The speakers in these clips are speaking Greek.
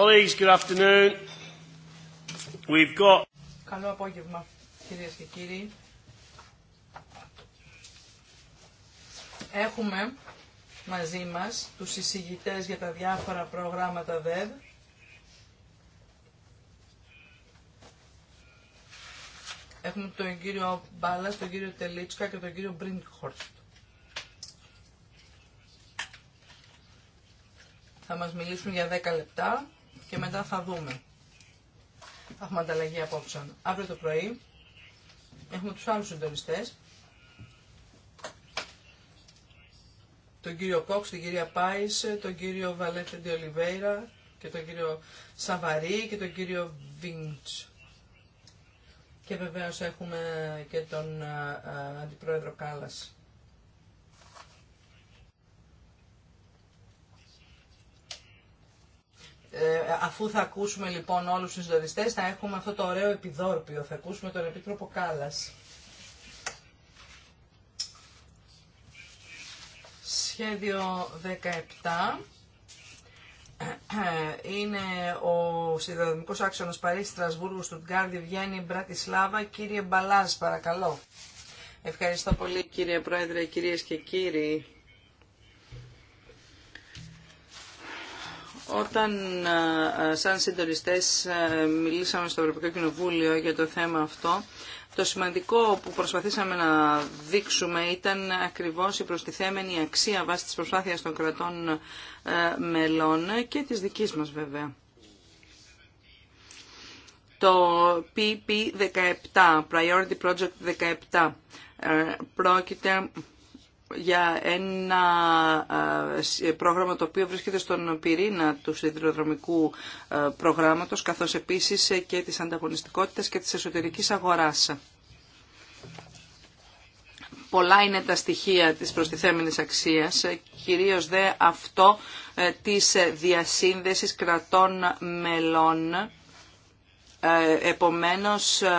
Colleagues, good afternoon. We've got... Καλό απόγευμα, κυρίε και κύριοι. Έχουμε μαζί μα του εισηγητέ για τα διάφορα προγράμματα ΔΕΔ. Έχουμε τον κύριο Μπάλα, τον κύριο Τελίτσκα και τον κύριο Μπρίνκχορστ. Θα μας μιλήσουν για 10 λεπτά και μετά θα δούμε. Θα έχουμε ανταλλαγή απόψεων. Αύριο το πρωί έχουμε τους άλλους συντονιστέ. Τον κύριο Κόξ, την κυρία Πάης, τον κύριο Βαλέτε Ντιολιβέιρα και τον κύριο Σαβαρή και τον κύριο Βίντς. Και βεβαίως έχουμε και τον ε, ε, αντιπρόεδρο Κάλλας. Ε, αφού θα ακούσουμε λοιπόν όλους τους συντονιστές, θα έχουμε αυτό το ωραίο επιδόρπιο. Θα ακούσουμε τον Επίτροπο Κάλλας. Σχέδιο 17 είναι ο σιδηροδρομικός άξονας Παρίσι, Στρασβούργου, Τγκάρδη Βιέννη, Μπρατισλάβα. Κύριε Μπαλάς, παρακαλώ. Ευχαριστώ πολύ κύριε Πρόεδρε, κυρίες και κύριοι. Όταν ε, ε, σαν συντονιστές ε, μιλήσαμε στο Ευρωπαϊκό Κοινοβούλιο για το θέμα αυτό, το σημαντικό που προσπαθήσαμε να δείξουμε ήταν ακριβώς η προστιθέμενη αξία βάσει της προσπάθειας των κρατών μελών και της δικής μας βέβαια. Το PP17, Priority Project 17, πρόκειται για ένα ε, πρόγραμμα το οποίο βρίσκεται στον πυρήνα του σιδηροδρομικού ε, προγράμματος, καθώς επίσης ε, και της ανταγωνιστικότητας και της εσωτερικής αγοράς. Πολλά είναι τα στοιχεία της προστιθέμενης αξίας, κυρίως δε αυτό της διασύνδεσης κρατών μελών ε, επομένως, ε,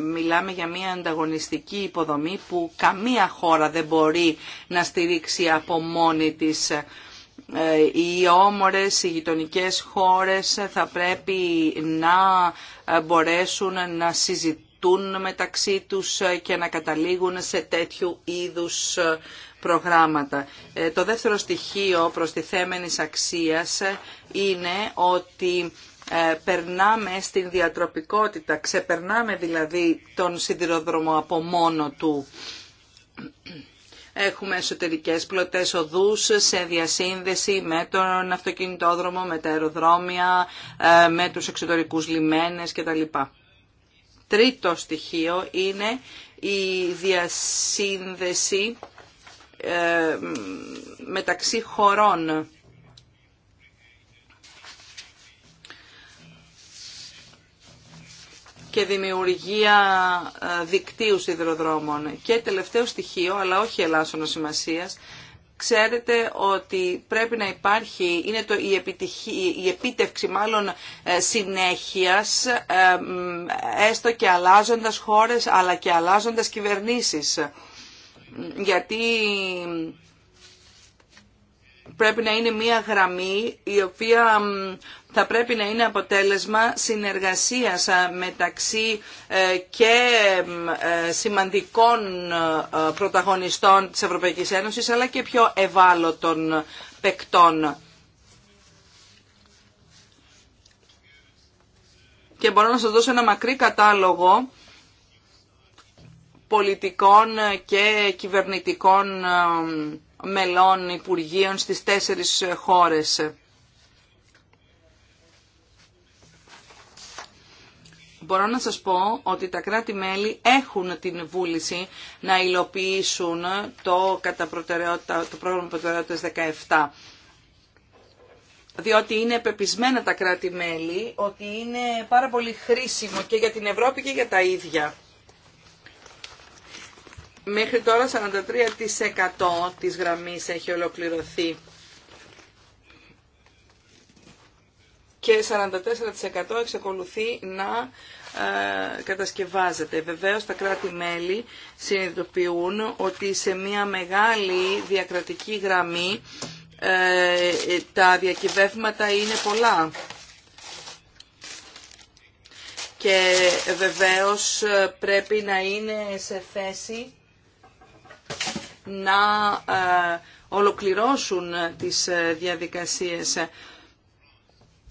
μιλάμε για μια ανταγωνιστική υποδομή που καμία χώρα δεν μπορεί να στηρίξει από μόνη της. Ε, οι όμορες, οι γειτονικέ χώρες θα πρέπει να μπορέσουν να συζητούν μεταξύ τους και να καταλήγουν σε τέτοιου είδους προγράμματα. Το δεύτερο στοιχείο θέμενης αξίας είναι ότι ε, περνάμε στην διατροπικότητα, ξεπερνάμε δηλαδή τον σιδηροδρόμο από μόνο του. Έχουμε εσωτερικές πλωτές οδούς σε διασύνδεση με τον αυτοκινητόδρομο, με τα αεροδρόμια, ε, με τους εξωτερικούς λιμένες κτλ. Τρίτο στοιχείο είναι η διασύνδεση ε, μεταξύ χωρών και δημιουργία ε, δικτύου σιδηροδρόμων. Και τελευταίο στοιχείο, αλλά όχι ελάσσονο σημασίας, ξέρετε ότι πρέπει να υπάρχει, είναι το, η, η επίτευξη μάλλον ε, συνέχειας, ε, έστω και αλλάζοντας χώρες, αλλά και αλλάζοντας κυβερνήσεις. Γιατί πρέπει να είναι μια γραμμή η οποία θα πρέπει να είναι αποτέλεσμα συνεργασίας μεταξύ ε, και ε, σημαντικών ε, πρωταγωνιστών της Ευρωπαϊκής Ένωσης αλλά και πιο ευάλωτων παικτών. Και μπορώ να σας δώσω ένα μακρύ κατάλογο πολιτικών και κυβερνητικών μελών Υπουργείων στις τέσσερις χώρες. Μπορώ να σας πω ότι τα κράτη-μέλη έχουν την βούληση να υλοποιήσουν το, κατά προτεραιότητα, το πρόγραμμα προτεραιότητας 17 διότι είναι επεπισμένα τα κράτη-μέλη ότι είναι πάρα πολύ χρήσιμο και για την Ευρώπη και για τα ίδια. Μέχρι τώρα 43% της γραμμής έχει ολοκληρωθεί και 44% εξακολουθεί να ε, κατασκευάζεται. Βεβαίως τα κράτη-μέλη συνειδητοποιούν ότι σε μια μεγάλη διακρατική γραμμή ε, τα διακυβεύματα είναι πολλά. Και βεβαίως ε, πρέπει να είναι σε θέση να ε, ολοκληρώσουν τις ε, διαδικασίες.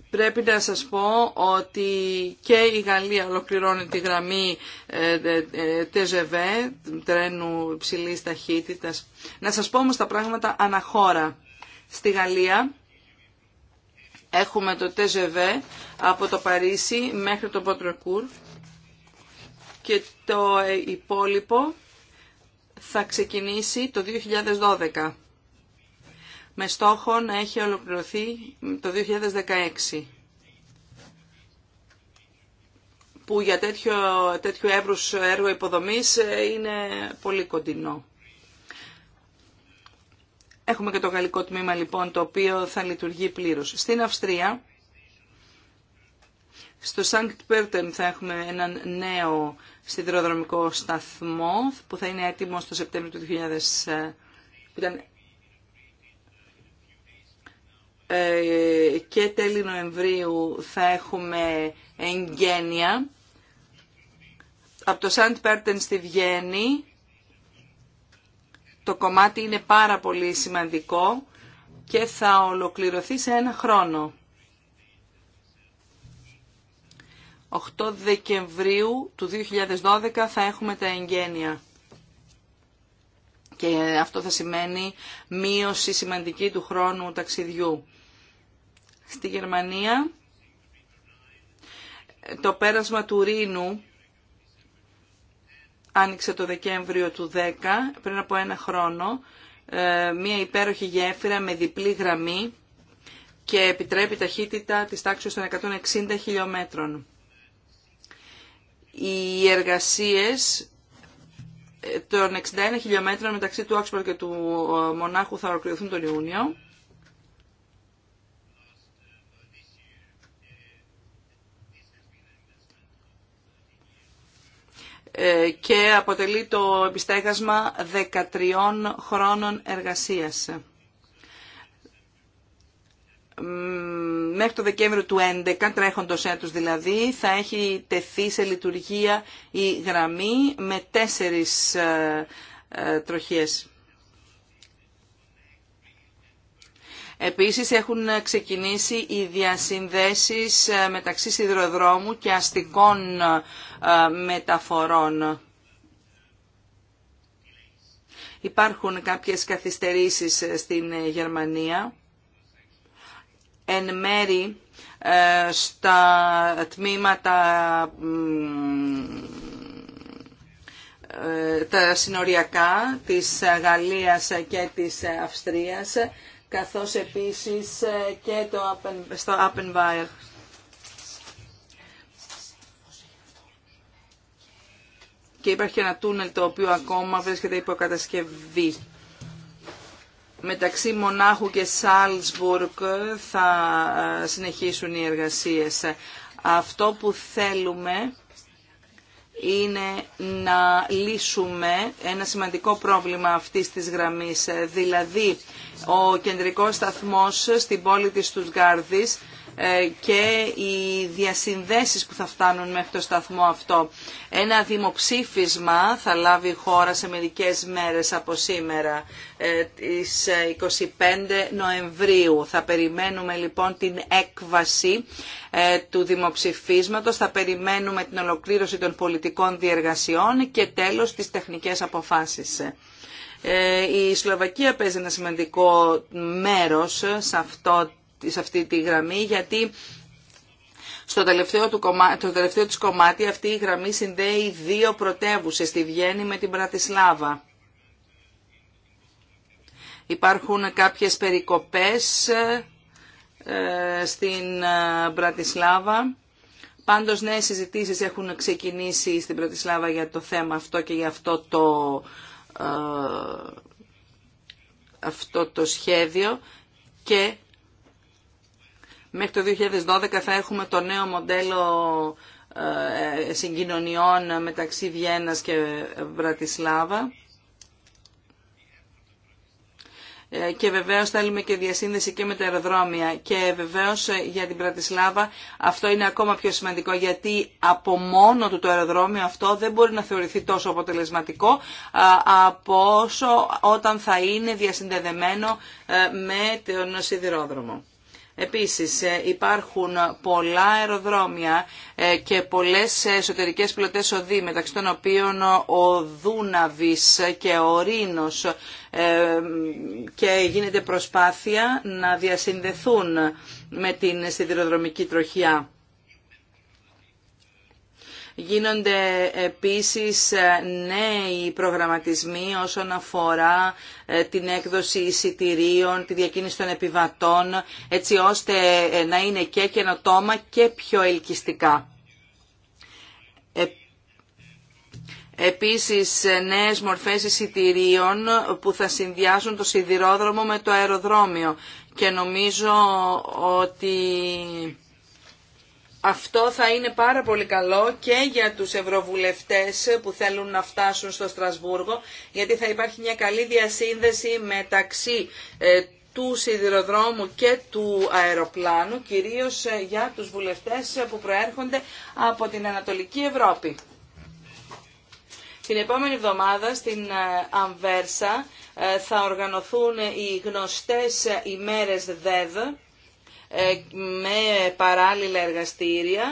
Πρέπει να σας πω ότι και η Γαλλία ολοκληρώνει τη γραμμή ε, TGV, τρένου υψηλής ταχύτητας. Να σας πω όμως τα πράγματα αναχώρα. Στη Γαλλία έχουμε το TGV από το Παρίσι μέχρι το Ποτρεκούρ και το υπόλοιπο θα ξεκινήσει το 2012 με στόχο να έχει ολοκληρωθεί το 2016 που για τέτοιο, τέτοιο έργο υποδομής ε, είναι πολύ κοντινό. Έχουμε και το γαλλικό τμήμα λοιπόν το οποίο θα λειτουργεί πλήρως. Στην Αυστρία στο Σάνκτ Πέρτεν θα έχουμε έναν νέο σιδηροδρομικό σταθμό που θα είναι έτοιμο το Σεπτέμβριο του 2000 ε, και τέλη Νοεμβρίου θα έχουμε εγγένεια από το Σαντ Πέρτεν στη Βιέννη το κομμάτι είναι πάρα πολύ σημαντικό και θα ολοκληρωθεί σε ένα χρόνο. 8 Δεκεμβρίου του 2012 θα έχουμε τα εγγένεια. Και αυτό θα σημαίνει μείωση σημαντική του χρόνου ταξιδιού. Στη Γερμανία το πέρασμα του Ρήνου άνοιξε το Δεκέμβριο του 10, πριν από ένα χρόνο, ε, μία υπέροχη γέφυρα με διπλή γραμμή και επιτρέπει ταχύτητα της τάξης των 160 χιλιόμετρων οι εργασίες ε, των 61 χιλιόμετρων μεταξύ του Άξπορ και του ε, Μονάχου θα ολοκληρωθούν τον Ιούνιο. Ε, και αποτελεί το επιστέγασμα 13 χρόνων εργασίας. μέχρι το Δεκέμβριο του 2011, τρέχοντο έτου δηλαδή, θα έχει τεθεί σε λειτουργία η γραμμή με τέσσερις ε, ε, τροχίες. Επίσης έχουν ξεκινήσει οι διασυνδέσεις ε, μεταξύ σιδηροδρόμου και αστικών μεταφορών. Υπάρχουν κάποιες καθυστερήσεις στην Γερμανία εν μέρη ε, στα τμήματα ε, τα συνοριακά της Γαλλίας και της Αυστρίας καθώς επίσης ε, και το, στο Appenweier. Και υπάρχει ένα τούνελ το οποίο ακόμα βρίσκεται υπό κατασκευή μεταξύ Μονάχου και Σάλτσμπουργκ θα ε, συνεχίσουν οι εργασίες. Αυτό που θέλουμε είναι να λύσουμε ένα σημαντικό πρόβλημα αυτής της γραμμής. Δηλαδή, ο κεντρικός σταθμός στην πόλη της Τουσγκάρδης, ε, και οι διασυνδέσεις που θα φτάνουν μέχρι το σταθμό αυτό. Ένα δημοψήφισμα θα λάβει η χώρα σε μερικές μέρες από σήμερα, ε, τις 25 ε, Νοεμβρίου. Θα περιμένουμε λοιπόν την έκβαση του δημοψηφίσματος, θα περιμένουμε την ολοκλήρωση των πολιτικών διεργασιών και τέλος τις τεχνικές αποφάσεις. Η Σλοβακία παίζει ένα σημαντικό μέρος σε αυτό σε αυτή τη γραμμή γιατί στο τελευταίο, του κομμάτι, το τελευταίο της κομμάτι αυτή η γραμμή συνδέει δύο πρωτεύουσες, τη Βιέννη με την Πρατισλάβα. Υπάρχουν κάποιες περικοπές ε, στην ε, Πρατισλάβα. Πάντως νέες ναι, συζητήσεις έχουν ξεκινήσει στην Πρατισλάβα για το θέμα αυτό και για αυτό το, ε, αυτό το σχέδιο και Μέχρι το 2012 θα έχουμε το νέο μοντέλο ε, ε, συγκοινωνιών μεταξύ Βιέννας και Βρατισλάβα. Ε, και βεβαίως θέλουμε και διασύνδεση και με τα αεροδρόμια. Και βεβαίως για την Πρατισλάβα αυτό είναι ακόμα πιο σημαντικό γιατί από μόνο του το αεροδρόμιο αυτό δεν μπορεί να θεωρηθεί τόσο αποτελεσματικό από όσο όταν θα είναι διασυνδεδεμένο με τον σιδηρόδρομο. Επίσης ε, υπάρχουν πολλά αεροδρόμια ε, και πολλές εσωτερικές πιλωτές οδοί μεταξύ των οποίων ο Δούναβης και ο Ρήνος ε, και γίνεται προσπάθεια να διασυνδεθούν με την σιδηροδρομική τροχιά. Γίνονται επίσης ε, νέοι προγραμματισμοί όσον αφορά ε, την έκδοση εισιτηρίων, τη διακίνηση των επιβατών, έτσι ώστε ε, να είναι και καινοτόμα και πιο ελκυστικά. Επίσης νέες μορφές εισιτηρίων που θα συνδυάζουν το σιδηρόδρομο με το αεροδρόμιο και νομίζω ότι αυτό θα είναι πάρα πολύ καλό και για τους ευρωβουλευτές που θέλουν να φτάσουν στο Στρασβούργο, γιατί θα υπάρχει μια καλή διασύνδεση μεταξύ ε, του σιδηροδρόμου και του αεροπλάνου, κυρίως ε, για τους βουλευτές ε, που προέρχονται από την Ανατολική Ευρώπη. Την επόμενη εβδομάδα στην Αμβέρσα θα οργανωθούν οι γνωστές ημέρες ΔΕΔ, ε, με παράλληλα εργαστήρια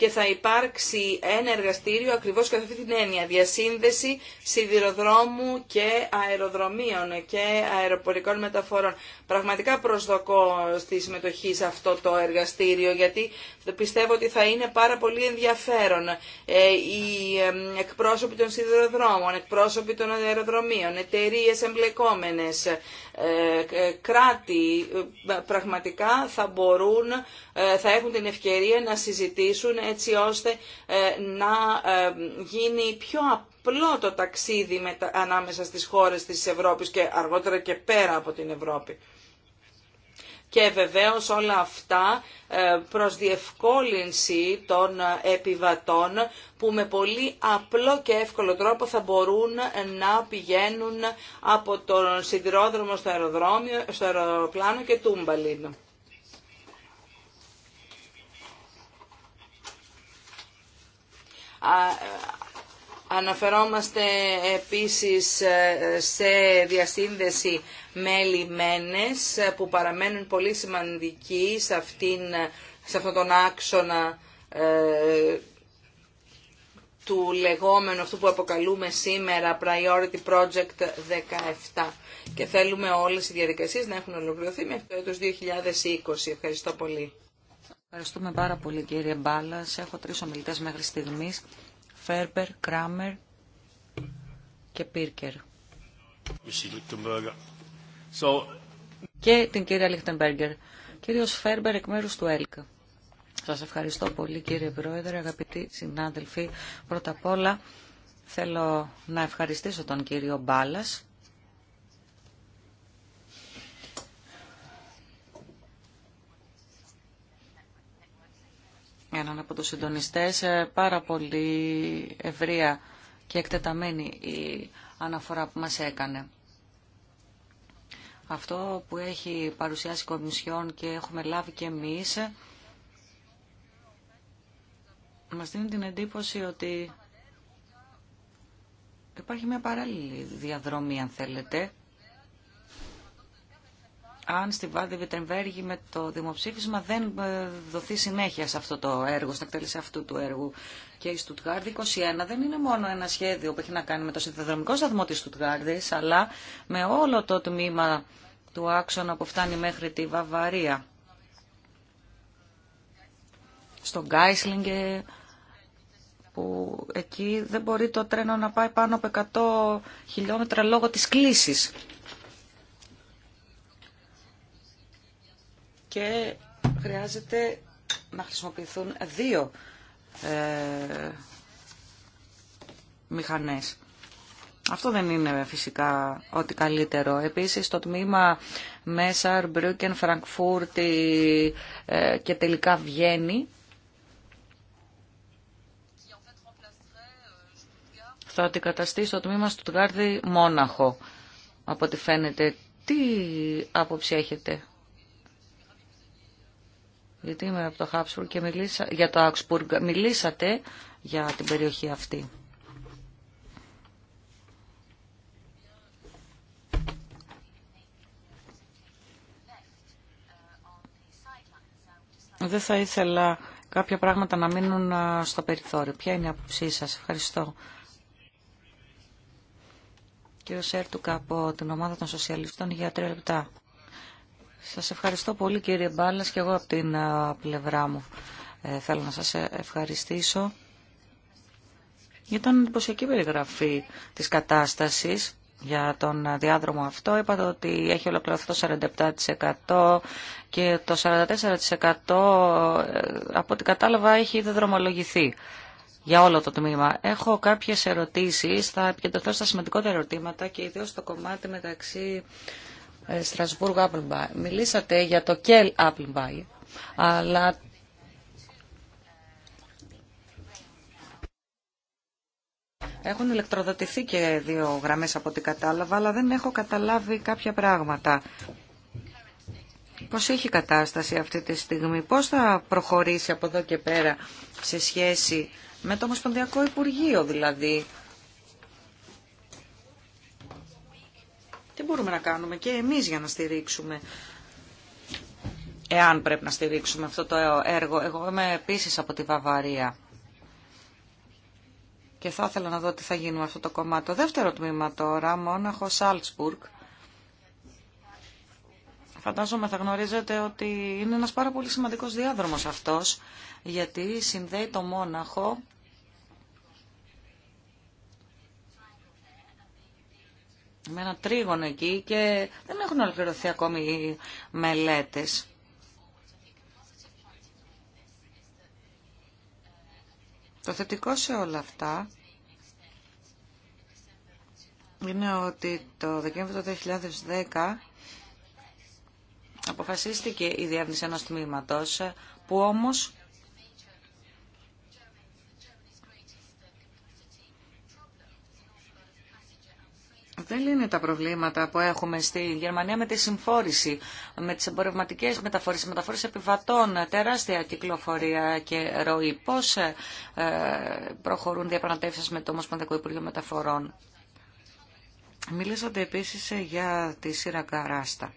και θα υπάρξει ένα εργαστήριο ακριβώς κατά αυτή την έννοια, διασύνδεση σιδηροδρόμου και αεροδρομίων και αεροπορικών μεταφορών. Πραγματικά προσδοκώ στη συμμετοχή σε αυτό το εργαστήριο γιατί πιστεύω ότι θα είναι πάρα πολύ ενδιαφέρον ε, οι εκπρόσωποι των σιδηροδρόμων, εκπρόσωποι των αεροδρομίων, εταιρείε εμπλεκόμενες, ε, ε, κράτη πραγματικά θα μπορούν, θα έχουν την ευκαιρία να συζητήσουν έτσι ώστε ε, να ε, γίνει πιο απλό το ταξίδι ανάμεσα στις χώρες της Ευρώπης και αργότερα και πέρα από την Ευρώπη. Και βεβαίως όλα αυτά ε, προς διευκόλυνση των επιβατών που με πολύ απλό και εύκολο τρόπο θα μπορούν να πηγαίνουν από τον σιδηρόδρομο στο αεροδρόμιο, στο αεροπλάνο και τούμπαλιν. Ε, αναφερόμαστε επίσης ε, σε διασύνδεση με λιμένες ε, που παραμένουν πολύ σημαντικοί σε, αυτήν, σε αυτόν τον άξονα του λεγόμενου αυτού που αποκαλούμε σήμερα Priority Project 17 και θέλουμε όλες οι διαδικασίες να έχουν ολοκληρωθεί μέχρι το έτος 2020. Ευχαριστώ πολύ. Ευχαριστούμε πάρα πολύ κύριε Μπάλα. Έχω τρει ομιλητέ μέχρι στιγμή: Φέρμπερ, Κράμερ και Πίρκερ. Και την κυρία Λιχτεμπέργκερ. κύριο Φέρμπερ εκ μέρου του ΕΛΚ. Σα ευχαριστώ πολύ κύριε Πρόεδρε, αγαπητοί συνάδελφοι. Πρώτα απ' όλα θέλω να ευχαριστήσω τον κύριο Μπάλλας έναν από τους συντονιστές. Ε, πάρα πολύ ευρεία και εκτεταμένη η αναφορά που μας έκανε. Αυτό που έχει παρουσιάσει η Κομισιόν και έχουμε λάβει και εμείς, μας δίνει την εντύπωση ότι υπάρχει μια παράλληλη διαδρομή, αν θέλετε, αν στη Βάλτε Βιτεμβέργη με το δημοψήφισμα δεν ε, δοθεί συνέχεια σε αυτό το έργο, στην εκτέλεση αυτού του έργου. Και η Στουτγάρδη 21 δεν είναι μόνο ένα σχέδιο που έχει να κάνει με το συνδεδρομικό σταθμό της Στουτγάρδης, αλλά με όλο το τμήμα του άξονα που φτάνει μέχρι τη Βαβαρία. Στον Γκάισλινγκε, που εκεί δεν μπορεί το τρένο να πάει πάνω από 100 χιλιόμετρα λόγω της κλίσης. και χρειάζεται να χρησιμοποιηθούν δύο ε, μηχανές. Αυτό δεν είναι φυσικά ό,τι καλύτερο. Επίσης το τμήμα Μέσαρ, Μπρούκεν, Φραγκφούρτη ε, και τελικά Βιέννη θα αντικαταστεί στο τμήμα Στουτγάρδη Μόναχο. Από ό,τι φαίνεται, τι άποψη έχετε γιατί είμαι από το Χάψπουργκ και για το Αξπουργκ. Μιλήσατε για την περιοχή αυτή. Δεν θα ήθελα κάποια πράγματα να μείνουν στο περιθώριο. Ποια είναι η άποψή σας. Ευχαριστώ. Κύριο Σέρτουκα από την ομάδα των Σοσιαλιστών για τρία λεπτά. Σας ευχαριστώ πολύ κύριε Μπάλλας και εγώ από την πλευρά μου ε, θέλω να σας ε, ευχαριστήσω για την εντυπωσιακή περιγραφή της κατάστασης για τον διάδρομο αυτό. Είπατε ότι έχει ολοκληρωθεί το 47% και το 44% ε, από ό,τι κατάλαβα έχει δρομολογηθεί για όλο το τμήμα. Έχω κάποιες ερωτήσεις, θα επικεντρωθώ στα σημαντικότερα ερωτήματα και ιδίως στο κομμάτι μεταξύ ε, Στρασβούργο Απλμπάι, Μιλήσατε για το Κέλ Απλμπάι, αλλά Έχουν ηλεκτροδοτηθεί και δύο γραμμές από ό,τι κατάλαβα, αλλά δεν έχω καταλάβει κάποια πράγματα. Πώς έχει η κατάσταση αυτή τη στιγμή, πώς θα προχωρήσει από εδώ και πέρα σε σχέση με το Ομοσπονδιακό Υπουργείο δηλαδή. Τι μπορούμε να κάνουμε και εμείς για να στηρίξουμε εάν πρέπει να στηρίξουμε αυτό το έργο. Εγώ είμαι επίσης από τη Βαβαρία και θα ήθελα να δω τι θα γίνει με αυτό το κομμάτι. Το δεύτερο τμήμα τώρα, Μόναχο Μόναχο-Σάλτσπουργκ. Φαντάζομαι θα γνωρίζετε ότι είναι ένας πάρα πολύ σημαντικός διάδρομος αυτός, γιατί συνδέει το Μόναχο με ένα τρίγωνο εκεί και δεν έχουν ολοκληρωθεί ακόμη οι μελέτες. Το θετικό σε όλα αυτά είναι ότι το Δεκέμβριο του 2010 αποφασίστηκε η διεύνηση ενός τμήματος που όμως δεν λύνει τα προβλήματα που έχουμε στη Γερμανία με τη συμφόρηση, με τις εμπορευματικές μεταφορές, μεταφορές επιβατών, τεράστια κυκλοφορία και ροή. Πώς ε, προχωρούν διαπραγματεύσεις με το Ομοσπονδιακό Υπουργείο Μεταφορών. Μίλησατε επίσης ε, για τη σειρά καράστα.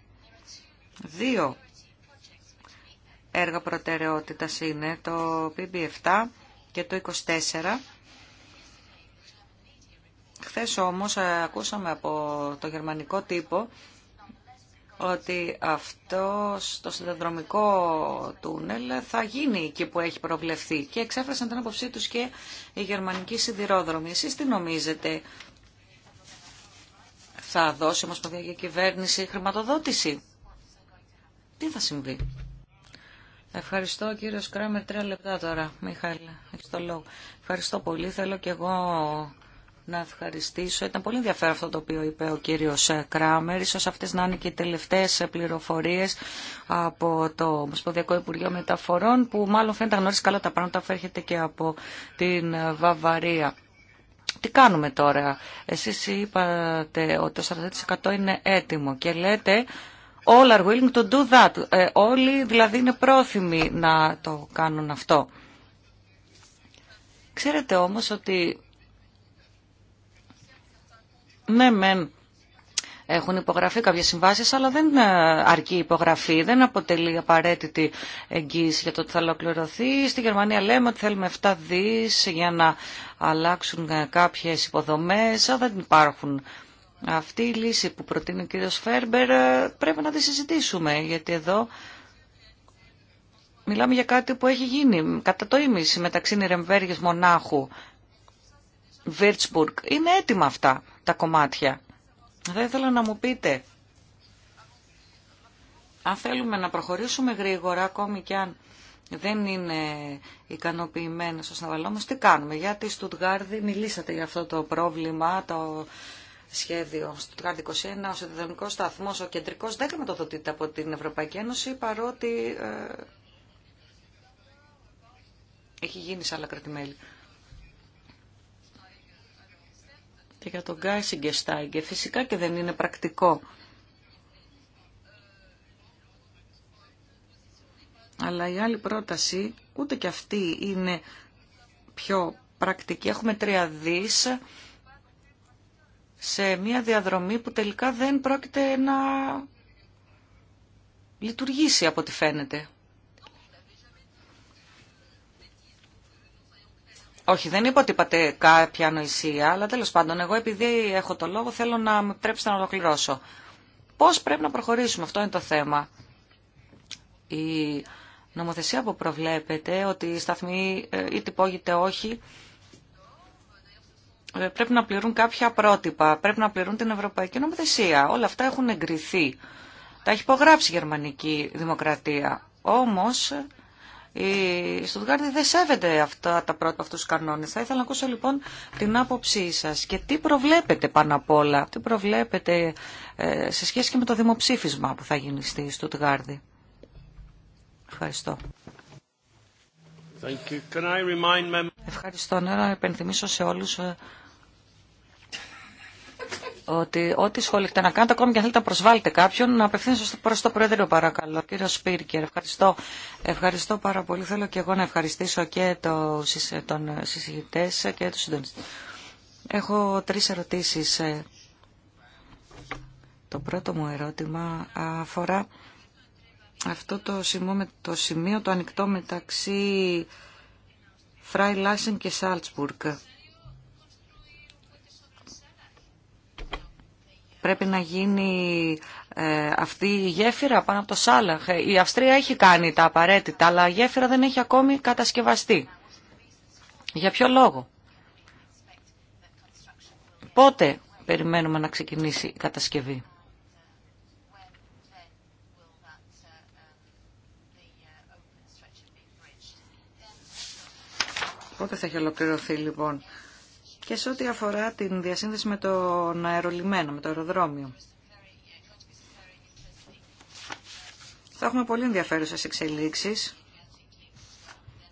Δύο έργα προτεραιότητας είναι το PB7 και το 24 Χθε όμως ε, ακούσαμε από το γερμανικό τύπο ότι αυτό το συνδεδρομικό τούνελ θα γίνει εκεί που έχει προβλεφθεί και εξέφρασαν την άποψή τους και οι γερμανικοί σιδηρόδρομοι. Εσείς τι νομίζετε, θα δώσει όμως για κυβέρνηση χρηματοδότηση. Τι θα συμβεί. Ευχαριστώ κύριο Σκράμερ. τρία λεπτά τώρα, Μίχαηλ, το λόγο. Ευχαριστώ πολύ, θέλω και εγώ να ευχαριστήσω. Ήταν πολύ ενδιαφέρον αυτό το οποίο είπε ο κύριος Κράμερ. Ίσως αυτές να είναι και οι τελευταίες πληροφορίες από το Ομοσπονδιακό Υπουργείο Μεταφορών που μάλλον φαίνεται να γνωρίζει καλά τα πράγματα που έρχεται και από την Βαβαρία. Τι κάνουμε τώρα. Εσείς είπατε ότι το 40% είναι έτοιμο και λέτε All are willing to do that. Ε, όλοι δηλαδή είναι πρόθυμοι να το κάνουν αυτό. Ξέρετε όμως ότι ναι μεν έχουν υπογραφεί κάποιες συμβάσεις, αλλά δεν ε, αρκεί υπογραφή, δεν αποτελεί απαραίτητη εγγύηση για το ότι θα ολοκληρωθεί. Στη Γερμανία λέμε ότι θέλουμε 7 δις για να αλλάξουν ε, κάποιες υποδομές, αλλά δεν υπάρχουν. Αυτή η λύση που προτείνει ο κ. Φέρμπερ ε, πρέπει να τη συζητήσουμε, γιατί εδώ μιλάμε για κάτι που έχει γίνει κατά το ίμιση μεταξύ Νιρεμβέργης Μονάχου Βίρτσμπουργκ. Είναι έτοιμα αυτά τα κομμάτια. Δεν ήθελα να μου πείτε, αν θέλουμε να προχωρήσουμε γρήγορα, ακόμη κι αν δεν είναι ικανοποιημένος ο Σναβαλόμος, τι κάνουμε. Γιατί στο Τουτγάρδη μιλήσατε για αυτό το πρόβλημα, το σχέδιο Τουτγάρδη 21, ο συνδεδομικός σταθμός, ο κεντρικός, δεν χρηματοδοτείται από την Ευρωπαϊκή Ένωση, παρότι ε, έχει γίνει σε άλλα κρατημέλη. και για τον Γκάι Σιγκεστάιγκε. Φυσικά και δεν είναι πρακτικό. Αλλά η άλλη πρόταση, ούτε και αυτή είναι πιο πρακτική. Έχουμε τρία δις σε μια διαδρομή που τελικά δεν πρόκειται να λειτουργήσει από ό,τι φαίνεται. Όχι, δεν είπα ότι είπατε κάποια ανοησία, αλλά τέλος πάντων, εγώ επειδή έχω το λόγο θέλω να με πρέπει να ολοκληρώσω. Πώς πρέπει να προχωρήσουμε, αυτό είναι το θέμα. Η νομοθεσία που προβλέπετε, ότι οι σταθμοί ε, ή τυπώγεται όχι, ε, πρέπει να πληρούν κάποια πρότυπα, πρέπει να πληρούν την ευρωπαϊκή νομοθεσία. Όλα αυτά έχουν εγκριθεί. Τα έχει υπογράψει η γερμανική δημοκρατία. Όμως, η Στουτγάρδη δεν σέβεται αυτά τα πρώτα αυτούς κανόνες. Θα ήθελα να ακούσω λοιπόν την άποψή σας και τι προβλέπετε πάνω απ' όλα, τι προβλέπετε ε, σε σχέση και με το δημοψήφισμα που θα γίνει στη Στουτγκάρδη. Ευχαριστώ. Ευχαριστώ. Ναι, να επενθυμίσω σε όλους ε, ότι ό,τι σχολείτε να κάνετε, ακόμη και αν θέλετε να προσβάλλετε κάποιον, να απευθύνεστε προ το Πρόεδρο, παρακαλώ. Κύριο Σπίρκερ, ευχαριστώ. Ευχαριστώ πάρα πολύ. Θέλω και εγώ να ευχαριστήσω και το, τον συζητητέ και του συντονιστέ. Έχω τρει ερωτήσει. Το πρώτο μου ερώτημα αφορά αυτό το σημείο, το, σημείο, το ανοιχτό μεταξύ Φράι Λάσεν και Σάλτσμπουργκ. πρέπει να γίνει ε, αυτή η γέφυρα πάνω από το Σάλαχ. Ε, η Αυστρία έχει κάνει τα απαραίτητα, αλλά η γέφυρα δεν έχει ακόμη κατασκευαστεί. Για ποιο λόγο. Πότε περιμένουμε να ξεκινήσει η κατασκευή. Πότε θα έχει ολοκληρωθεί λοιπόν και σε ό,τι αφορά την διασύνδεση με τον αερολιμένο, με το αεροδρόμιο. Θα έχουμε πολύ ενδιαφέρουσες εξελίξεις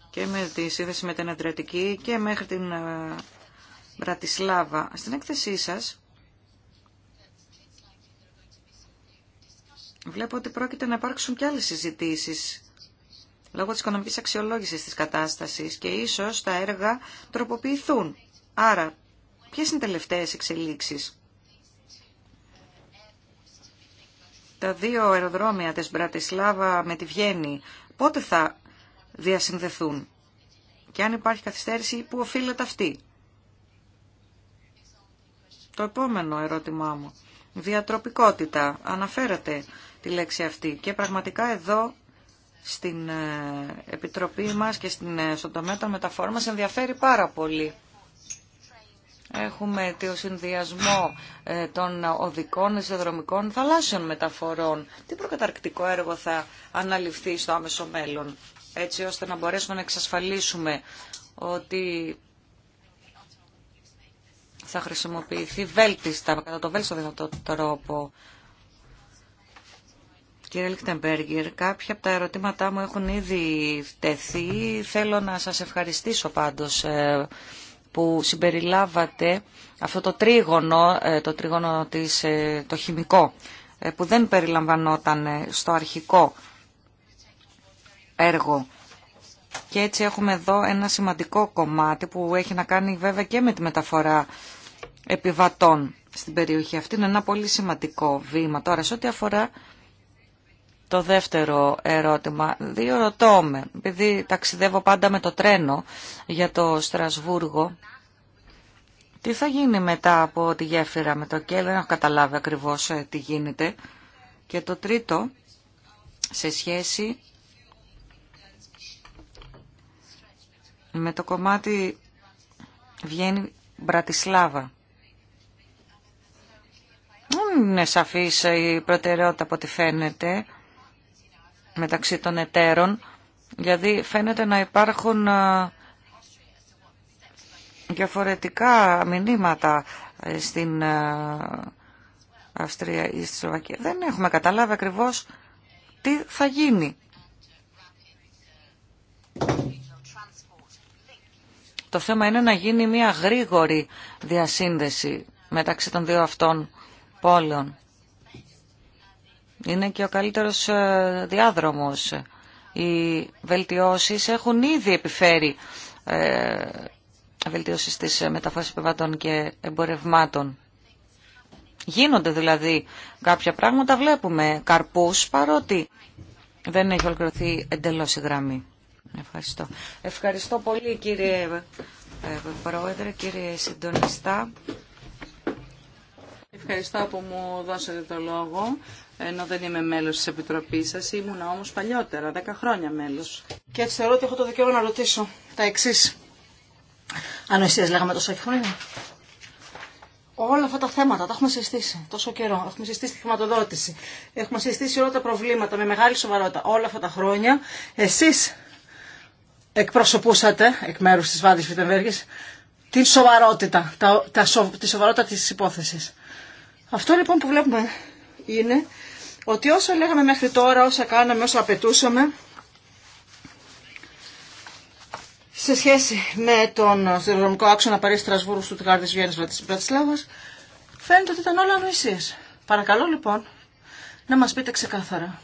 και με τη σύνδεση με την Αντριατική και μέχρι την ε, Μπρατισλάβα. Στην έκθεσή σας βλέπω ότι πρόκειται να υπάρξουν και άλλες συζητήσεις λόγω της οικονομικής αξιολόγησης της κατάστασης και ίσως τα έργα τροποποιηθούν Άρα, ποιες είναι οι τελευταίες εξελίξεις. Τα δύο αεροδρόμια της Μπρατισλάβα με τη Βιέννη πότε θα διασυνδεθούν και αν υπάρχει καθυστέρηση που οφείλεται αυτή. Το επόμενο ερώτημά μου. Διατροπικότητα. Αναφέρατε τη λέξη αυτή και πραγματικά εδώ στην ε, Επιτροπή μας και στην, ε, στον τομέα των μεταφορών μας ενδιαφέρει πάρα πολύ Έχουμε το συνδυασμό ε, των οδικών, ισοδρομικών, θαλάσσιων μεταφορών. Τι προκαταρκτικό έργο θα αναλυφθεί στο άμεσο μέλλον, έτσι ώστε να μπορέσουμε να εξασφαλίσουμε ότι θα χρησιμοποιηθεί βέλτιστα, κατά το βέλτιστο δυνατό τρόπο. Κύριε Λιχτεμπέργκερ, κάποια από τα ερωτήματά μου έχουν ήδη τεθεί. Θέλω να σας ευχαριστήσω πάντως ε, που συμπεριλάβατε αυτό το τρίγωνο, ε, το τρίγωνο της, ε, το χημικό, ε, που δεν περιλαμβανόταν στο αρχικό έργο. Και έτσι έχουμε εδώ ένα σημαντικό κομμάτι που έχει να κάνει βέβαια και με τη μεταφορά επιβατών στην περιοχή αυτή. Είναι ένα πολύ σημαντικό βήμα. Τώρα, σε ό,τι αφορά το δεύτερο ερώτημα. Δύο ρωτώ με, επειδή ταξιδεύω πάντα με το τρένο για το Στρασβούργο. Τι θα γίνει μετά από τη γέφυρα με το ΚΕΛ, δεν έχω καταλάβει ακριβώς ε, τι γίνεται. Και το τρίτο, σε σχέση με το κομμάτι Βιέννη Μπρατισλάβα. Δεν είναι σαφής η προτεραιότητα από ό,τι φαίνεται μεταξύ των εταίρων, γιατί φαίνεται να υπάρχουν ε, διαφορετικά μηνύματα ε, στην ε, Αυστρία ή στη Σλοβακία. Δεν έχουμε καταλάβει ακριβώς τι θα γίνει. Το θέμα είναι να γίνει μια γρήγορη διασύνδεση μεταξύ των δύο αυτών πόλεων. Είναι και ο καλύτερος ε, διάδρομος. Οι βελτιώσεις έχουν ήδη επιφέρει ε, βελτιώσεις της μεταφάσης επιβατών και εμπορευμάτων. Γίνονται δηλαδή κάποια πράγματα, βλέπουμε καρπούς, παρότι δεν έχει ολοκληρωθεί εντελώς η γραμμή. Ευχαριστώ. Ευχαριστώ πολύ κύριε ε, Πρόεδρε, κύριε Συντονιστά. Ευχαριστώ που μου δώσατε το λόγο ενώ δεν είμαι μέλος της Επιτροπής σας, ήμουνα όμως παλιότερα, 10 χρόνια μέλος. Και έτσι θεωρώ ότι έχω το δικαίωμα να ρωτήσω τα εξή. εσείς λέγαμε τόσα χρόνια. Όλα αυτά τα θέματα τα έχουμε συστήσει τόσο καιρό. Έχουμε συστήσει τη χρηματοδότηση. Έχουμε συστήσει όλα τα προβλήματα με μεγάλη σοβαρότητα όλα αυτά τα χρόνια. Εσείς εκπροσωπούσατε εκ μέρους της Βάδης Φιτεμβέργη την σοβαρότητα, τα, τη σοβαρότητα Αυτό λοιπόν που βλέπουμε είναι ότι όσα λέγαμε μέχρι τώρα, όσα κάναμε, όσα απαιτούσαμε, σε σχέση με τον στερεονομικό άξονα Παρίσι Τρασβούρου, Τικάρδη Βιέννη Βρατισλάβα, φαίνεται ότι ήταν όλα ανοησίε. Παρακαλώ λοιπόν να μα πείτε ξεκάθαρα.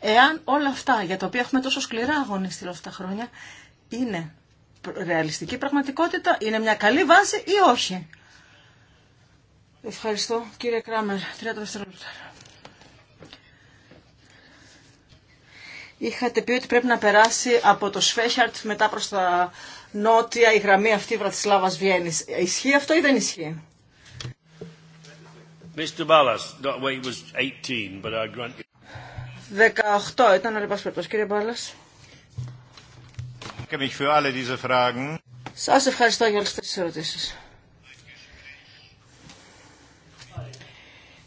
Εάν όλα αυτά για τα οποία έχουμε τόσο σκληρά αγωνιστεί όλα αυτά τα χρόνια είναι ρεαλιστική πραγματικότητα, είναι μια καλή βάση ή όχι. Ευχαριστώ κύριε Κράμερ. τρία δευτερόλεπτα. είχατε πει ότι πρέπει να περάσει από το Σφέχαρτ μετά προς τα νότια η γραμμή αυτή Βρατισλάβας Βιέννης. Ισχύει αυτό ή δεν ισχύει. Mr. Ballas, was 18, but I grant you. ήταν ο λοιπάς κύριε Μπάλλας. Σας ευχαριστώ για όλες τις ερωτήσεις.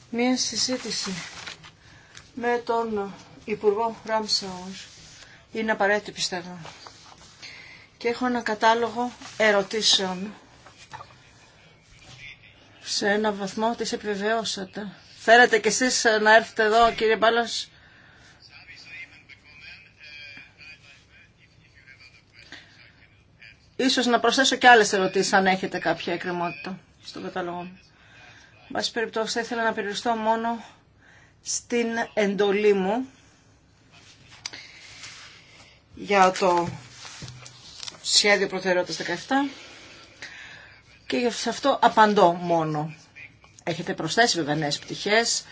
Μία συζήτηση με τον Υπουργό όμω. Είναι απαραίτητο πιστεύω. Και έχω ένα κατάλογο ερωτήσεων. Σε ένα βαθμό τις επιβεβαιώσατε. Θέλετε κι εσείς να έρθετε εδώ κύριε Μπάλας. Ίσως να προσθέσω και άλλες ερωτήσεις αν έχετε κάποια εκκρεμότητα στον κατάλογο μου. Εν περιπτώσει θα ήθελα να περιοριστώ μόνο στην εντολή μου για το σχέδιο προτεραιότητας 17 και σε αυτό απαντώ μόνο. Έχετε προσθέσει βέβαια νέες πτυχές,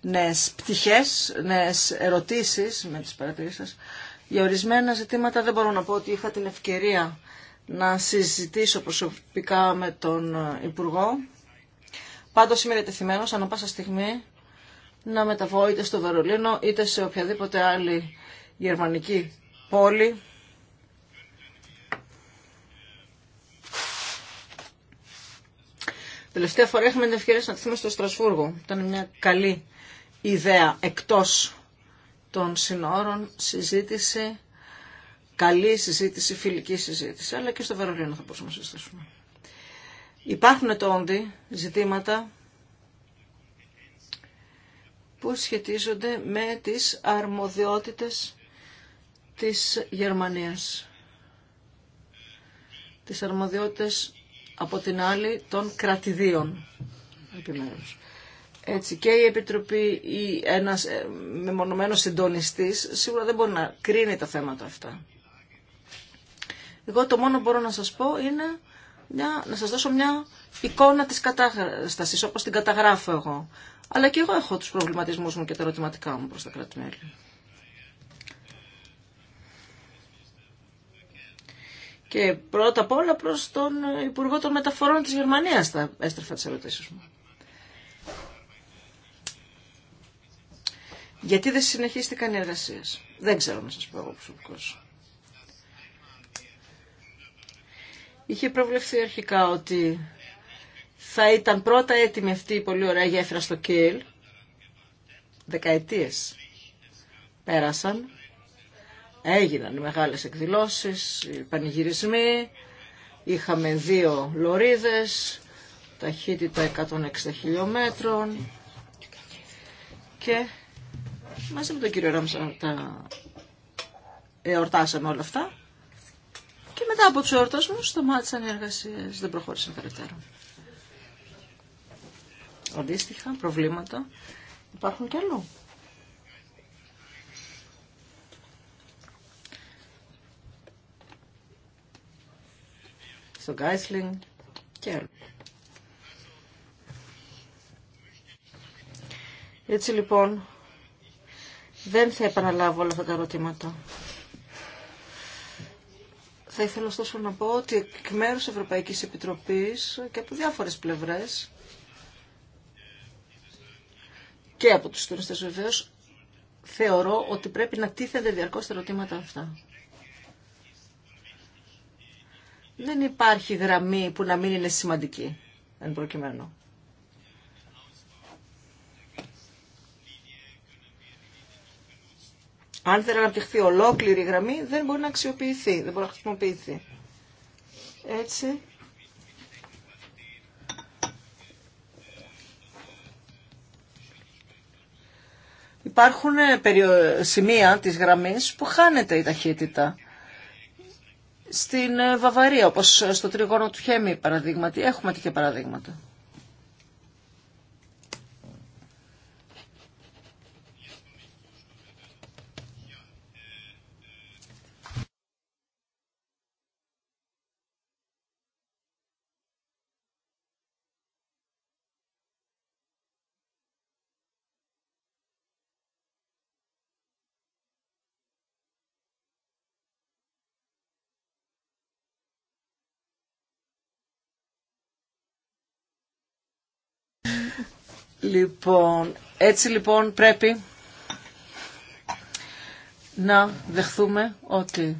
νέες πτυχές, νέες ερωτήσεις με τις παρατηρήσεις σας. Για ορισμένα ζητήματα δεν μπορώ να πω ότι είχα την ευκαιρία να συζητήσω προσωπικά με τον Υπουργό. Πάντως είμαι διατεθειμένος ανά πάσα στιγμή να μεταβώ είτε στο Βερολίνο είτε σε οποιαδήποτε άλλη γερμανική πόλη. Τελευταία φορά είχαμε την ευκαιρία να τεθούμε στο Στρασβούργο. Ήταν μια καλή ιδέα εκτός των συνόρων, συζήτηση, καλή συζήτηση, φιλική συζήτηση, αλλά και στο Βερολίνο θα μπορούσαμε να συζητήσουμε. Υπάρχουν τόντι ζητήματα που σχετίζονται με τις αρμοδιότητες της Γερμανίας. Τις αρμοδιότητες από την άλλη των κρατηδίων Έτσι και η Επιτροπή ή ένας ε, μεμονωμένος συντονιστής σίγουρα δεν μπορεί να κρίνει τα θέματα αυτά. Εγώ το μόνο που μπορώ να σας πω είναι μια, να σας δώσω μια εικόνα της κατάστασης όπως την καταγράφω εγώ. Αλλά και εγώ έχω τους προβληματισμούς μου και τα ερωτηματικά μου προς τα κρατη Και πρώτα απ' όλα προς τον Υπουργό των Μεταφορών της Γερμανίας θα έστρεφα τις ερωτήσεις μου. Γιατί δεν συνεχίστηκαν οι εργασίες. Δεν ξέρω να σας πω εγώ προσωπικώς. Είχε προβλεφθεί αρχικά ότι θα ήταν πρώτα έτοιμη αυτή η πολύ ωραία γέφυρα στο Κιλ. Δεκαετίες πέρασαν Έγιναν μεγάλες εκδηλώσεις, πανηγυρισμοί, είχαμε δύο λωρίδες, ταχύτητα 160 χιλιόμετρων και μαζί με τον κύριο Ράμσα τα εορτάσαμε όλα αυτά και μετά από τους εορτασμούς σταμάτησαν οι εργασίες, δεν προχώρησαν περαιτέρω. Αντίστοιχα προβλήματα υπάρχουν και αλλού. τον Geisling και Έτσι λοιπόν, δεν θα επαναλάβω όλα αυτά τα ερωτήματα. Θα ήθελα ωστόσο να πω ότι εκ μέρους Ευρωπαϊκής Επιτροπής και από διάφορες πλευρές και από τους τουριστές βεβαίως θεωρώ ότι πρέπει να τίθενται διαρκώς τα ερωτήματα αυτά. δεν υπάρχει γραμμή που να μην είναι σημαντική, εν προκειμένου. Αν δεν αναπτυχθεί ολόκληρη γραμμή, δεν μπορεί να αξιοποιηθεί, δεν μπορεί να χρησιμοποιηθεί. Έτσι. Υπάρχουν ε, σημεία της γραμμής που χάνεται η ταχύτητα στην ε, Βαβαρία, όπως στο τριγώνο του Χέμι παραδείγματι. Έχουμε τέτοια παραδείγματα. Λοιπόν, έτσι λοιπόν πρέπει να δεχθούμε ότι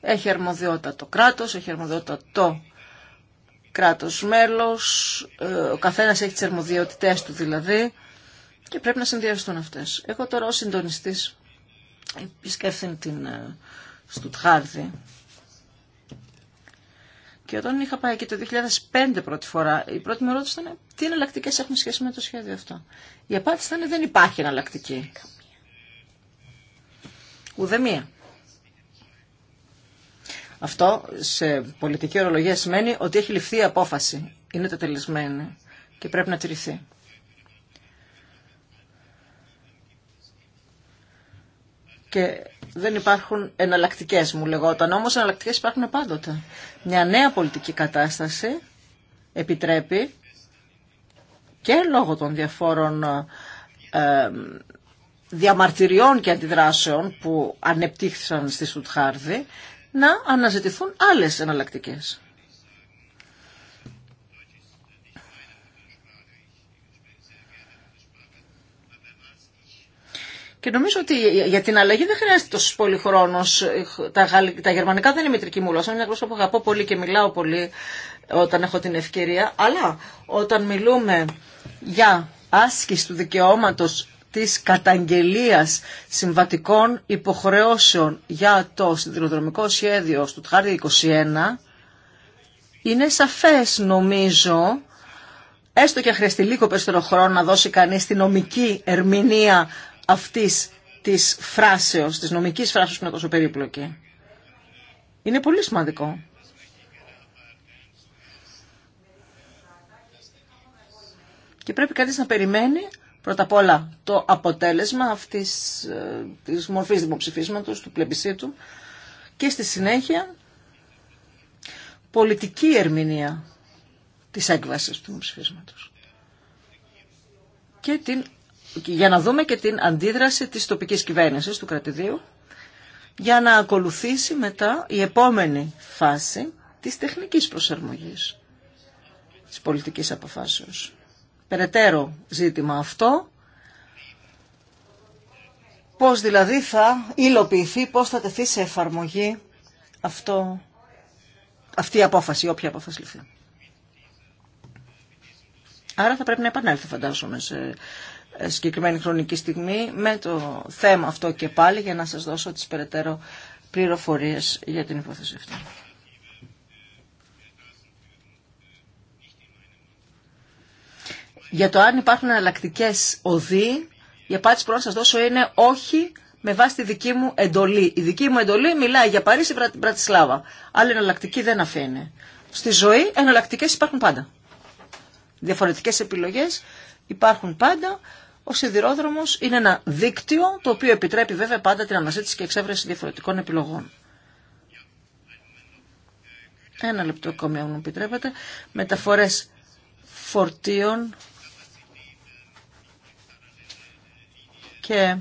έχει αρμοδιότητα το κράτος, έχει αρμοδιότητα το κράτος μέλος, ε, ο καθένας έχει τις αρμοδιότητές του δηλαδή και πρέπει να συνδυαστούν αυτές. Εγώ τώρα ως συντονιστής επισκέφθην την ε, Στουτχάρδη και όταν είχα πάει εκεί το 2005 πρώτη φορά, η πρώτη μου ερώτηση ήταν τι εναλλακτικέ έχουν σχέση με το σχέδιο αυτό. Η απάντηση ήταν δεν υπάρχει εναλλακτική. Ουδέμια. Αυτό σε πολιτική ορολογία σημαίνει ότι έχει ληφθεί η απόφαση. Είναι τελεσμένη και πρέπει να τηρηθεί. Και δεν υπάρχουν εναλλακτικέ, μου λεγόταν. Όμω εναλλακτικέ υπάρχουν πάντοτε. Μια νέα πολιτική κατάσταση επιτρέπει και λόγω των διαφόρων ε, διαμαρτυριών και αντιδράσεων που ανεπτύχθησαν στη Σουτχάρδη να αναζητηθούν άλλες εναλλακτικές. Και νομίζω ότι για την αλλαγή δεν χρειάζεται τόσο πολύ χρόνο. Τα, τα γερμανικά δεν είναι μητρική μου γλώσσα. Είναι μια γλώσσα που αγαπώ πολύ και μιλάω πολύ όταν έχω την ευκαιρία. Αλλά όταν μιλούμε για άσκηση του δικαιώματο της καταγγελίας συμβατικών υποχρεώσεων για το συντηροδρομικό σχέδιο στο ΤΧΑΡΤΗ 21, είναι σαφές νομίζω, έστω και χρειαστεί λίγο περισσότερο χρόνο να δώσει κανείς την νομική ερμηνεία αυτής της φράσεως, της νομικής φράσεως που είναι τόσο περίπλοκη. Είναι πολύ σημαντικό. Και πρέπει κανείς να περιμένει πρώτα απ' όλα το αποτέλεσμα αυτής ε, της μορφής δημοψηφίσματος, του του. και στη συνέχεια πολιτική ερμηνεία της έκβασης του δημοψηφίσματος και την για να δούμε και την αντίδραση της τοπικής κυβέρνησης του κρατηδίου για να ακολουθήσει μετά η επόμενη φάση της τεχνικής προσαρμογής της πολιτικής αποφάσεως. Περαιτέρω ζήτημα αυτό, πώς δηλαδή θα υλοποιηθεί, πώς θα τεθεί σε εφαρμογή αυτό, αυτή η απόφαση, όποια απόφαση Άρα θα πρέπει να επανέλθει φαντάζομαι σε ε, συγκεκριμένη χρονική στιγμή με το θέμα αυτό και πάλι για να σας δώσω τις περαιτέρω πληροφορίες για την υπόθεση αυτή. Για το αν υπάρχουν εναλλακτικέ οδοί, η απάντηση που θα να σα δώσω είναι όχι με βάση τη δική μου εντολή. Η δική μου εντολή μιλάει για Παρίσι ή Μπρατισλάβα. Άλλη εναλλακτική δεν αφήνει. Στη ζωή εναλλακτικέ υπάρχουν πάντα. Διαφορετικέ επιλογέ υπάρχουν πάντα. Ο σιδηρόδρομος είναι ένα δίκτυο το οποίο επιτρέπει βέβαια πάντα την αναζήτηση και εξέβρεση διαφορετικών επιλογών. Ένα λεπτό ακόμη αν μου επιτρέπετε. Μεταφορές φορτίων και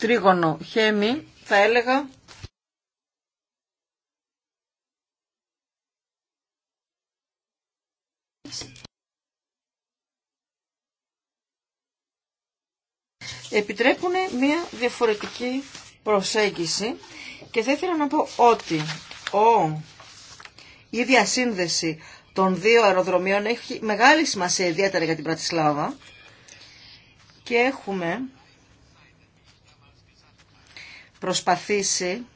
τρίγωνο χέμι θα έλεγα επιτρέπουν μια διαφορετική προσέγγιση και θα ήθελα να πω ότι ο, η διασύνδεση των δύο αεροδρομίων έχει μεγάλη σημασία ιδιαίτερα για την Πρατισλάβα και έχουμε προσπαθήσει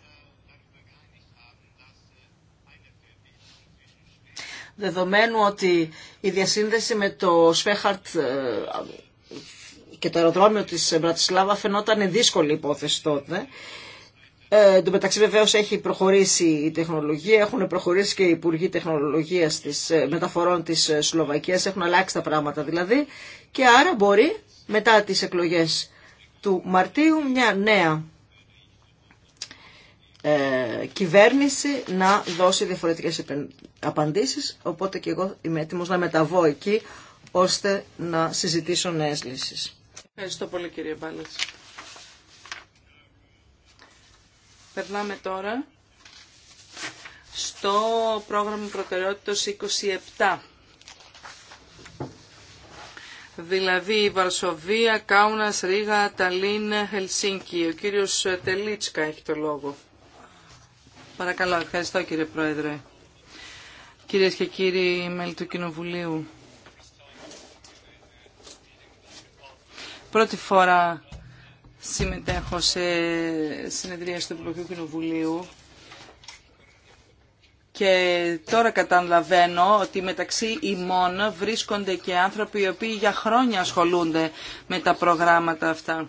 δεδομένου ότι η διασύνδεση με το Σφέχαρτ και το αεροδρόμιο της Μπρατισλάβα φαινόταν δύσκολη υπόθεση τότε. Ε, μεταξύ βεβαίω έχει προχωρήσει η τεχνολογία, έχουν προχωρήσει και οι Υπουργοί Τεχνολογία της, ε, Μεταφορών της ε, Σλοβακίας, έχουν αλλάξει τα πράγματα δηλαδή και άρα μπορεί μετά τις εκλογές του Μαρτίου μια νέα ε, κυβέρνηση να δώσει διαφορετικές απαντήσεις οπότε και εγώ είμαι έτοιμος να μεταβώ εκεί ώστε να συζητήσω νέες λύσεις. Ευχαριστώ πολύ κύριε Μπάλας. Περνάμε τώρα στο πρόγραμμα προτεραιότητας 27. Δηλαδή η Βαρσοβία, Κάουνας, Ρίγα, Ταλίν, Χελσίνκι. Ο κύριος Τελίτσκα έχει το λόγο. Παρακαλώ, ευχαριστώ κύριε Πρόεδρε. Κυρίες και κύριοι μέλη του Κοινοβουλίου. Πρώτη φορά συμμετέχω σε συνεδρία του Ευρωπαϊκού Κοινοβουλίου και τώρα καταλαβαίνω ότι μεταξύ ημών βρίσκονται και άνθρωποι οι οποίοι για χρόνια ασχολούνται με τα προγράμματα αυτά.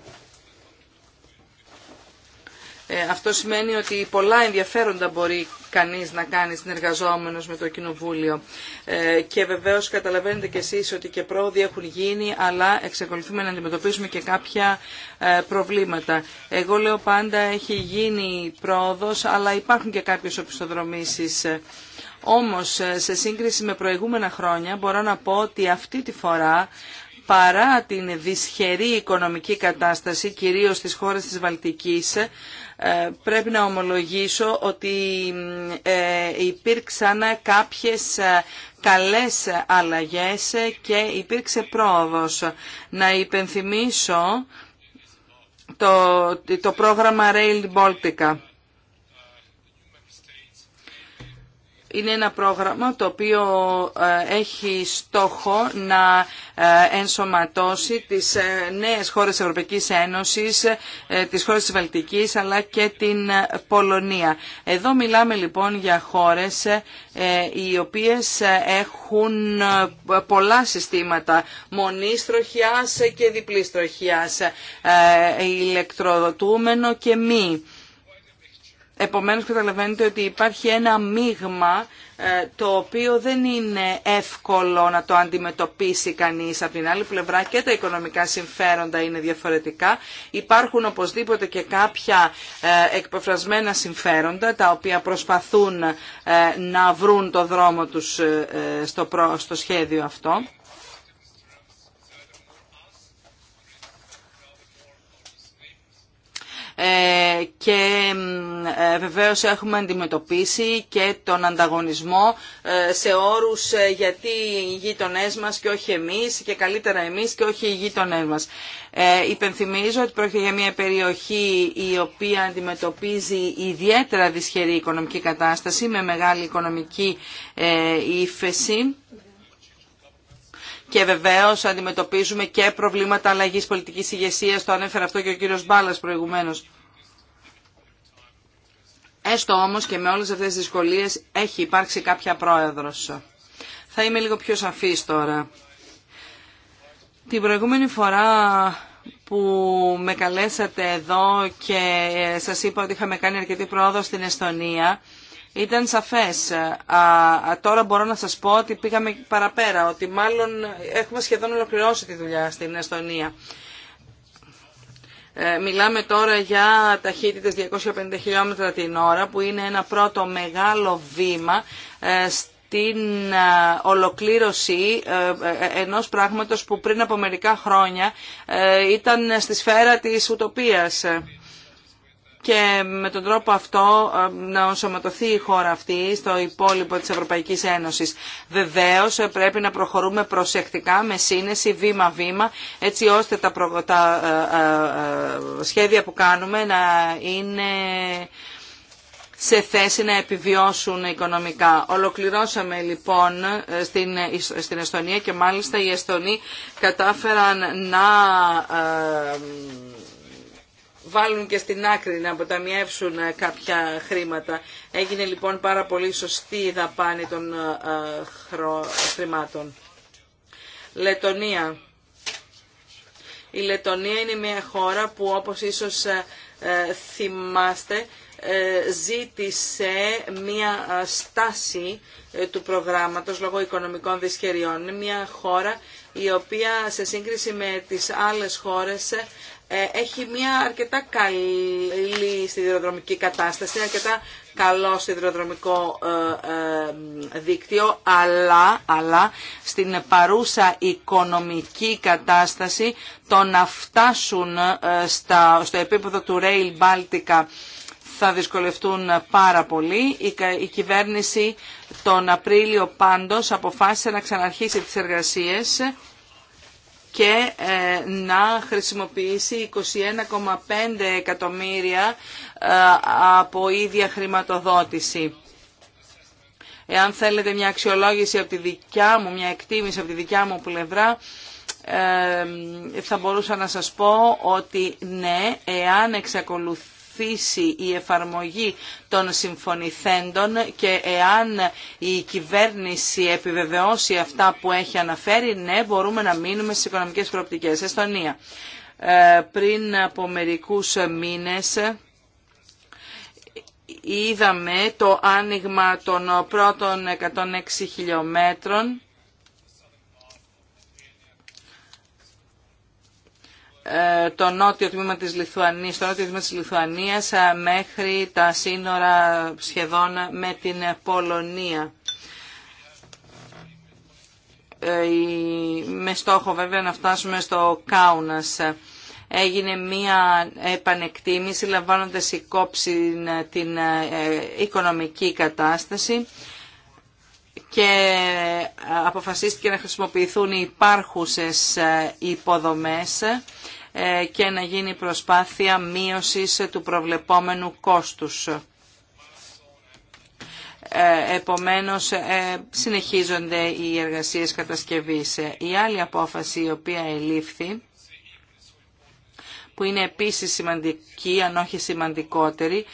Ε, αυτό σημαίνει ότι πολλά ενδιαφέροντα μπορεί κανείς να κάνει συνεργαζόμενος με το Κοινοβούλιο. Ε, και βεβαίως καταλαβαίνετε κι εσείς ότι και πρόοδοι έχουν γίνει, αλλά εξακολουθούμε να αντιμετωπίσουμε και κάποια ε, προβλήματα. Εγώ λέω πάντα έχει γίνει πρόοδος, αλλά υπάρχουν και κάποιες οπισθοδρομήσεις. Όμως, σε σύγκριση με προηγούμενα χρόνια, μπορώ να πω ότι αυτή τη φορά παρά την δυσχερή οικονομική κατάσταση, κυρίως στις χώρες της Βαλτικής, ε, πρέπει να ομολογήσω ότι ε, υπήρξαν κάποιες ε, καλές αλλαγές και υπήρξε πρόοδος. Να υπενθυμίσω το, το πρόγραμμα Rail Baltica είναι ένα πρόγραμμα το οποίο ε, έχει στόχο να ε, ενσωματώσει τις ε, νέες χώρες της Ευρωπαϊκής Ένωσης, τις χώρες της Βαλτικής αλλά και την Πολωνία. Εδώ μιλάμε λοιπόν για χώρες οι οποίες έχουν πολλά συστήματα μονής τροχιάς και διπλής τροχιάς, ηλεκτροδοτούμενο και μη. Επομένως καταλαβαίνετε ότι υπάρχει ένα μείγμα ε, το οποίο δεν είναι εύκολο να το αντιμετωπίσει κανείς. Από την άλλη πλευρά και τα οικονομικά συμφέροντα είναι διαφορετικά. Υπάρχουν οπωσδήποτε και κάποια ε, εκπεφρασμένα συμφέροντα τα οποία προσπαθούν ε, να βρουν το δρόμο τους στο σχέδιο αυτό. Ε, και ε, βεβαίως έχουμε αντιμετωπίσει και τον ανταγωνισμό ε, σε όρους γιατί οι γείτονές μας και όχι εμείς και καλύτερα εμείς και όχι οι γείτονές μας. Ε, υπενθυμίζω ότι πρόκειται για μια περιοχή η οποία αντιμετωπίζει ιδιαίτερα δυσχερή οικονομική κατάσταση με μεγάλη οικονομική ύφεση και βεβαίω αντιμετωπίζουμε και προβλήματα αλλαγή πολιτική ηγεσία. το ανέφερε αυτό και ο κύριο Μπάλλα προηγουμένω. Έστω όμω και με όλε αυτέ τι δυσκολίε έχει υπάρξει κάποια πρόεδρο. Θα είμαι λίγο πιο σαφή τώρα. Την προηγούμενη φορά που με καλέσατε εδώ και σας είπα ότι είχαμε κάνει αρκετή πρόοδο στην Εστονία, ήταν σαφές. Α, τώρα μπορώ να σας πω ότι πήγαμε παραπέρα, ότι μάλλον έχουμε σχεδόν ολοκληρώσει τη δουλειά στην Εστονία. Ε, μιλάμε τώρα για ταχύτητες 250 χιλιόμετρα την ώρα, που είναι ένα πρώτο μεγάλο βήμα ε, στην ε, ολοκλήρωση ενός πράγματος που πριν από μερικά χρόνια ήταν στη σφαίρα της ουτοπίας και με τον τρόπο αυτό ε, να ενσωματωθεί η χώρα αυτή στο υπόλοιπο της Ευρωπαϊκής Ένωσης. Βεβαίως ε, πρέπει να προχωρούμε προσεκτικά με σύνεση βήμα-βήμα έτσι ώστε τα, τα ε, σχέδια που κάνουμε να είναι σε θέση να επιβιώσουν οικονομικά. Ολοκληρώσαμε λοιπόν στην, στην Εστονία και μάλιστα οι Εστονοί κατάφεραν να βάλουν και στην άκρη να αποταμιεύσουν ε, κάποια χρήματα. Έγινε λοιπόν πάρα πολύ σωστή η δαπάνη των ε, ε, χρημάτων. Λετωνία. Η Λετωνία είναι μια χώρα που όπως ίσως θυμάστε ζήτησε μια στάση του προγράμματος λόγω οικονομικών δυσχεριών. Είναι μια χώρα η οποία σε σύγκριση με τις άλλες χώρες ε, έχει μια αρκετά καλή σιδηροδρομική κατάσταση, αρκετά καλό σιδηροδρομικό ε, ε, δίκτυο, αλλά, αλλά στην παρούσα οικονομική κατάσταση το να φτάσουν στο επίπεδο του Rail Baltica θα δυσκολευτούν πάρα πολύ. Η, κυβέρνηση τον Απρίλιο πάντως αποφάσισε να ξαναρχίσει τις εργασίες και ε, να χρησιμοποιήσει 21,5 εκατομμύρια ε, από ίδια χρηματοδότηση. Εάν θέλετε μια αξιολόγηση από τη δικιά μου, μια εκτίμηση από τη δικιά μου πλευρά, ε, θα μπορούσα να σας πω ότι ναι, εάν εξακολουθεί η εφαρμογή των συμφωνηθέντων και εάν η κυβέρνηση επιβεβαιώσει αυτά που έχει αναφέρει, ναι, μπορούμε να μείνουμε στις οικονομικές προοπτικές. Εστονία. Ε, πριν από μερικούς μήνες είδαμε το άνοιγμα των πρώτων 106 χιλιόμετρων Ε, το νότιο τμήμα της Λιθουανίας, το νότιο τμήμα της Λιθουανίας ε, μέχρι τα σύνορα σχεδόν με την Πολωνία. Ε, με στόχο βέβαια να φτάσουμε στο Κάουνας. Έγινε μία επανεκτίμηση λαμβάνοντας υπόψη την οικονομική κατάσταση και αποφασίστηκε να χρησιμοποιηθούν οι υπάρχουσες υποδομές ε, και να γίνει προσπάθεια μείωσης του προβλεπόμενου κόστους. Ε, επομένως, ε, συνεχίζονται οι εργασίες κατασκευής. Η άλλη απόφαση η οποία ελήφθη, που είναι επίσης σημαντική, αν όχι σημαντικότερη,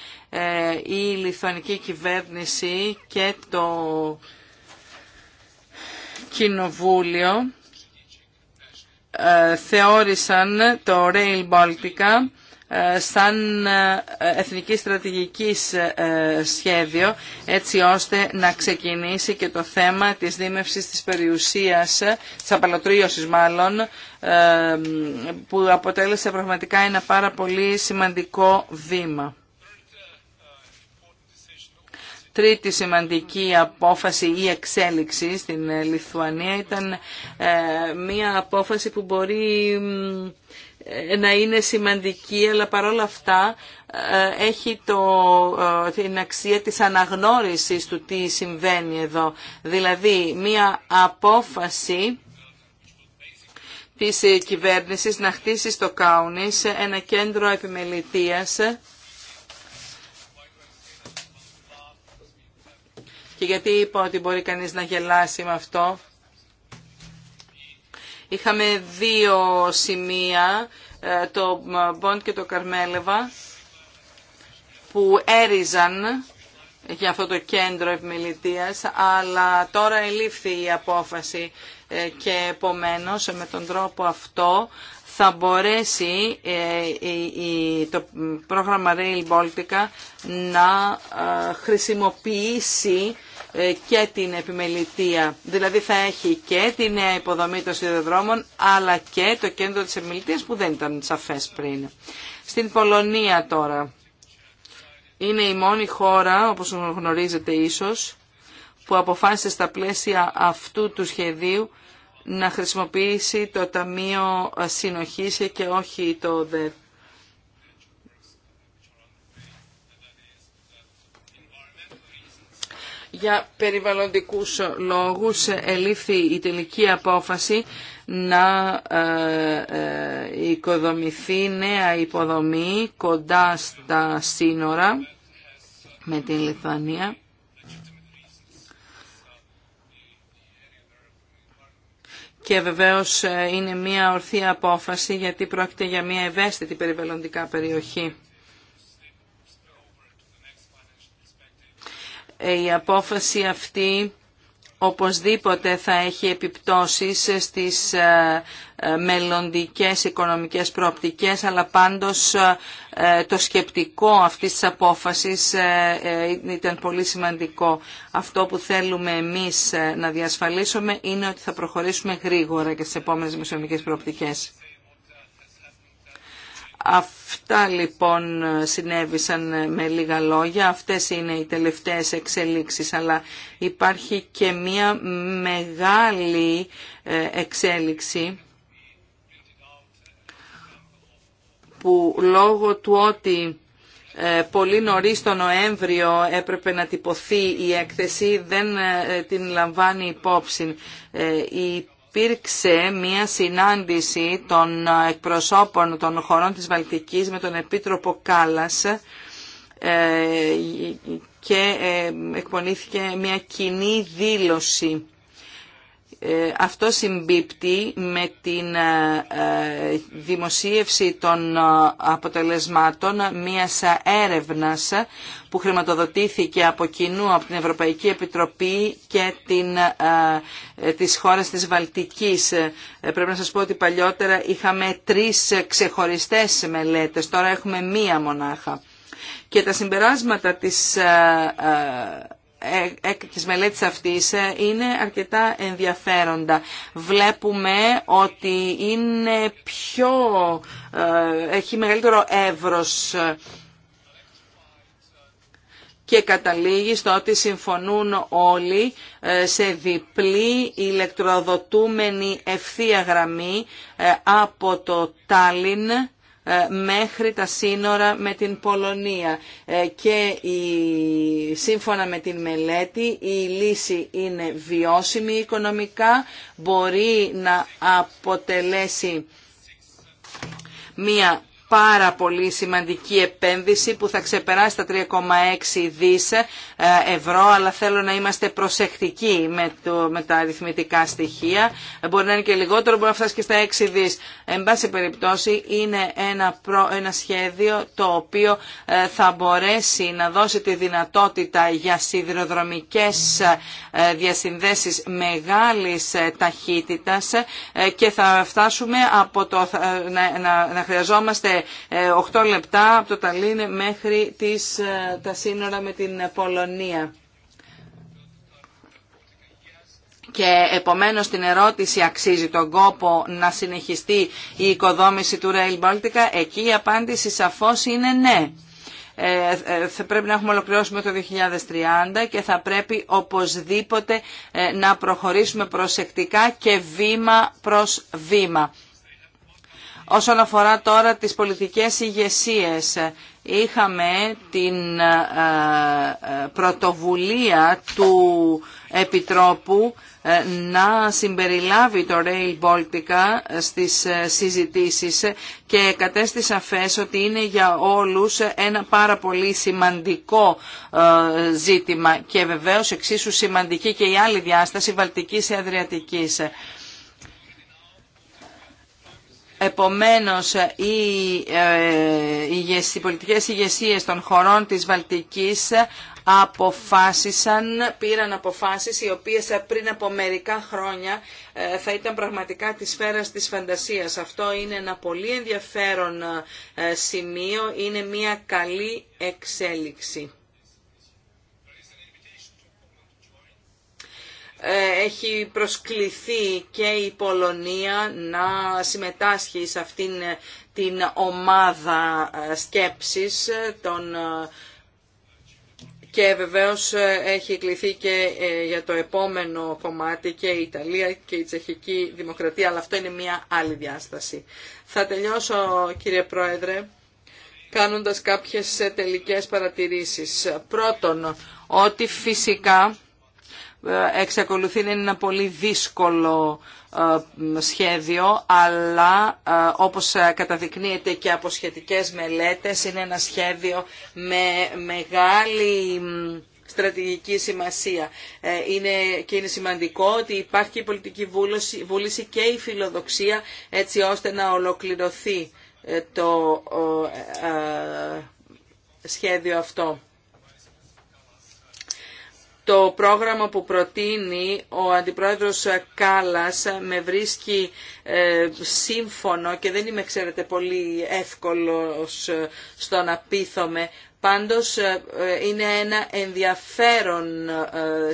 η λιθωνική κυβέρνηση και το Κοινοβούλιο ε, θεώρησαν το Rail Baltica ε, σαν ε, εθνική στρατηγική σχέδιο έτσι ώστε να ξεκινήσει και το θέμα της δίμευσης της περιουσίας, της απαλωτρίωσης μάλλον, που αποτέλεσε πραγματικά ένα πάρα πολύ σημαντικό βήμα. Τρίτη σημαντική απόφαση ή εξέλιξη στην ε, Λιθουανία ήταν ε, μία απόφαση που μπορεί ε, να είναι σημαντική, αλλά παρόλα αυτά έχει το, την αξία της αναγνώρισης του τι συμβαίνει εδώ. Δηλαδή, μία απόφαση της κυβέρνησης να χτίσει στο Κάουνις ένα κέντρο επιμελητίας Και γιατί είπα ότι μπορεί κανείς να γελάσει με αυτό. Είχαμε δύο σημεία, ε, το Μποντ και το Καρμέλεβα, που έριζαν για αυτό το κέντρο ευμιλητίας, αλλά τώρα ελήφθη η απόφαση ε, και επομένως με τον τρόπο αυτό θα μπορέσει ε, το πρόγραμμα Rail Baltica να χρησιμοποιήσει ε, και την επιμελητία, Δηλαδή θα έχει και τη νέα υποδομή των σιδηροδρόμων αλλά και το κέντρο της επιμελητείας που δεν ήταν σαφές πριν. Στην Πολωνία τώρα. Είναι η μόνη χώρα, όπως γνωρίζετε ίσως, που αποφάσισε στα πλαίσια αυτού του σχεδίου να χρησιμοποιήσει το Ταμείο Συνοχής και όχι το ΔΕΤ Για περιβαλλοντικούς λόγους ελήφθη η τελική απόφαση να ε, ε, οικοδομηθεί νέα υποδομή κοντά στα σύνορα με την Λιθανία. Και βεβαίως ε, είναι μια ορθή απόφαση γιατί πρόκειται για μια ευαίσθητη περιβαλλοντικά περιοχή. η απόφαση αυτή οπωσδήποτε θα έχει επιπτώσεις στις ε, ε, μελλοντικές οικονομικές προοπτικές, αλλά πάντως ε, το σκεπτικό αυτής της απόφασης ήταν πολύ σημαντικό. Αυτό που θέλουμε εμείς να διασφαλίσουμε είναι ότι θα προχωρήσουμε γρήγορα και στις επόμενες μεσονομικές προοπτικές. Αυτά λοιπόν συνέβησαν με λίγα λόγια, αυτές είναι οι τελευταίες εξελίξεις, αλλά υπάρχει και μία μεγάλη ε, εξέλιξη που λόγω του ότι ε, πολύ νωρίς το Νοέμβριο έπρεπε να τυπωθεί η έκθεση, δεν ε, την λαμβάνει υπόψη. Η υπήρξε μία συνάντηση των εκπροσώπων των χωρών της Βαλτικής με τον Επίτροπο Κάλλας ε, και ε, εκπονήθηκε μία κοινή δήλωση ε, αυτό συμπίπτει με την ε, ε, δημοσίευση των αποτελεσμάτων μιας έρευνας που χρηματοδοτήθηκε από κοινού από την Ευρωπαϊκή Επιτροπή και την, της χώρας της Βαλτικής. Πρέπει να σας πω ότι παλιότερα είχαμε τρεις ξεχωριστές μελέτες, τώρα έχουμε μία μονάχα. Και τα συμπεράσματα της ε, ε, της μελέτης αυτής ε, είναι αρκετά ενδιαφέροντα. Βλέπουμε ότι είναι πιο, έχει μεγαλύτερο εύρος και καταλήγει στο ότι συμφωνούν όλοι σε διπλή ηλεκτροδοτούμενη ευθεία γραμμή από το Τάλιν ε, μέχρι τα σύνορα με την Πολωνία. Ε, και η, σύμφωνα με την μελέτη η λύση είναι βιώσιμη οικονομικά, μπορεί να αποτελέσει μία πάρα πολύ σημαντική επένδυση που θα ξεπεράσει τα 3,6 δις ε, ευρώ, αλλά θέλω να είμαστε προσεκτικοί με, το, με τα αριθμητικά στοιχεία. Μπορεί να είναι και λιγότερο, μπορεί να φτάσει και στα 6 δις. Εν πάση περιπτώσει είναι ένα, προ, ένα σχέδιο το οποίο ε, θα μπορέσει να δώσει τη δυνατότητα για σιδηροδρομικές ε, διασυνδέσεις μεγάλης ταχύτητας και θα φτάσουμε από να, να χρειαζόμαστε 8 λεπτά από το Ταλίν μέχρι τις, ε, τα σύνορα με την Πολωνία. Και επομένως την ερώτηση αξίζει τον κόπο να συνεχιστεί η οικοδόμηση του Rail Baltica, εκεί η απάντηση σαφώς είναι ναι ε, ε, θα πρέπει να έχουμε ολοκληρώσει με το 2030 και θα πρέπει οπωσδήποτε να προχωρήσουμε προσεκτικά και βήμα προς βήμα. Όσον αφορά τώρα τις πολιτικές ηγεσίε. είχαμε την ε, ε, πρωτοβουλία του Επιτρόπου ε, να συμπεριλάβει το Rail Baltica στις συζητήσεις και κατέστη φέσο ότι είναι για όλους ένα πάρα πολύ σημαντικό ζήτημα και βεβαίως εξίσου σημαντική και η άλλη διάσταση Βαλτικής Αδριατικής. Επομένως, οι, ε, οι πολιτικές ηγεσίες των χωρών της Βαλτικής αποφάσισαν, πήραν αποφάσεις οι οποίες πριν από μερικά χρόνια ε, θα ήταν πραγματικά της σφαίρας της φαντασίας. Αυτό είναι ένα πολύ ενδιαφέρον ε, σημείο, είναι μια καλή εξέλιξη. Ε, έχει προσκληθεί και η Πολωνία να συμμετάσχει σε αυτήν ε, την ομάδα ε, σκέψης των και βεβαίως έχει κληθεί και για το επόμενο κομμάτι και η Ιταλία και η Τσεχική Δημοκρατία, αλλά αυτό είναι μια άλλη διάσταση. Θα τελειώσω κύριε Πρόεδρε κάνοντας κάποιες τελικές παρατηρήσεις. Πρώτον, ότι φυσικά ε, εξακολουθεί να είναι ένα πολύ δύσκολο ε, σχέδιο, αλλά ε, όπως καταδεικνύεται και από σχετικές μελέτες, είναι ένα σχέδιο με μεγάλη στρατηγική σημασία. Είναι, και είναι σημαντικό ότι υπάρχει η πολιτική βούληση και η φιλοδοξία έτσι ώστε να ολοκληρωθεί το σχέδιο αυτό το πρόγραμμα που προτείνει ο Αντιπρόεδρος Κάλλας με βρίσκει ε, σύμφωνο και δεν είμαι, ξέρετε, πολύ εύκολος ε, στο να πείθομαι. Πάντως ε, είναι ένα ενδιαφέρον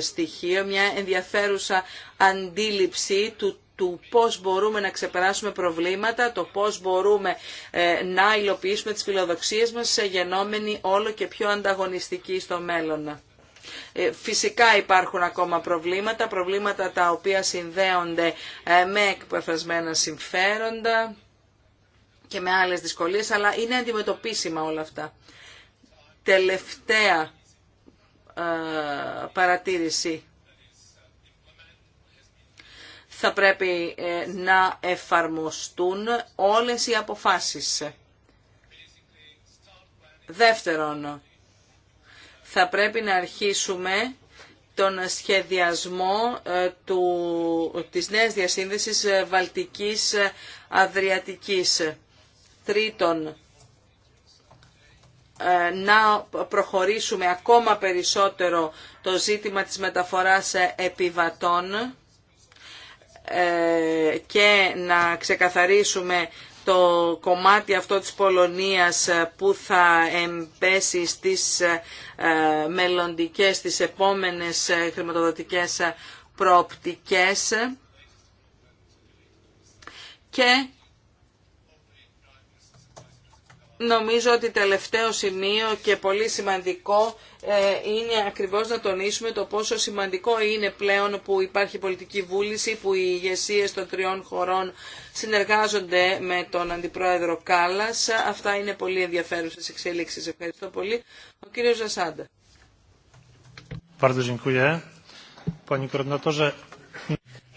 στοιχείο, μια ενδιαφέρουσα αντίληψη του του πώς μπορούμε να ξεπεράσουμε προβλήματα, το πώς μπορούμε να υλοποιήσουμε τις φιλοδοξίες μας σε γενόμενη όλο και πιο ανταγωνιστική στο μέλλον. Ε, φυσικά υπάρχουν ακόμα προβλήματα, προβλήματα τα οποία συνδέονται ε, με εκπεφρασμένα συμφέροντα και με άλλες δυσκολίες, αλλά είναι αντιμετωπίσιμα όλα αυτά. Τελευταία ε, παρατήρηση θα πρέπει να εφαρμοστούν όλες οι αποφάσεις. Δεύτερον, θα πρέπει να αρχίσουμε τον σχεδιασμό ε, του, της νέας διασύνδεσης ε, Βαλτικής ε, Αδριατικής. Τρίτον, να προχωρήσουμε ακόμα περισσότερο το ζήτημα της μεταφοράς επιβατών και να ξεκαθαρίσουμε το κομμάτι αυτό της Πολωνίας ε, που θα εμπέσει στις ε, ε, μελλοντικές, στις επόμενες χρηματοδοτικές προοπτικές και νομίζω ότι τελευταίο σημείο και πολύ σημαντικό ε, είναι ακριβώς να τονίσουμε το πόσο σημαντικό είναι πλέον που υπάρχει πολιτική βούληση, που οι ηγεσίε των τριών χωρών συνεργάζονται με τον Αντιπρόεδρο Κάλλας. Αυτά είναι πολύ ενδιαφέρουσες εξελίξεις. Ευχαριστώ πολύ. Ο κύριος Ζασάντα.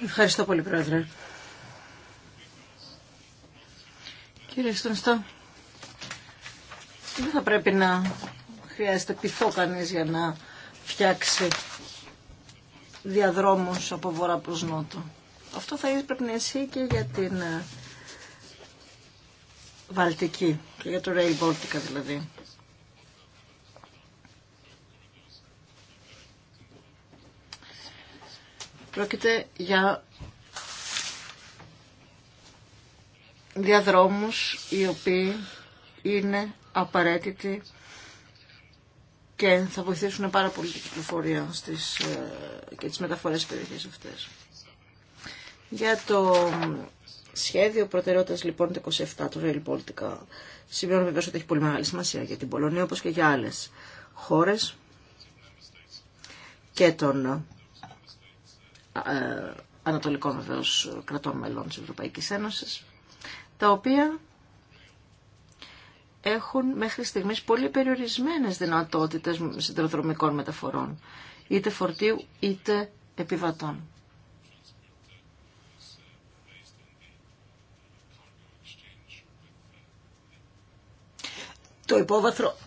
Ευχαριστώ πολύ, Πρόεδρε. Κύριε Στονστό, δεν θα πρέπει να χρειάζεται πειθό κανείς για να φτιάξει διαδρόμους από βορρά προς νότο. Αυτό θα έπρεπε να εσύ και για την ε, Βαλτική και για το Rail Baltica δηλαδή. Πρόκειται για διαδρόμους οι οποίοι είναι απαραίτητοι και θα βοηθήσουν πάρα πολύ την κυκλοφορία στις, ε, και τις μεταφορές στις περιοχές αυτές. Για το σχέδιο προτεραιότητας λοιπόν το 27 του Rail Baltica σημειώνω βεβαίως ότι έχει πολύ μεγάλη σημασία για την Πολωνία όπως και για άλλες χώρες και των ε, ανατολικών βεβαίως κρατών μελών της Ευρωπαϊκής Ένωσης τα οποία έχουν μέχρι στιγμής πολύ περιορισμένες δυνατότητες συνδροδρομικών μεταφορών, είτε φορτίου είτε επιβατών. Το υπόβαθρο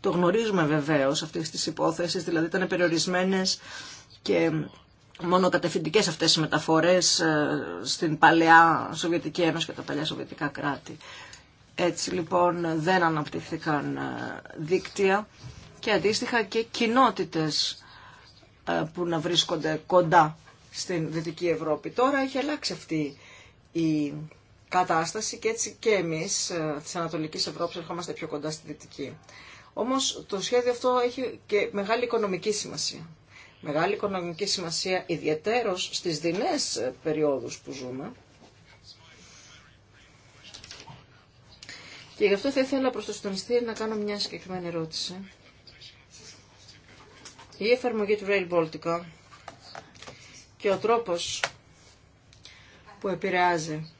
το γνωρίζουμε βεβαίως αυτές τις υπόθεση, δηλαδή ήταν περιορισμένες και μόνο κατευθυντικές αυτές οι μεταφορές ε, στην παλαιά Σοβιετική Ένωση και τα παλιά Σοβιετικά κράτη. Έτσι λοιπόν δεν αναπτύχθηκαν ε, δίκτυα και αντίστοιχα και κοινότητες ε, που να βρίσκονται κοντά στην Δυτική Ευρώπη. Τώρα έχει αλλάξει αυτή η κατάσταση και έτσι και εμείς ε, της Ανατολικής Ευρώπης ερχόμαστε πιο κοντά στη Δυτική. Όμως το σχέδιο αυτό έχει και μεγάλη οικονομική σημασία. Μεγάλη οικονομική σημασία ιδιαίτερος στις δεινές περιόδους που ζούμε Και γι' αυτό θα ήθελα προς το συντονιστή να κάνω μια συγκεκριμένη ερώτηση. Η εφαρμογή του Rail Baltica και ο τρόπος που επηρεάζει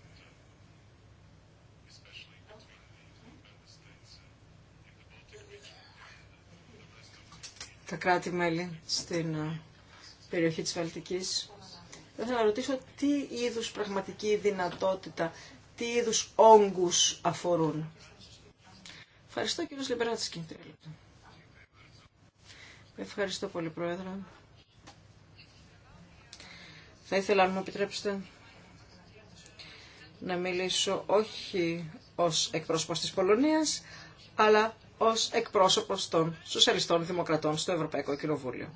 τα κράτη-μέλη στην ε, περιοχή της Βαλτικής. Θα ήθελα να ρωτήσω τι είδους πραγματική δυνατότητα, τι είδους όγκους αφορούν. Ευχαριστώ κύριο Λιμπεράτσκι. Ευχαριστώ πολύ πρόεδρε. Θα ήθελα αν μου επιτρέψετε να μιλήσω όχι ως εκπρόσωπος της Πολωνίας, αλλά ως εκπρόσωπος των Σοσιαλιστών Δημοκρατών στο Ευρωπαϊκό Κοινοβούλιο.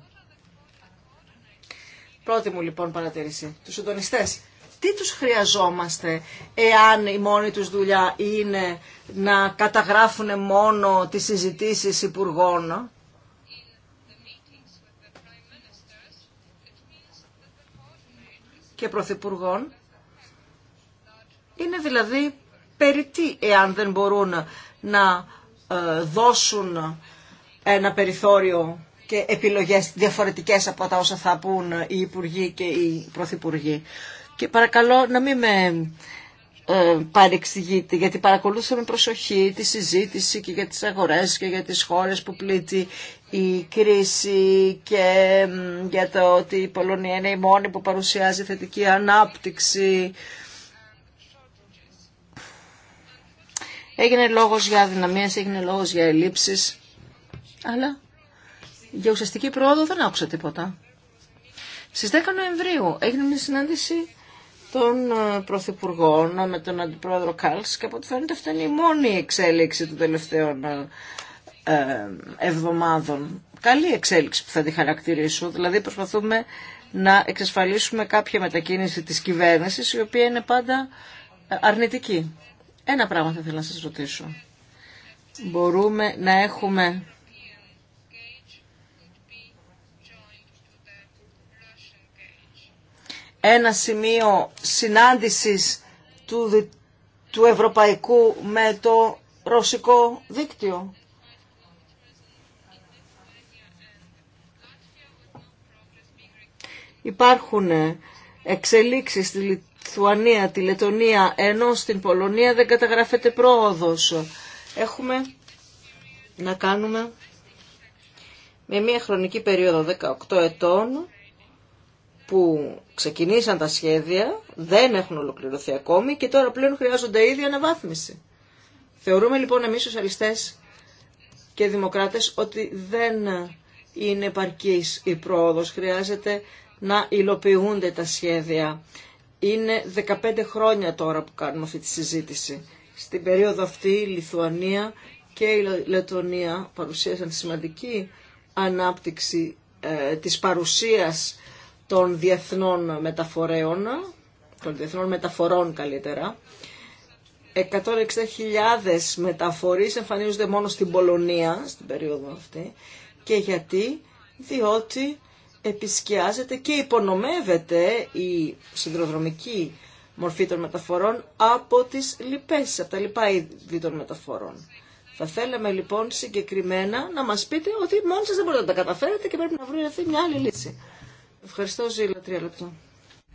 Πρώτη μου λοιπόν παρατήρηση. Τους συντονιστές τι τους χρειαζόμαστε εάν η μόνη τους δουλειά είναι να καταγράφουν μόνο τις συζητήσεις υπουργών. και πρωθυπουργών. Είναι δηλαδή περιτί εάν δεν μπορούν να ε, δώσουν ένα περιθώριο και επιλογές διαφορετικές από τα όσα θα πούν οι υπουργοί και οι πρωθυπουργοί και παρακαλώ να μην με ε, παρεξηγείτε, γιατί παρακολούθησα με προσοχή τη συζήτηση και για τις αγορές και για τις χώρες που πλήττει η κρίση και για το ότι η Πολωνία είναι η μόνη που παρουσιάζει θετική ανάπτυξη. Έγινε λόγος για αδυναμίες, έγινε λόγος για ελλείψεις, αλλά για ουσιαστική πρόοδο δεν άκουσα τίποτα. Στις 10 Νοεμβρίου έγινε μια συνάντηση των ε, Πρωθυπουργών ε, με τον Αντιπρόεδρο Κάλς και από ό,τι φαίνεται αυτή είναι η μόνη εξέλιξη των τελευταίων ε, εβδομάδων. Καλή εξέλιξη που θα τη χαρακτηρίσω, δηλαδή προσπαθούμε να εξασφαλίσουμε κάποια μετακίνηση της κυβέρνησης η οποία είναι πάντα αρνητική. Ένα πράγμα θα ήθελα να σας ρωτήσω. Μπορούμε να έχουμε ένα σημείο συνάντησης του, του ευρωπαϊκού με το ρωσικό δίκτυο. Υπάρχουν ε, εξελίξεις στη Λιθουανία, τη Λετωνία, ενώ στην Πολωνία δεν καταγράφεται πρόοδος. Έχουμε να κάνουμε με μια χρονική περίοδο 18 ετών που ξεκινήσαν τα σχέδια, δεν έχουν ολοκληρωθεί ακόμη και τώρα πλέον χρειάζονται ήδη αναβάθμιση. Θεωρούμε λοιπόν εμείς σοσιαλιστές και δημοκράτες ότι δεν είναι επαρκής η πρόοδος, χρειάζεται να υλοποιούνται τα σχέδια. Είναι 15 χρόνια τώρα που κάνουμε αυτή τη συζήτηση. Στην περίοδο αυτή η Λιθουανία και η Λετωνία παρουσίασαν σημαντική ανάπτυξη ε, της παρουσίας των διεθνών μεταφορέων, των διεθνών μεταφορών καλύτερα. 160.000 μεταφορείς εμφανίζονται μόνο στην Πολωνία στην περίοδο αυτή. Και γιατί, διότι επισκιάζεται και υπονομεύεται η συνδροδρομική μορφή των μεταφορών από τις λοιπές, από τα λοιπά είδη των μεταφορών. Θα θέλαμε λοιπόν συγκεκριμένα να μας πείτε ότι μόνοι σας δεν μπορείτε να τα καταφέρετε και πρέπει να βρείτε μια άλλη λύση. Ευχαριστώ, Ζήλα, τρία λεπτά.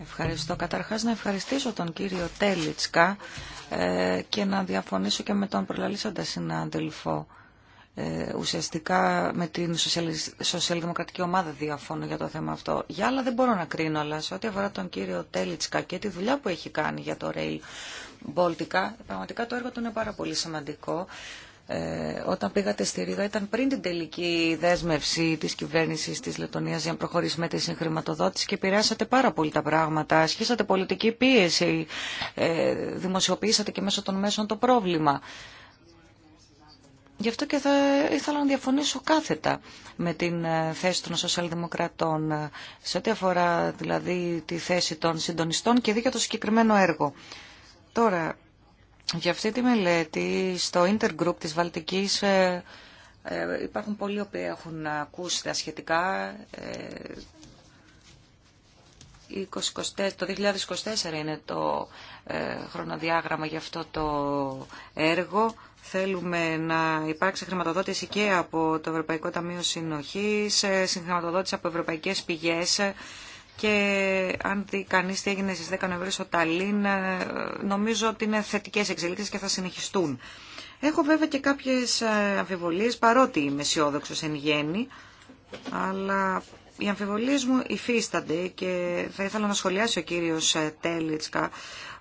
Ευχαριστώ. Καταρχάς να ευχαριστήσω τον κύριο Τέλιτσκα ε, και να διαφωνήσω και με τον προλαλήσαντα συνάδελφο. Ε, ουσιαστικά με την σοσιαλδημοκρατική ομάδα διαφώνω για το θέμα αυτό. Για άλλα δεν μπορώ να κρίνω, αλλά σε ό,τι αφορά τον κύριο Τέλιτσκα και τη δουλειά που έχει κάνει για το Rail Baltica, πραγματικά το έργο του είναι πάρα πολύ σημαντικό. Ε, όταν πήγατε στη Ρίγα ήταν πριν την τελική δέσμευση της κυβέρνησης της Λετωνίας για να προχωρήσει με τη συγχρηματοδότηση και επηρεάσατε πάρα πολύ τα πράγματα, ασχίσατε πολιτική πίεση, ε, δημοσιοποιήσατε και μέσω των μέσων το πρόβλημα. Γι' αυτό και θα ήθελα να διαφωνήσω κάθετα με την ε, θέση των σοσιαλδημοκρατών σε ό,τι αφορά δηλαδή τη θέση των συντονιστών και δίκαια το συγκεκριμένο έργο. Τώρα, για αυτή τη μελέτη στο Intergroup της Βαλτικής ε, ε, υπάρχουν πολλοί που έχουν ακούσει τα σχετικά. Ε, το 2024 είναι το χρονοδιάγραμμα για αυτό το έργο. Θέλουμε να υπάρξει χρηματοδότηση και από το Ευρωπαϊκό Ταμείο Συνοχής, συγχρηματοδότηση από ευρωπαϊκές πηγές και αν δει κανεί τι έγινε στι 10 Νοεμβρίου στο Ταλίν, ε, νομίζω ότι είναι θετικέ εξελίξει και θα συνεχιστούν. Έχω βέβαια και κάποιε αμφιβολίε, παρότι είμαι αισιόδοξο εν γέννη, αλλά οι αμφιβολίε μου υφίστανται και θα ήθελα να σχολιάσει ο κύριο ε, Τέλιτσκα.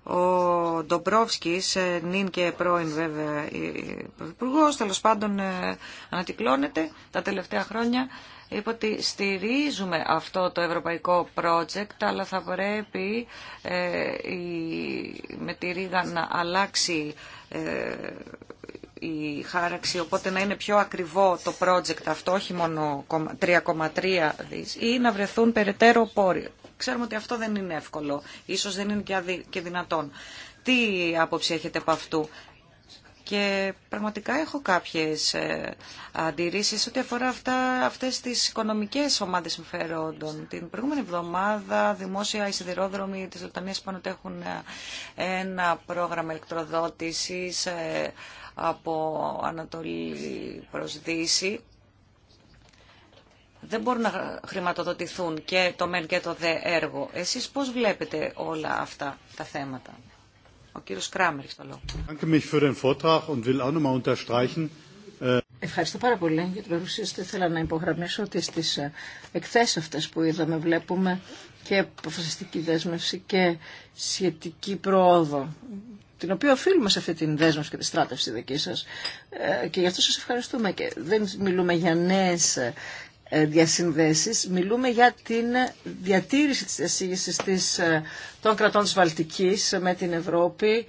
Ο Ντομπρόφσκη, ε, νυν και πρώην βέβαια Υπουργό, τέλο πάντων ανατυκλώνεται τα τελευταία χρόνια είπε ότι στηρίζουμε αυτό το ευρωπαϊκό project, αλλά θα πρέπει ε, η, με τη ρίγα να αλλάξει ε, η χάραξη, οπότε να είναι πιο ακριβό το project αυτό, όχι μόνο 3,3 δις, ή να βρεθούν περαιτέρω πόροι. Ξέρουμε ότι αυτό δεν είναι εύκολο, ίσως δεν είναι και δυνατόν. Τι άποψη έχετε από αυτού. Και πραγματικά έχω κάποιες ε, αντιρρήσεις ό,τι αφορά αυτά, αυτές τις οικονομικές ομάδες συμφερόντων. Την προηγούμενη εβδομάδα δημόσια οι σιδηρόδρομοι της Λεπτανίας έχουν ε, ένα πρόγραμμα ηλεκτροδότησης ε, από Ανατολή προς Δύση δεν μπορούν να χρηματοδοτηθούν και το μεν και το δε έργο. Εσείς πώς βλέπετε όλα αυτά τα θέματα. Ευχαριστώ πάρα πολύ για την παρουσίαση. Ήθελα να υπογραμμίσω ότι στις ε, εκθέσει αυτές που είδαμε βλέπουμε και αποφασιστική δέσμευση και σχετική πρόοδο την οποία οφείλουμε σε αυτή τη δέσμευση και τη στράτευση δική σας ε, και γι' αυτό σας ευχαριστούμε και δεν μιλούμε για νέες ε, ε, διασυνδέσεις, μιλούμε για την διατήρηση της διασύγησης της, ε, των κρατών της Βαλτικής με την Ευρώπη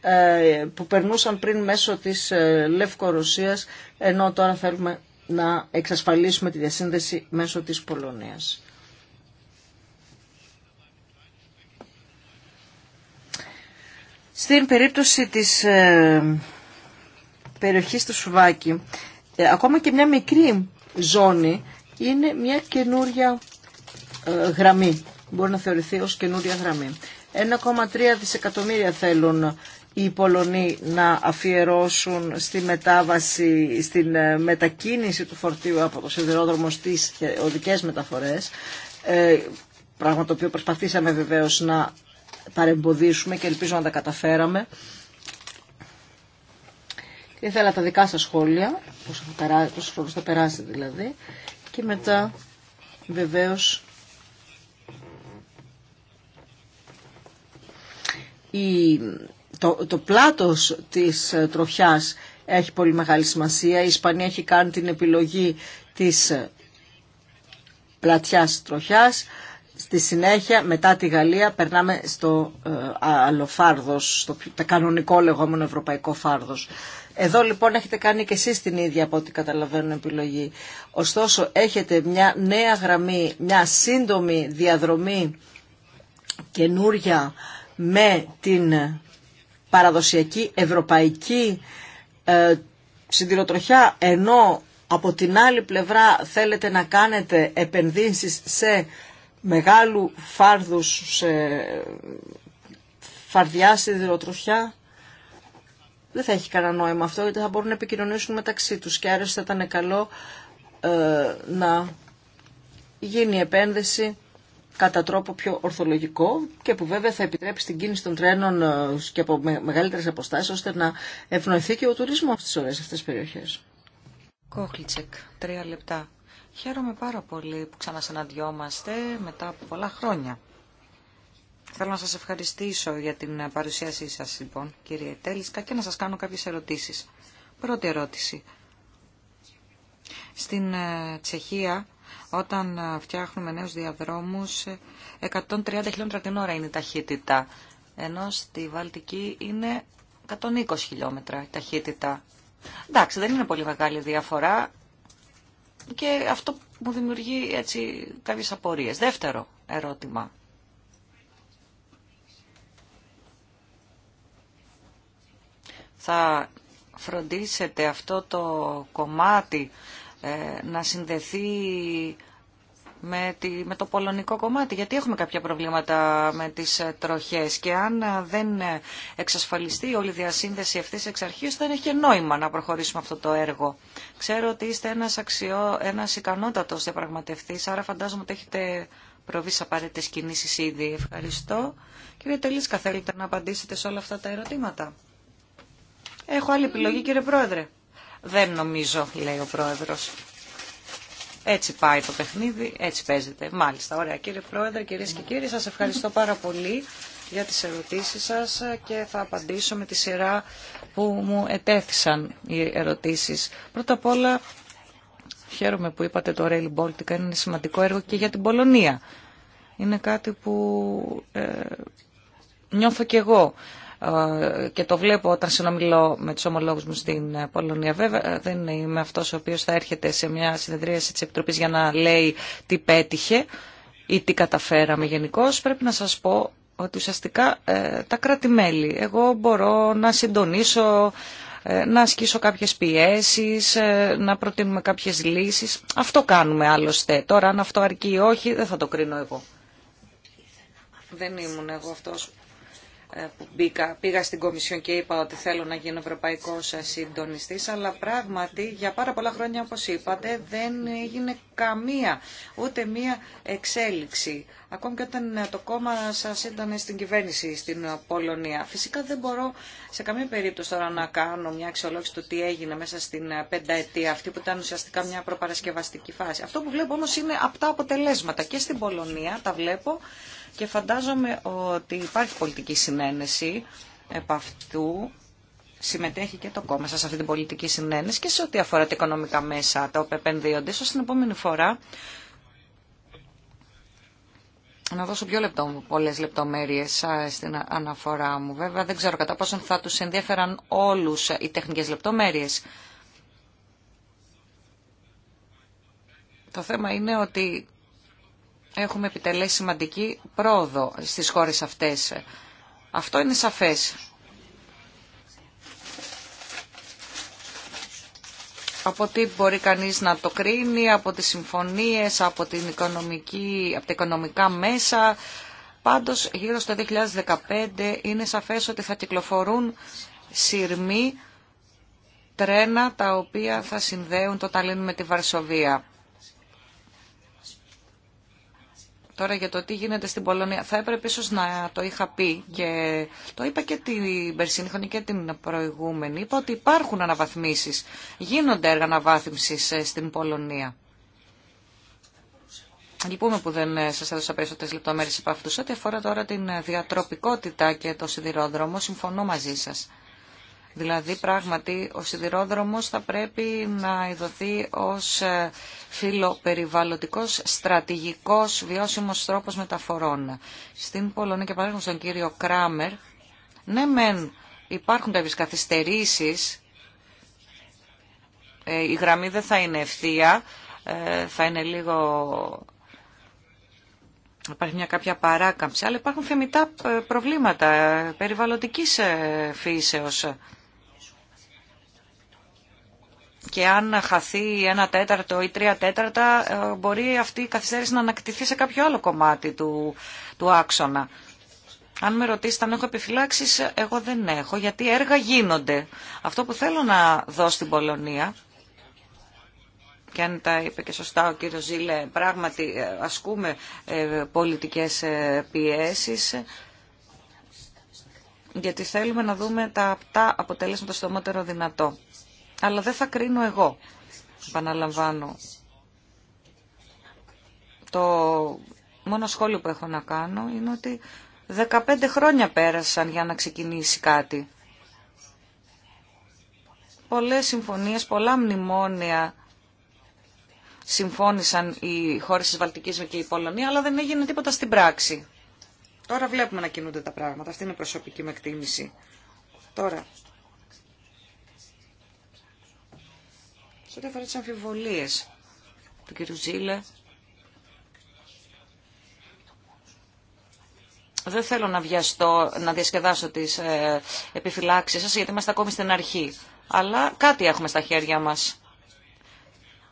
ε, που περνούσαν πριν μέσω της Λευκορωσίας ενώ τώρα θέλουμε να εξασφαλίσουμε τη διασύνδεση μέσω της Πολωνίας. Στην περίπτωση της περιοχής του Σουβάκη, ακόμα και μια μικρή ζώνη είναι μια καινούρια ε, γραμμή. Μπορεί να θεωρηθεί ως καινούρια γραμμή. 1,3 δισεκατομμύρια θέλουν οι Πολωνοί να αφιερώσουν στη μετάβαση, στην ε, μετακίνηση του φορτίου από το σιδηρόδρομο στις οδικές μεταφορές, ε, πράγμα το οποίο προσπαθήσαμε βεβαίως να παρεμποδίσουμε και ελπίζω να τα καταφέραμε. Ήθελα τα δικά σας σχόλια, πόσο, θα θα περάσει δηλαδή, και μετά βεβαίως η, το, το πλάτος της ε, τροχιάς έχει πολύ μεγάλη σημασία. Η Ισπανία έχει κάνει την επιλογή της ε, πλατιάς τροχιάς. Στη συνέχεια, μετά τη Γαλλία, περνάμε στο ε, άλλο φάρδο, στο το κανονικό λεγόμενο ευρωπαϊκό φάρδος. Εδώ λοιπόν έχετε κάνει και εσείς την ίδια από ό,τι καταλαβαίνω επιλογή. Ωστόσο, έχετε μια νέα γραμμή, μια σύντομη διαδρομή καινούρια με την παραδοσιακή ευρωπαϊκή ε, συντηροτροχιά, ενώ από την άλλη πλευρά θέλετε να κάνετε επενδύσεις σε μεγάλου φάρδους σε φαρδιά σιδηροτροφιά. Δεν θα έχει κανένα νόημα αυτό γιατί θα μπορούν να επικοινωνήσουν μεταξύ τους και άρα θα ήταν καλό ε, να γίνει η επένδυση κατά τρόπο πιο ορθολογικό και που βέβαια θα επιτρέψει την κίνηση των τρένων ε, και από μεγαλύτερες αποστάσεις ώστε να ευνοηθεί και ο τουρισμός στις ώρες, αυτές τις περιοχές. Κόχλιτσεκ, τρία λεπτά. Χαίρομαι πάρα πολύ που ξανασυναντιόμαστε μετά από πολλά χρόνια. Θέλω να σας ευχαριστήσω για την παρουσίασή σας, λοιπόν, κύριε Τέλισκα, και να σας κάνω κάποιες ερωτήσεις. Πρώτη ερώτηση. Στην ε, Τσεχία, όταν ε, φτιάχνουμε νέους διαδρόμους, 130 ε, χιλιόμετρα την ώρα είναι η ταχύτητα, ενώ στη Βαλτική είναι 120 χιλιόμετρα η ταχύτητα. Εντάξει, δεν είναι πολύ μεγάλη διαφορά, και αυτό μου δημιουργεί έτσι κάποιες απορίες. Δεύτερο ερώτημα. Θα φροντίσετε αυτό το κομμάτι ε, να συνδεθεί με, με το πολωνικό κομμάτι, γιατί έχουμε κάποια προβλήματα με τις ε, τροχές και αν ε, δεν εξασφαλιστεί όλη η διασύνδεση αυτής εξ αρχής δεν έχει νόημα να προχωρήσουμε αυτό το έργο. Ξέρω ότι είστε ένας, αξιό, ένας ικανότατος διαπραγματευτής, άρα φαντάζομαι ότι έχετε προβεί σε απαραίτητες κινήσεις ήδη. Ευχαριστώ. Κύριε Τελίσκα, θέλετε να απαντήσετε σε όλα αυτά τα ερωτήματα. Έχω άλλη επιλογή κύριε Πρόεδρε. Δεν νομίζω, λέει ο Πρόεδρος. Έτσι πάει το παιχνίδι, έτσι παίζεται. Μάλιστα. Ωραία κύριε Πρόεδρε, κυρίε και κύριοι, σα ευχαριστώ πάρα πολύ για τις ερωτήσεις σας και θα απαντήσω με τη σειρά που μου ετέθησαν οι ερωτήσεις. Πρώτα απ' όλα, χαίρομαι που είπατε το Rail Baltica, είναι σημαντικό έργο και για την Πολωνία. Είναι κάτι που ε, νιώθω κι εγώ ε, και το βλέπω όταν συνομιλώ με του ομολόγου μου στην ε, Πολωνία. Βέβαια ε, δεν είμαι αυτό ο οποίο θα έρχεται σε μια συνεδρίαση τη Επιτροπή για να λέει τι πέτυχε ή τι καταφέραμε γενικώ. Πρέπει να σα πω ότι ουσιαστικά τα κράτη-μέλη. Εγώ μπορώ να συντονίσω να ασκήσω κάποιες πιέσεις, να προτείνουμε κάποιες λύσεις. Αυτό κάνουμε άλλωστε. Τώρα αν αυτό αρκεί ή όχι δεν θα το κρίνω εγώ. Δεν ήμουν εγώ αυτός ε, που πήγα στην Κομισιόν και είπα ότι θέλω να γίνω Ευρωπαϊκός συντονιστή, αλλά πράγματι για πάρα πολλά χρόνια, όπω είπατε, δεν έγινε καμία, ούτε μία εξέλιξη. Ακόμη και όταν το κόμμα σας ήταν στην κυβέρνηση στην Πολωνία. Φυσικά δεν μπορώ σε καμία περίπτωση τώρα να κάνω μια εξελιξη ακομη και οταν το κομμα σα ηταν στην κυβερνηση στην πολωνια φυσικα δεν μπορω σε καμια περιπτωση τωρα να κανω μια αξιολογηση του τι έγινε μέσα στην ε, πενταετία αυτή που ήταν ουσιαστικά μια προπαρασκευαστική φάση. Αυτό που βλέπω όμω είναι απτά αποτελέσματα και στην Πολωνία τα βλέπω και φαντάζομαι ότι υπάρχει πολιτική συνένεση επ' αυτού. Συμμετέχει και το κόμμα σας σε αυτή την πολιτική συνένεση και σε ό,τι αφορά τα οικονομικά μέσα τα οποία επενδύονται. Ίσως την επόμενη φορά να δώσω πιο λεπτό, πολλές λεπτομέρειες στην αναφορά μου. Βέβαια δεν ξέρω κατά πόσον θα τους ενδιαφέραν όλους οι τεχνικές λεπτομέρειες. Το θέμα είναι ότι έχουμε επιτελέσει σημαντική πρόοδο στις χώρες αυτές. Αυτό είναι σαφές. Από τι μπορεί κανείς να το κρίνει, από τις συμφωνίες, από, την οικονομική, από τα οικονομικά μέσα. Πάντως, γύρω στο 2015 είναι σαφές ότι θα κυκλοφορούν σειρμοί τρένα τα οποία θα συνδέουν το Ταλίν με τη Βαρσοβία. Τώρα για το τι γίνεται στην Πολωνία. Θα έπρεπε ίσως να το είχα πει και το είπα και την περσίνη χρονιά και την προηγούμενη. Είπα ότι υπάρχουν αναβαθμίσεις. Γίνονται έργα αναβάθμιση ε, στην Πολωνία. Λυπούμε που δεν ε, σα έδωσα περισσότερες λεπτομέρειες από αυτού. Ό,τι αφορά τώρα την ε, διατροπικότητα και το σιδηρόδρομο, συμφωνώ μαζί σα. Δηλαδή πράγματι ο σιδηρόδρομος θα πρέπει να ειδωθεί ως ε, φιλοπεριβαλλοντικός στρατηγικός βιώσιμος τρόπος μεταφορών. Στην Πολωνία και παράδειγμα στον κύριο Κράμερ, ναι μεν υπάρχουν κάποιες καθυστερήσεις, ε, η γραμμή δεν θα είναι ευθεία, ε, θα είναι λίγο υπάρχει μια κάποια παράκαμψη, αλλά υπάρχουν θεμητά προβλήματα περιβαλλοντικής φύσεως και αν χαθεί ένα τέταρτο ή τρία τέταρτα ε, μπορεί αυτή η καθυστέρηση να ανακτηθεί σε κάποιο άλλο κομμάτι του, του άξονα. Αν με ρωτήσετε αν έχω επιφυλάξει, εγώ δεν έχω, γιατί έργα γίνονται. Αυτό που θέλω να δω στην Πολωνία, και αν τα είπε και σωστά ο κύριος Ζήλε, πράγματι ε, ασκούμε ε, πολιτικές πιέσεις, γιατί θέλουμε να δούμε τα αποτέλεσμα στο στομότερο δυνατό αλλά δεν θα κρίνω εγώ. Επαναλαμβάνω. Το μόνο σχόλιο που έχω να κάνω είναι ότι 15 χρόνια πέρασαν για να ξεκινήσει κάτι. Πολλές συμφωνίες, πολλά μνημόνια συμφώνησαν οι χώρες της Βαλτικής και η Πολωνία, αλλά δεν έγινε τίποτα στην πράξη. Τώρα βλέπουμε να κινούνται τα πράγματα. Αυτή είναι προσωπική μου εκτίμηση. Τώρα, Σε ό,τι αφορά τι αμφιβολίε του κ. Ζήλε, δεν θέλω να βιαστώ, να διασκεδάσω τι ε, επιφυλάξεις γιατί είμαστε ακόμη στην αρχή. Αλλά κάτι έχουμε στα χέρια μας.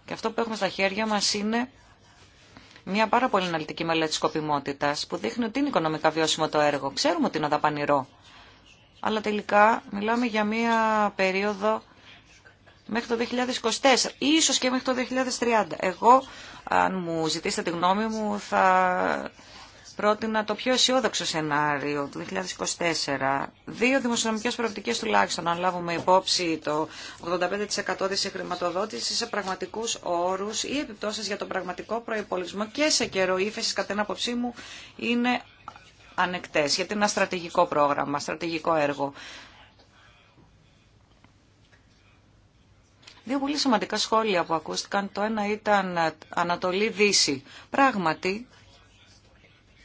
Και αυτό που έχουμε στα χέρια μας είναι μια πάρα πολύ αναλυτική μελέτη σκοπιμότητας που δείχνει ότι είναι οικονομικά βιώσιμο το έργο. Ξέρουμε ότι είναι δαπανηρό. Αλλά τελικά μιλάμε για μια περίοδο μέχρι το 2024, ίσως και μέχρι το 2030. Εγώ, αν μου ζητήσετε τη γνώμη μου, θα πρότεινα το πιο αισιόδοξο σενάριο του 2024. Δύο δημοσιονομικές προοπτικές τουλάχιστον, αν λάβουμε υπόψη το 85% της χρηματοδότησης σε πραγματικούς όρους ή επιπτώσεις για τον πραγματικό προϋπολογισμό και σε καιρό ύφεσης, κατά την άποψή μου, είναι ανεκτές, γιατί είναι ένα στρατηγικό πρόγραμμα, στρατηγικό έργο. Δύο πολύ σημαντικά σχόλια που ακούστηκαν. Το ένα ήταν Ανατολή-Δύση. Πράγματι,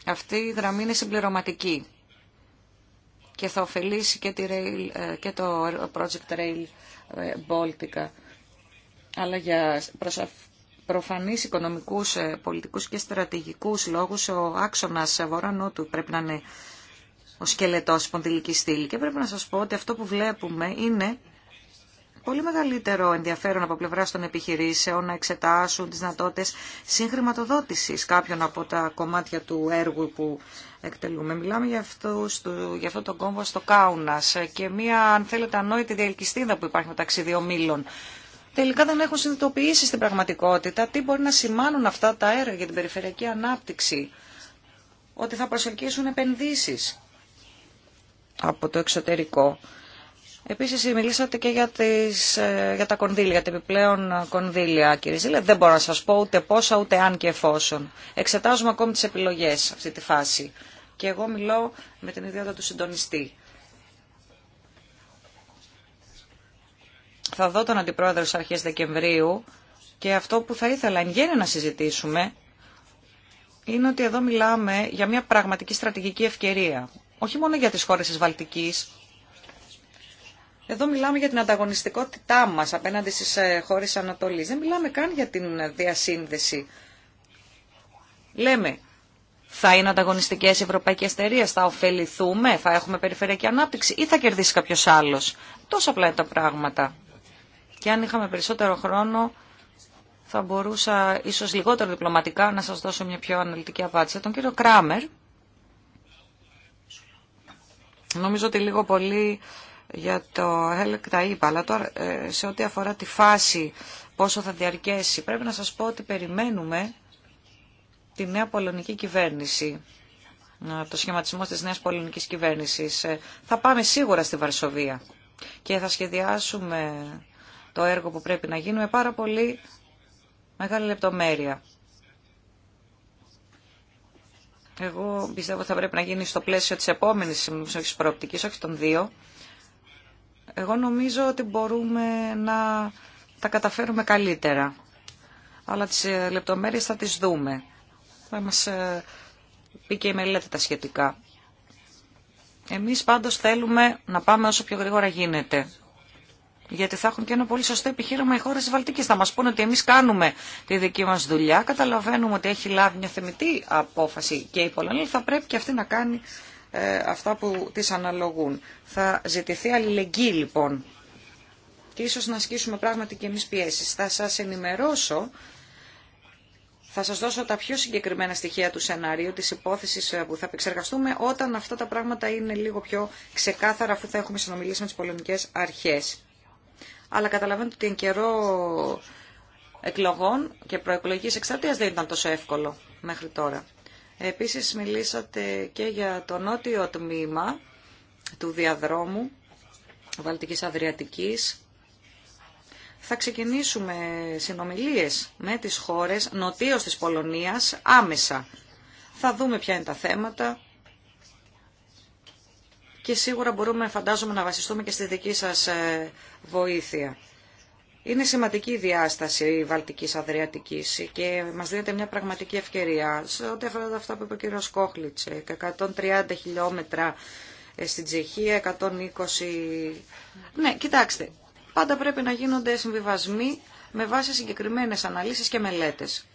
αυτή η γραμμή είναι συμπληρωματική και θα ωφελήσει και, τη Rail, ε, και το Project Rail ε, Baltica. Αλλά για προφανείς οικονομικούς, ε, πολιτικούς και στρατηγικούς λόγους ο άξονας βορρά-νότου πρέπει να είναι ο σκελετός σπονδυλική στήλη. Και πρέπει να σας πω ότι αυτό που βλέπουμε είναι πολύ μεγαλύτερο ενδιαφέρον από πλευρά των επιχειρήσεων να εξετάσουν τι δυνατότητε σύγχρηματοδότηση κάποιων από τα κομμάτια του έργου που εκτελούμε. Μιλάμε για, αυτούς, για αυτό το κόμβο στο Κάουνα. και μία, αν θέλετε, ανόητη διελκυστίδα που υπάρχει μεταξύ δύο μήλων. Τελικά δεν έχουν συνειδητοποιήσει στην πραγματικότητα τι μπορεί να σημάνουν αυτά τα έργα για την περιφερειακή ανάπτυξη. Ότι θα προσελκύσουν επενδύσεις από το εξωτερικό. Επίσης μιλήσατε και για, τις, ε, για τα κονδύλια, για τα επιπλέον κονδύλια κύριε Ζήλε. Δεν μπορώ να σας πω ούτε πόσα ούτε αν και εφόσον. Εξετάζουμε ακόμη τις επιλογές αυτή τη φάση. Και εγώ μιλώ με την ιδιότητα του συντονιστή. Θα δω τον Αντιπρόεδρο στις αρχές Δεκεμβρίου και αυτό που θα ήθελα εν γέννη να συζητήσουμε είναι ότι εδώ μιλάμε για μια πραγματική στρατηγική ευκαιρία. Όχι μόνο για τις χώρες της Βαλτικής, εδώ μιλάμε για την ανταγωνιστικότητά μας απέναντι στις ε, χώρες Ανατολής. Δεν μιλάμε καν για την διασύνδεση. Λέμε, θα είναι ανταγωνιστικές οι ευρωπαϊκές εταιρείε, θα ωφεληθούμε, θα έχουμε περιφερειακή ανάπτυξη ή θα κερδίσει κάποιος άλλος. Τόσο απλά είναι τα πράγματα. Και αν είχαμε περισσότερο χρόνο, θα μπορούσα ίσως λιγότερο διπλωματικά να σας δώσω μια πιο αναλυτική απάντηση. Τον κύριο Κράμερ, νομίζω ότι λίγο πολύ για το ΕΛΚ τα είπα, αλλά τώρα ε, σε ό,τι αφορά τη φάση, πόσο θα διαρκέσει, πρέπει να σας πω ότι περιμένουμε τη νέα πολωνική κυβέρνηση, ε, το σχηματισμό της νέας πολωνικής κυβέρνησης. Ε, θα πάμε σίγουρα στη Βαρσοβία και θα σχεδιάσουμε το έργο που πρέπει να γίνουμε πάρα πολύ μεγάλη λεπτομέρεια. Εγώ πιστεύω ότι θα πρέπει να γίνει στο πλαίσιο της επόμενης συμμετοχής προοπτικής, όχι των δύο, εγώ νομίζω ότι μπορούμε να τα καταφέρουμε καλύτερα. Αλλά τις ε, λεπτομέρειες θα τις δούμε. Θα μας ε, πει και η μελέτη τα σχετικά. Εμείς πάντως θέλουμε να πάμε όσο πιο γρήγορα γίνεται. Γιατί θα έχουν και ένα πολύ σωστό επιχείρημα οι χώρες της Βαλτική. Θα μας πούνε ότι εμείς κάνουμε τη δική μας δουλειά. Καταλαβαίνουμε ότι έχει λάβει μια θεμητή απόφαση και η Πολωνία. Θα πρέπει και αυτή να κάνει ε, αυτά που τις αναλογούν. Θα ζητηθεί αλληλεγγύη λοιπόν και ίσως να ασκήσουμε πράγματι και εμείς πιέσεις. Θα σας ενημερώσω, θα σας δώσω τα πιο συγκεκριμένα στοιχεία του σενάριου, της υπόθεσης ε, που θα επεξεργαστούμε όταν αυτά τα πράγματα είναι λίγο πιο ξεκάθαρα αφού θα έχουμε συνομιλήσει με τις πολεμικές αρχές. Αλλά καταλαβαίνετε ότι εν καιρό εκλογών και προεκλογικής εξαρτίας δεν ήταν τόσο εύκολο μέχρι τώρα. Επίσης μιλήσατε και για το νότιο τμήμα του διαδρόμου Βαλτικής Αδριατικής. Θα ξεκινήσουμε συνομιλίες με τις χώρες νοτίως της Πολωνίας άμεσα. Θα δούμε ποια είναι τα θέματα και σίγουρα μπορούμε φαντάζομαι να βασιστούμε και στη δική σας ε, βοήθεια. Είναι σημαντική η διάσταση η Βαλτικής Αδριατικής και μας δίνεται μια πραγματική ευκαιρία. Σε ό,τι αφορά αυτά που είπε ο κύριος Κόχλιτσεκ, 130 χιλιόμετρα ε, στην Τσεχία, 120... Ναι, κοιτάξτε, πάντα πρέπει να γίνονται συμβιβασμοί με βάση συγκεκριμένες αναλύσεις και μελέτες.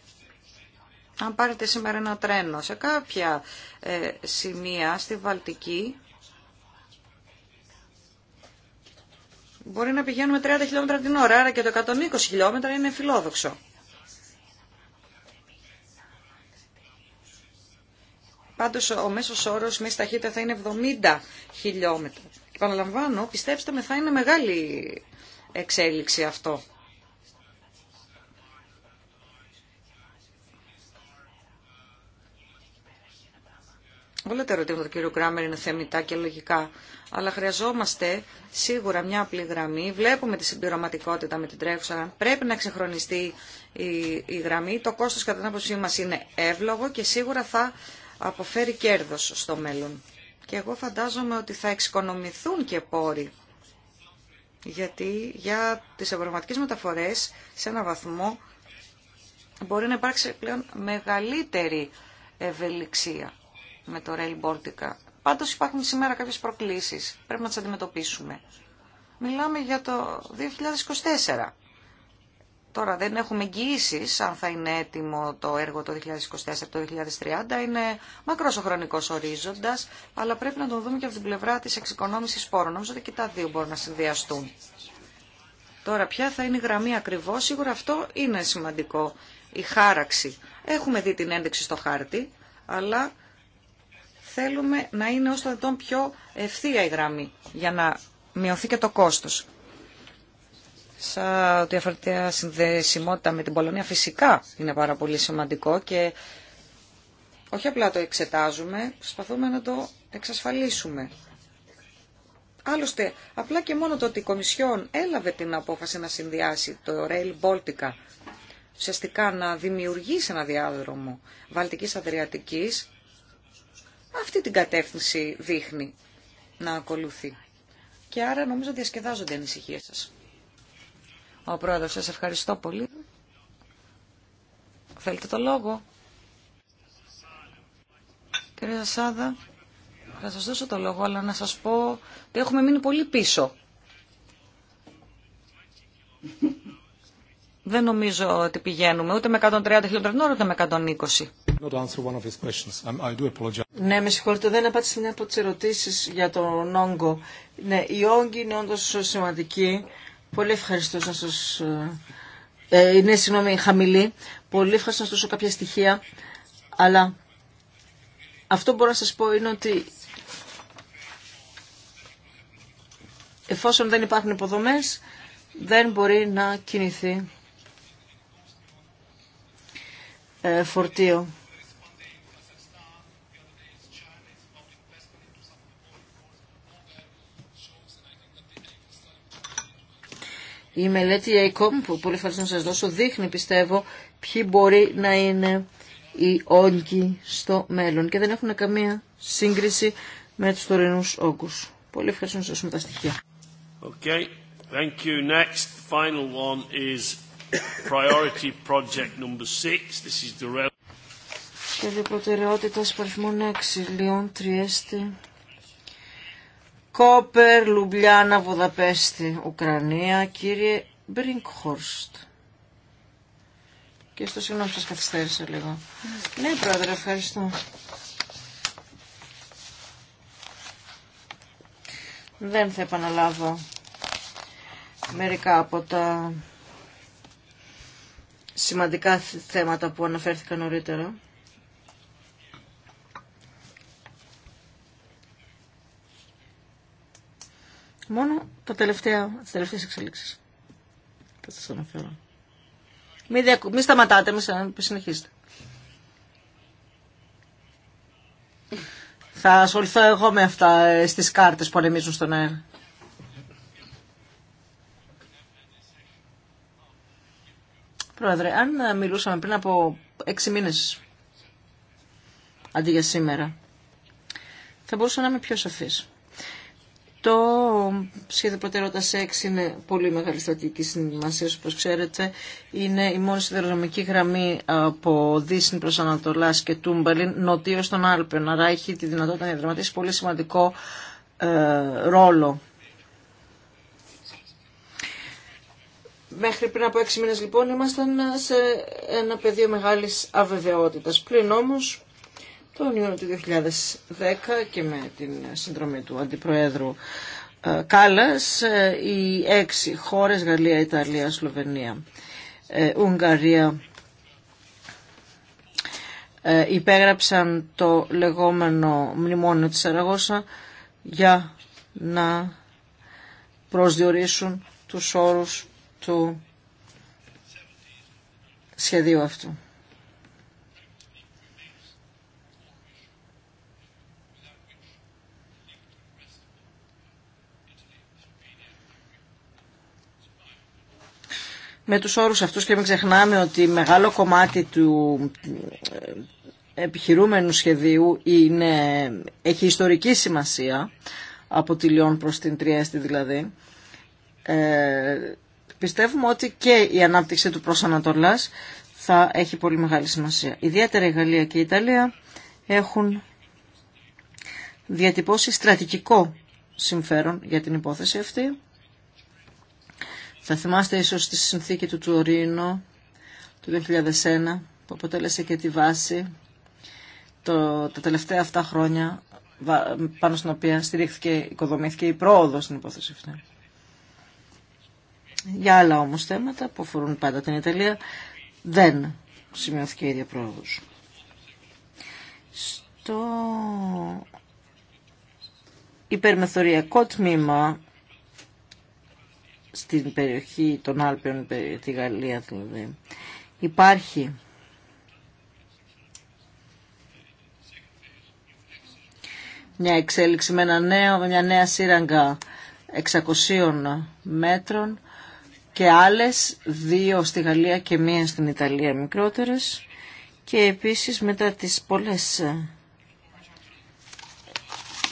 Αν πάρετε σήμερα ένα τρένο σε κάποια ε, σημεία στη Βαλτική, Μπορεί να πηγαίνουμε 30 χιλιόμετρα την ώρα, άρα και το 120 χιλιόμετρα είναι φιλόδοξο. Πάντως ο μέσος όρος μέσα ταχύτητα θα είναι 70 χιλιόμετρα. Επαναλαμβάνω, πιστέψτε με, θα είναι μεγάλη εξέλιξη αυτό. Όλα τα ερωτήματα του κύριου Κράμερ είναι θεμητά και λογικά, αλλά χρειαζόμαστε σίγουρα μια απλή γραμμή. Βλέπουμε τη συμπληρωματικότητα με την τρέχουσα. Πρέπει να ξεχρονιστεί η, η γραμμή. Το κόστος κατά την άποψή μας είναι εύλογο και σίγουρα θα αποφέρει κέρδος στο μέλλον. Και εγώ φαντάζομαι ότι θα εξοικονομηθούν και πόροι. Γιατί για τις ευρωματικές μεταφορές σε ένα βαθμό μπορεί να υπάρξει πλέον μεγαλύτερη ευελιξία με το Rail Baltica. Πάντω υπάρχουν σήμερα κάποιε προκλήσει. Πρέπει να τι αντιμετωπίσουμε. Μιλάμε για το 2024. Τώρα δεν έχουμε εγγυήσει αν θα είναι έτοιμο το έργο το 2024 το 2030. Είναι μακρός ο χρονικός ορίζοντας, αλλά πρέπει να τον δούμε και από την πλευρά της εξοικονόμησης πόρων. Νομίζω ότι και τα δύο μπορούν να συνδυαστούν. Τώρα ποια θα είναι η γραμμή ακριβώς, σίγουρα αυτό είναι σημαντικό. Η χάραξη. Έχουμε δει την ένδειξη στο χάρτη, αλλά θέλουμε να είναι όσο το δυνατόν πιο ευθεία η γραμμή για να μειωθεί και το κόστος. Σαν διαφορετικά συνδεσιμότητα με την Πολωνία φυσικά είναι πάρα πολύ σημαντικό και όχι απλά το εξετάζουμε, προσπαθούμε να το εξασφαλίσουμε. Άλλωστε, απλά και μόνο το ότι η Κομισιόν έλαβε την απόφαση να συνδυάσει το Rail Baltica, ουσιαστικά να δημιουργήσει ένα διάδρομο Βαλτικής Αδριατικής, αυτή την κατεύθυνση δείχνει να ακολουθεί. Και άρα νομίζω διασκεδάζονται οι ανησυχίες σας. Ο πρόεδρος, σας ευχαριστώ πολύ. Θέλετε το λόγο. Κύριε Σάδα, θα σας δώσω το λόγο, αλλά να σας πω ότι έχουμε μείνει πολύ πίσω. Δεν νομίζω ότι πηγαίνουμε ούτε με 130 χιλιόμετρα ούτε με 120. Ναι, με συγχωρείτε, δεν απάντησα μια από τι ερωτήσει για τον όγκο. Ναι, η Όγκη είναι όντω σημαντική. Πολύ ευχαριστώ να Ε, είναι, συγγνώμη, χαμηλή. Πολύ ευχαριστώ να σα δώσω κάποια στοιχεία. Αλλά αυτό που μπορώ να σα πω είναι ότι εφόσον δεν υπάρχουν υποδομέ, δεν μπορεί να κινηθεί ε, φορτίο. Η μελέτη ECOM που πολύ ευχαριστώ να σας δώσω δείχνει πιστεύω ποιοι μπορεί να είναι οι όγκοι στο μέλλον και δεν έχουν καμία σύγκριση με τους τωρινούς όγκους. Πολύ ευχαριστώ να σας δώσουμε τα στοιχεία. Okay. Thank you. Next, final one is priority project number six. This is the... Και προτεραιότητα παριθμών 6, Λιόν, Τριέστη, Κόπερ, Λουμπλιάνα, Βουδαπέστη, Ουκρανία, κύριε Μπρίνκχορστ. Και στο συγγνώμη σας καθυστέρησα λίγο. Ναι. ναι, πρόεδρε, ευχαριστώ. Δεν θα επαναλάβω μερικά από τα σημαντικά θέματα που αναφέρθηκαν νωρίτερα. Μόνο τα τελευταία, τις τελευταίες εξελίξεις. Θα σας αναφέρω. Μην, σταματάτε, μη συνεχίσετε. Θα ασχοληθώ εγώ με αυτά ε, στις κάρτες που ανεμίζουν στον αέρα. Πρόεδρε, αν ε, μιλούσαμε πριν από έξι μήνες, αντί για σήμερα, θα μπορούσα να είμαι πιο σαφής. Το σχέδιο προτεραιότητα 6 είναι πολύ μεγάλη στρατηγική σημασία, όπω ξέρετε. Είναι η μόνη σιδηροδρομική γραμμή από Δύση προ Ανατολά και Τούμπαλιν, νοτίω των Άλπαιων. Άρα έχει τη δυνατότητα να διαδραματίσει πολύ σημαντικό ε, ρόλο. Μέχρι πριν από έξι μήνες λοιπόν ήμασταν σε ένα πεδίο μεγάλης αβεβαιότητας. Πλην όμως τον Ιούνιο του 2010 και με την συνδρομή του Αντιπροέδρου ε, Κάλλας ε, οι έξι χώρες Γαλλία, Ιταλία, Σλοβενία, ε, Ουγγαρία υπέγραψαν το λεγόμενο μνημόνιο της Αραγώσα για να προσδιορίσουν τους όρους του σχεδίου αυτού. με τους όρους αυτούς και μην ξεχνάμε ότι μεγάλο κομμάτι του ε, επιχειρούμενου σχεδίου είναι, έχει ιστορική σημασία από τη Λιόν προς την Τριέστη δηλαδή. Ε, πιστεύουμε ότι και η ανάπτυξη του προς θα έχει πολύ μεγάλη σημασία. Ιδιαίτερα η Γαλλία και η Ιταλία έχουν διατυπώσει στρατηγικό συμφέρον για την υπόθεση αυτή θα θυμάστε ίσως τη συνθήκη του Τουρίνο του 2001 που αποτέλεσε και τη βάση τα τελευταία αυτά χρόνια πάνω στην οποία στηρίχθηκε, οικοδομήθηκε η πρόοδο στην υπόθεση αυτή. Για άλλα όμω θέματα που αφορούν πάντα την Ιταλία δεν σημειώθηκε η ίδια πρόοδος. Στο υπερμεθοριακό τμήμα στην περιοχή των Άλπιων, τη Γαλλία δηλαδή. Υπάρχει μια εξέλιξη με, ένα νέο, μια νέα σύραγγα 600 μέτρων και άλλες δύο στη Γαλλία και μία στην Ιταλία μικρότερες και επίσης μετά τις πολλές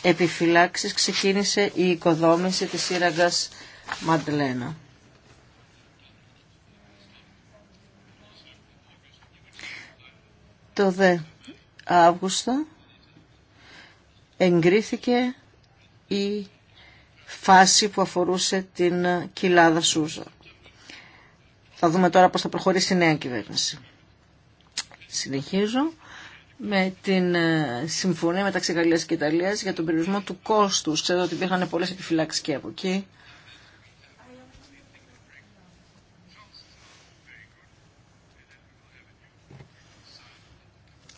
επιφυλάξεις ξεκίνησε η οικοδόμηση της σύραγγας το δε Αύγουστο εγκρίθηκε η φάση που αφορούσε την κοιλάδα Σούζα. Θα δούμε τώρα πώς θα προχωρήσει η νέα κυβέρνηση. Συνεχίζω με την ε, συμφωνία μεταξύ Γαλλίας και Ιταλίας για τον περιορισμό του κόστους. Ξέρω ότι υπήρχαν πολλές επιφυλάξεις και από εκεί.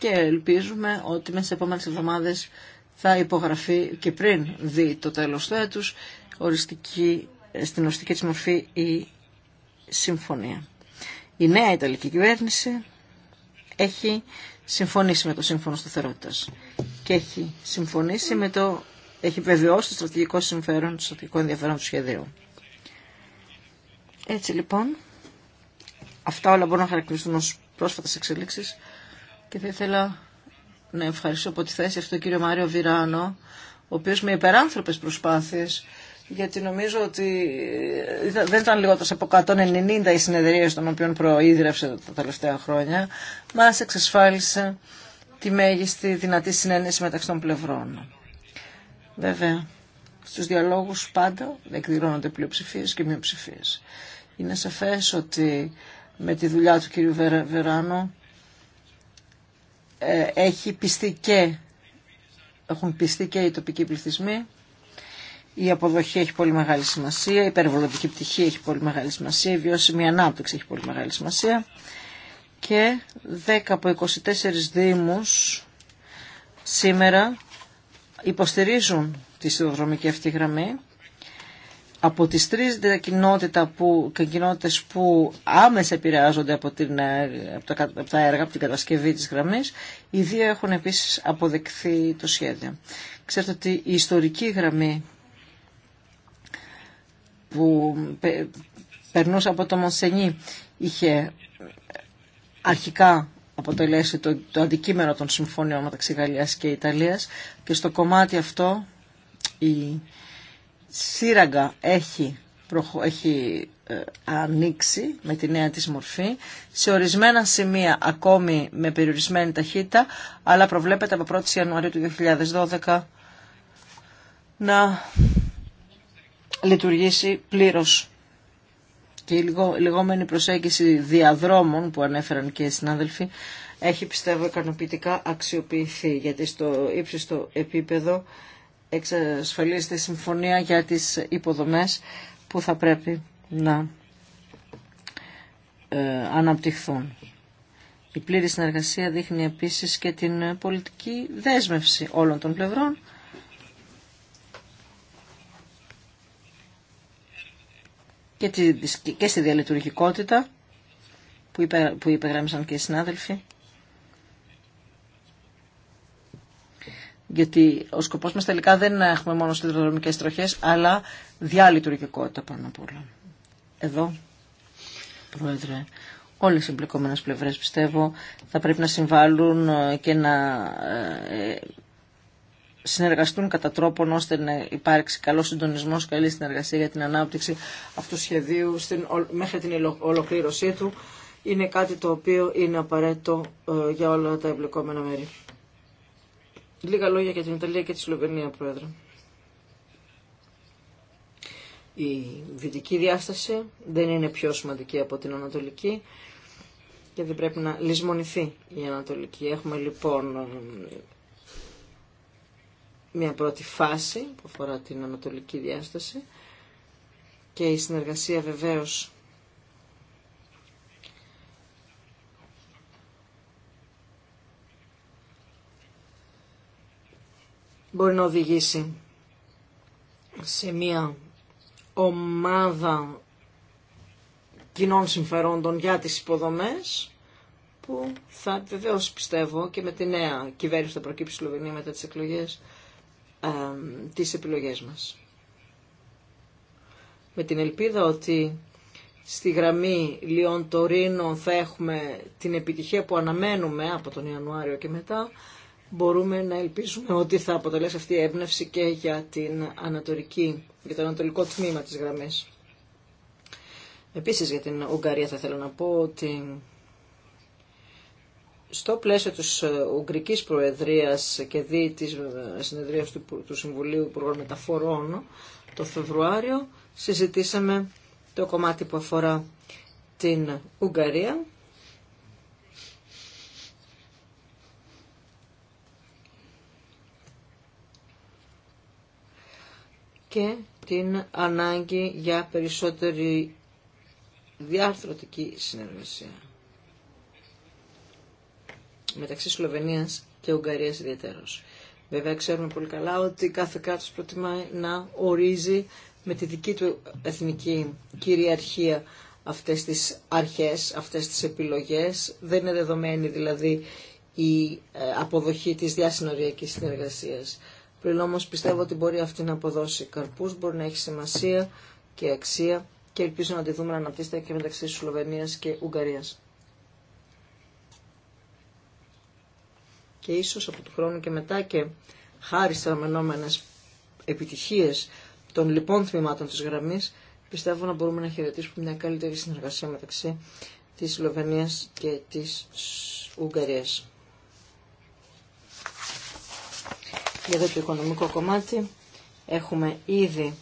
και ελπίζουμε ότι μέσα στις επόμενες εβδομάδες θα υπογραφεί και πριν δει το τέλος του έτους οριστική, στην οριστική της μορφή η συμφωνία. Η νέα Ιταλική κυβέρνηση έχει συμφωνήσει με το Σύμφωνο Σταθερότητας και έχει συμφωνήσει με το έχει βεβαιώσει το στρατηγικό συμφέρον, το στρατηγικό ενδιαφέρον του σχεδίου. Έτσι λοιπόν, αυτά όλα μπορούν να χαρακτηριστούν ως πρόσφατες εξελίξεις και θα ήθελα να ευχαριστώ από τη θέση αυτό κύριο Μάριο Βιράνο, ο οποίος με υπεράνθρωπες προσπάθειε, γιατί νομίζω ότι ε, δεν ήταν λιγότερο από 190 οι συνεδρίε των οποίων προείδρευσε τα τελευταία χρόνια, μα εξασφάλισε τη μέγιστη δυνατή συνένεση μεταξύ των πλευρών. Βέβαια, στους διαλόγους πάντα εκδηλώνονται πλειοψηφίε και μειοψηφίε. Είναι σαφές ότι με τη δουλειά του κύριου Βεράνο ε, έχει πιστεί έχουν πιστεί και οι τοπικοί πληθυσμοί. Η αποδοχή έχει πολύ μεγάλη σημασία, η περιβαλλοντική πτυχή έχει πολύ μεγάλη σημασία, η βιώσιμη ανάπτυξη έχει πολύ μεγάλη σημασία και 10 από 24 δήμους σήμερα υποστηρίζουν τη σιδοδρομική αυτή γραμμή από τις τρεις κοινότητα που, κοινότητες που άμεσα επηρεάζονται από, την, ε, από, τα, από τα έργα, από την κατασκευή της γραμμής, οι δύο έχουν επίσης αποδεκθεί το σχέδιο. Ξέρετε ότι η ιστορική γραμμή που περνούσε από το Μονσενή είχε αρχικά αποτελέσει το, το αντικείμενο των συμφωνιών μεταξύ Γαλλίας και Ιταλίας και στο κομμάτι αυτό σύραγγα έχει, έχει ε, ανοίξει με τη νέα της μορφή, σε ορισμένα σημεία ακόμη με περιορισμένη ταχύτητα, αλλά προβλέπεται από 1η Ιανουαρίου του 2012 να λειτουργήσει πλήρως. Και η λεγόμενη προσέγγιση διαδρόμων που ανέφεραν και οι συνάδελφοι έχει πιστεύω ικανοποιητικά αξιοποιηθεί, γιατί στο ύψιστο επίπεδο εξασφαλίζεται συμφωνία για τις υποδομές που θα πρέπει να ε, αναπτυχθούν. Η πλήρη συνεργασία δείχνει επίσης και την πολιτική δέσμευση όλων των πλευρών και στη διαλειτουργικότητα που υπεγράμμισαν και οι συνάδελφοι γιατί ο σκοπό μα τελικά δεν είναι να έχουμε μόνο σιδηροδρομικέ τροχέ, αλλά διαλειτουργικότητα πάνω απ' όλα. Εδώ, Πρόεδρε, όλε οι εμπλεκόμενες πλευρέ, πιστεύω θα πρέπει να συμβάλλουν ε, και να ε, ε, συνεργαστούν κατά τρόπον ώστε να υπάρξει καλό συντονισμό, καλή συνεργασία για την ανάπτυξη αυτού του σχεδίου στην, μέχρι την ολοκλήρωσή του. Είναι κάτι το οποίο είναι απαραίτητο για όλα τα εμπλεκόμενα μέρη. Λίγα λόγια για την Ιταλία και τη Σλοβενία, Πρόεδρε. Η δυτική διάσταση δεν είναι πιο σημαντική από την ανατολική και δεν πρέπει να λησμονηθεί η ανατολική. Έχουμε λοιπόν μια πρώτη φάση που αφορά την ανατολική διάσταση και η συνεργασία βεβαίως μπορεί να οδηγήσει σε μια ομάδα κοινών συμφερόντων για τις υποδομές που θα βεβαίω πιστεύω και με τη νέα κυβέρνηση που θα προκύψει με μετά τις εκλογές ε, τις επιλογές μας. Με την ελπίδα ότι στη γραμμή Λιόν Τωρίνο θα έχουμε την επιτυχία που αναμένουμε από τον Ιανουάριο και μετά μπορούμε να ελπίσουμε ότι θα αποτελέσει αυτή η έμπνευση και για, την ανατολική, για το ανατολικό τμήμα της γραμμής. Επίσης για την Ουγγαρία θα θέλω να πω ότι στο πλαίσιο της ε, Ουγγρικής Προεδρίας και δι της ε, συνεδρίας του Συμβουλίου Υπουργών Μεταφορών το Φεβρουάριο συζητήσαμε το κομμάτι που αφορά την Ουγγαρία και την ανάγκη για περισσότερη διάρθρωτική συνεργασία μεταξύ Σλοβενίας και Ουγγαρίας ιδιαίτερως. Βέβαια ξέρουμε πολύ καλά ότι κάθε κράτος προτιμάει να ορίζει με τη δική του εθνική κυριαρχία αυτές τις αρχές, αυτές τις επιλογές. Δεν είναι δεδομένη δηλαδή η ε, αποδοχή της διασυνοριακής συνεργασίας. Πριν όμω πιστεύω ότι μπορεί αυτή να αποδώσει καρπού μπορεί να έχει σημασία και αξία και ελπίζω να τη δούμε να αναπτύσσεται και μεταξύ Σλοβενία και Ουγγαρίας. Και ίσως από του χρόνο και μετά και χάρη στι αναμενόμενε επιτυχίες των λοιπών τμήματων τη γραμμή, πιστεύω να μπορούμε να χαιρετήσουμε μια καλύτερη συνεργασία μεταξύ της Σλοβενίας και της Ουγγαρίας. για το οικονομικό κομμάτι έχουμε ήδη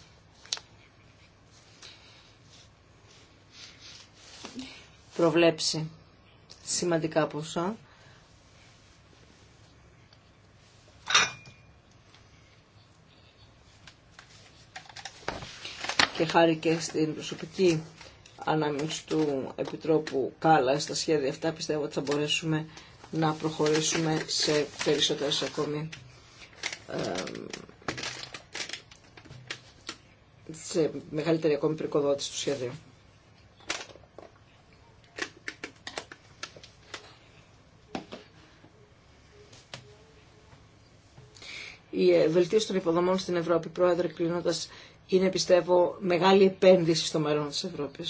προβλέψει σημαντικά ποσά. Και χάρη και στην προσωπική ανάμειξη του Επιτρόπου Κάλλα στα σχέδια αυτά πιστεύω ότι θα μπορέσουμε να προχωρήσουμε σε περισσότερες ακόμη ε, σε μεγαλύτερη ακόμη πρικοδότηση του σχεδίου. Η ε, βελτίωση των υποδομών στην Ευρώπη, πρόεδρε, κλείνοντα, είναι πιστεύω μεγάλη επένδυση στο μέλλον τη Ευρώπη.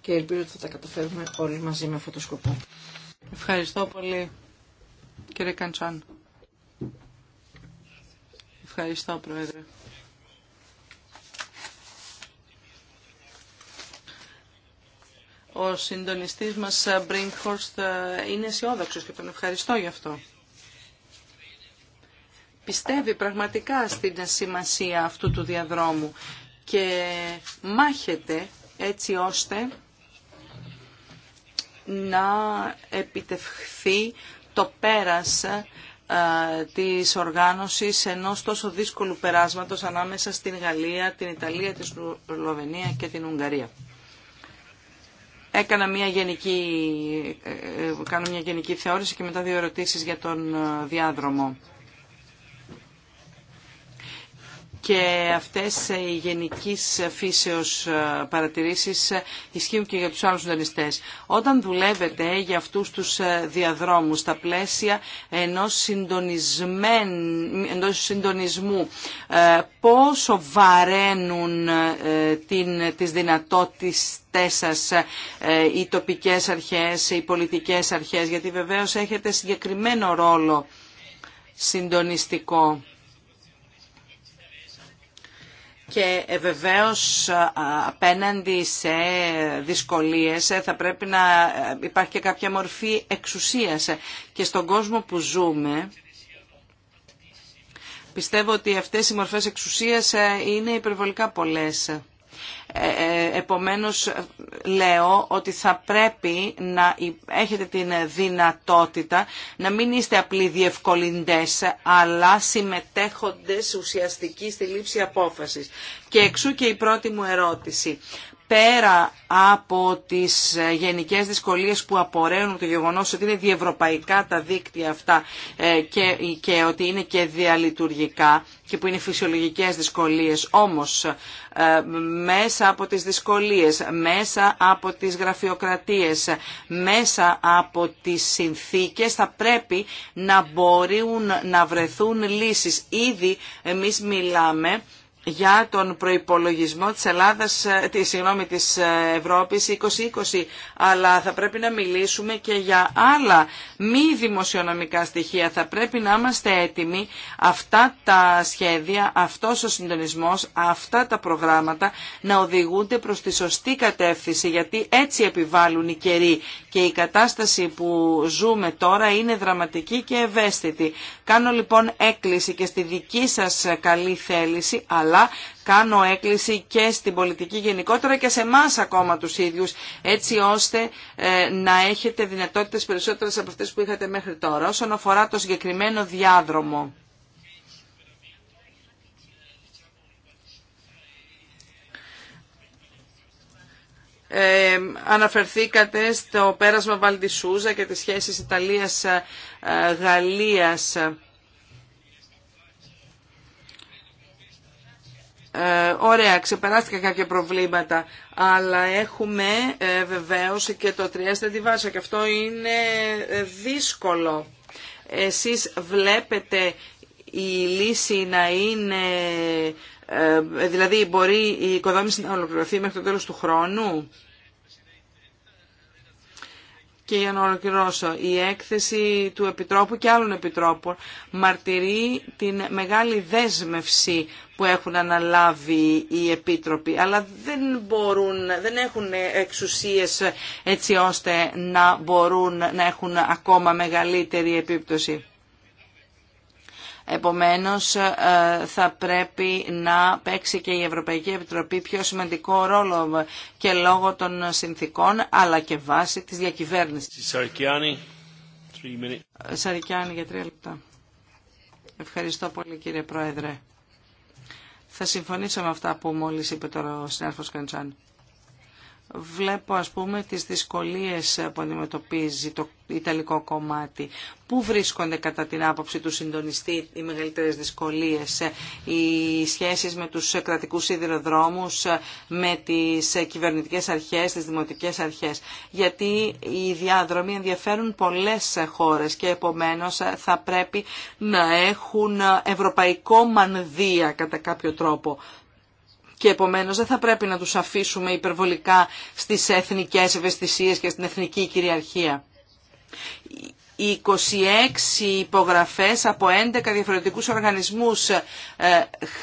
Και ελπίζω ότι θα τα καταφέρουμε όλοι μαζί με αυτό το σκοπό. Ευχαριστώ πολύ, κύριε Καντσάν. Ευχαριστώ, Πρόεδρε. Ο συντονιστής μας, ε, Μπρίνκχορστ, ε, είναι αισιόδοξο και τον ευχαριστώ γι' αυτό. Πιστεύει πραγματικά στην σημασία αυτού του διαδρόμου και μάχεται έτσι ώστε να επιτευχθεί το πέρας της οργάνωσης ενός τόσο δύσκολου περάσματος ανάμεσα στην Γαλλία, την Ιταλία, τη Σλοβενία και την Ουγγαρία. Έκανα μια γενική, ε, ε, ε, κάνω μια γενική θεώρηση και μετά δύο ερωτήσεις για τον διάδρομο. και αυτές ε, οι γενικής φύσεως ε, παρατηρήσεις ε, ισχύουν και για τους άλλους συντονιστές. Όταν δουλεύετε για αυτούς τους διαδρόμους στα πλαίσια ενός, ενός συντονισμού πόσο βαραίνουν την, τις δυνατότητες σας οι τοπικές αρχές, οι πολιτικές αρχές, γιατί βεβαίως έχετε συγκεκριμένο ρόλο συντονιστικό και ε, βεβαίως ε, απέναντι σε δυσκολίες ε, θα πρέπει να υπάρχει και κάποια μορφή εξουσίας και στον κόσμο που ζούμε πιστεύω ότι αυτές οι μορφές εξουσίας είναι υπερβολικά πολλές. Ε, ε, επομένως λέω ότι θα πρέπει να έχετε την δυνατότητα να μην είστε απλοί διευκολυντές αλλά συμμετέχοντες ουσιαστικοί στη λήψη απόφασης. Και εξού και η πρώτη μου ερώτηση πέρα από τις ε, γενικές δυσκολίες που απορρέουν το γεγονός ότι είναι διευρωπαϊκά τα δίκτυα αυτά ε, και, ότι είναι και διαλειτουργικά και που είναι φυσιολογικές δυσκολίες. Όμως ε, μέσα από τις δυσκολίες, μέσα από τις γραφειοκρατίες, μέσα από τις συνθήκες θα πρέπει να μπορούν να βρεθούν λύσεις. Ήδη εμείς μιλάμε για τον προϋπολογισμό της, Ελλάδας, ε, της, συγγνώμη, της ε, Ευρώπης 2020, αλλά θα πρέπει να μιλήσουμε και για άλλα μη δημοσιονομικά στοιχεία. Θα πρέπει να είμαστε έτοιμοι αυτά τα σχέδια, αυτός ο συντονισμός, αυτά τα προγράμματα να οδηγούνται προς τη σωστή κατεύθυνση, γιατί έτσι επιβάλλουν οι καιροί και η κατάσταση που ζούμε τώρα είναι δραματική και ευαίσθητη. Κάνω λοιπόν έκκληση και στη δική σας καλή θέληση, αλλά κάνω έκκληση και στην πολιτική γενικότερα και σε εμά ακόμα τους ίδιους, έτσι ώστε ε, να έχετε δυνατότητες περισσότερες από αυτές που είχατε μέχρι τώρα. Όσον αφορά το συγκεκριμένο διάδρομο, ε, αναφερθήκατε στο πέρασμα Βαλτισούζα και τις σχέσεις Ιταλίας-Γαλλίας. Ε, Ε, ωραία, ξεπεράστηκαν κάποια προβλήματα, αλλά έχουμε ε, βεβαίως και το τρία τη και αυτό είναι ε, δύσκολο. Εσείς βλέπετε η λύση να είναι, ε, δηλαδή μπορεί η οικοδόμηση να ολοκληρωθεί μέχρι το τέλος του χρόνου και για να ολοκληρώσω, η έκθεση του Επιτρόπου και άλλων Επιτρόπων μαρτυρεί την μεγάλη δέσμευση που έχουν αναλάβει οι Επίτροποι, αλλά δεν μπορούν, δεν έχουν εξουσίες έτσι ώστε να μπορούν να έχουν ακόμα μεγαλύτερη επίπτωση. Επομένως ε, θα πρέπει να παίξει και η Ευρωπαϊκή Επιτροπή πιο σημαντικό ρόλο και λόγω των συνθήκων αλλά και βάση της διακυβέρνησης. Σαρικιάνη, Σαρικιάνη για τρία λεπτά. Ευχαριστώ πολύ κύριε Πρόεδρε. Θα συμφωνήσω με αυτά που μόλις είπε τώρα ο Καντσάνη βλέπω ας πούμε τις δυσκολίες που αντιμετωπίζει το Ιταλικό κομμάτι. Πού βρίσκονται κατά την άποψη του συντονιστή οι μεγαλύτερες δυσκολίες, οι σχέσεις με τους κρατικούς σιδηροδρόμους, με τις κυβερνητικές αρχές, τις δημοτικές αρχές. Γιατί οι διάδρομοι ενδιαφέρουν πολλές χώρες και επομένως θα πρέπει να έχουν ευρωπαϊκό μανδύα κατά κάποιο τρόπο και επομένως δεν θα πρέπει να τους αφήσουμε υπερβολικά στις εθνικές ευαισθησίες και στην εθνική κυριαρχία. 26 υπογραφές από 11 διαφορετικούς οργανισμούς ε,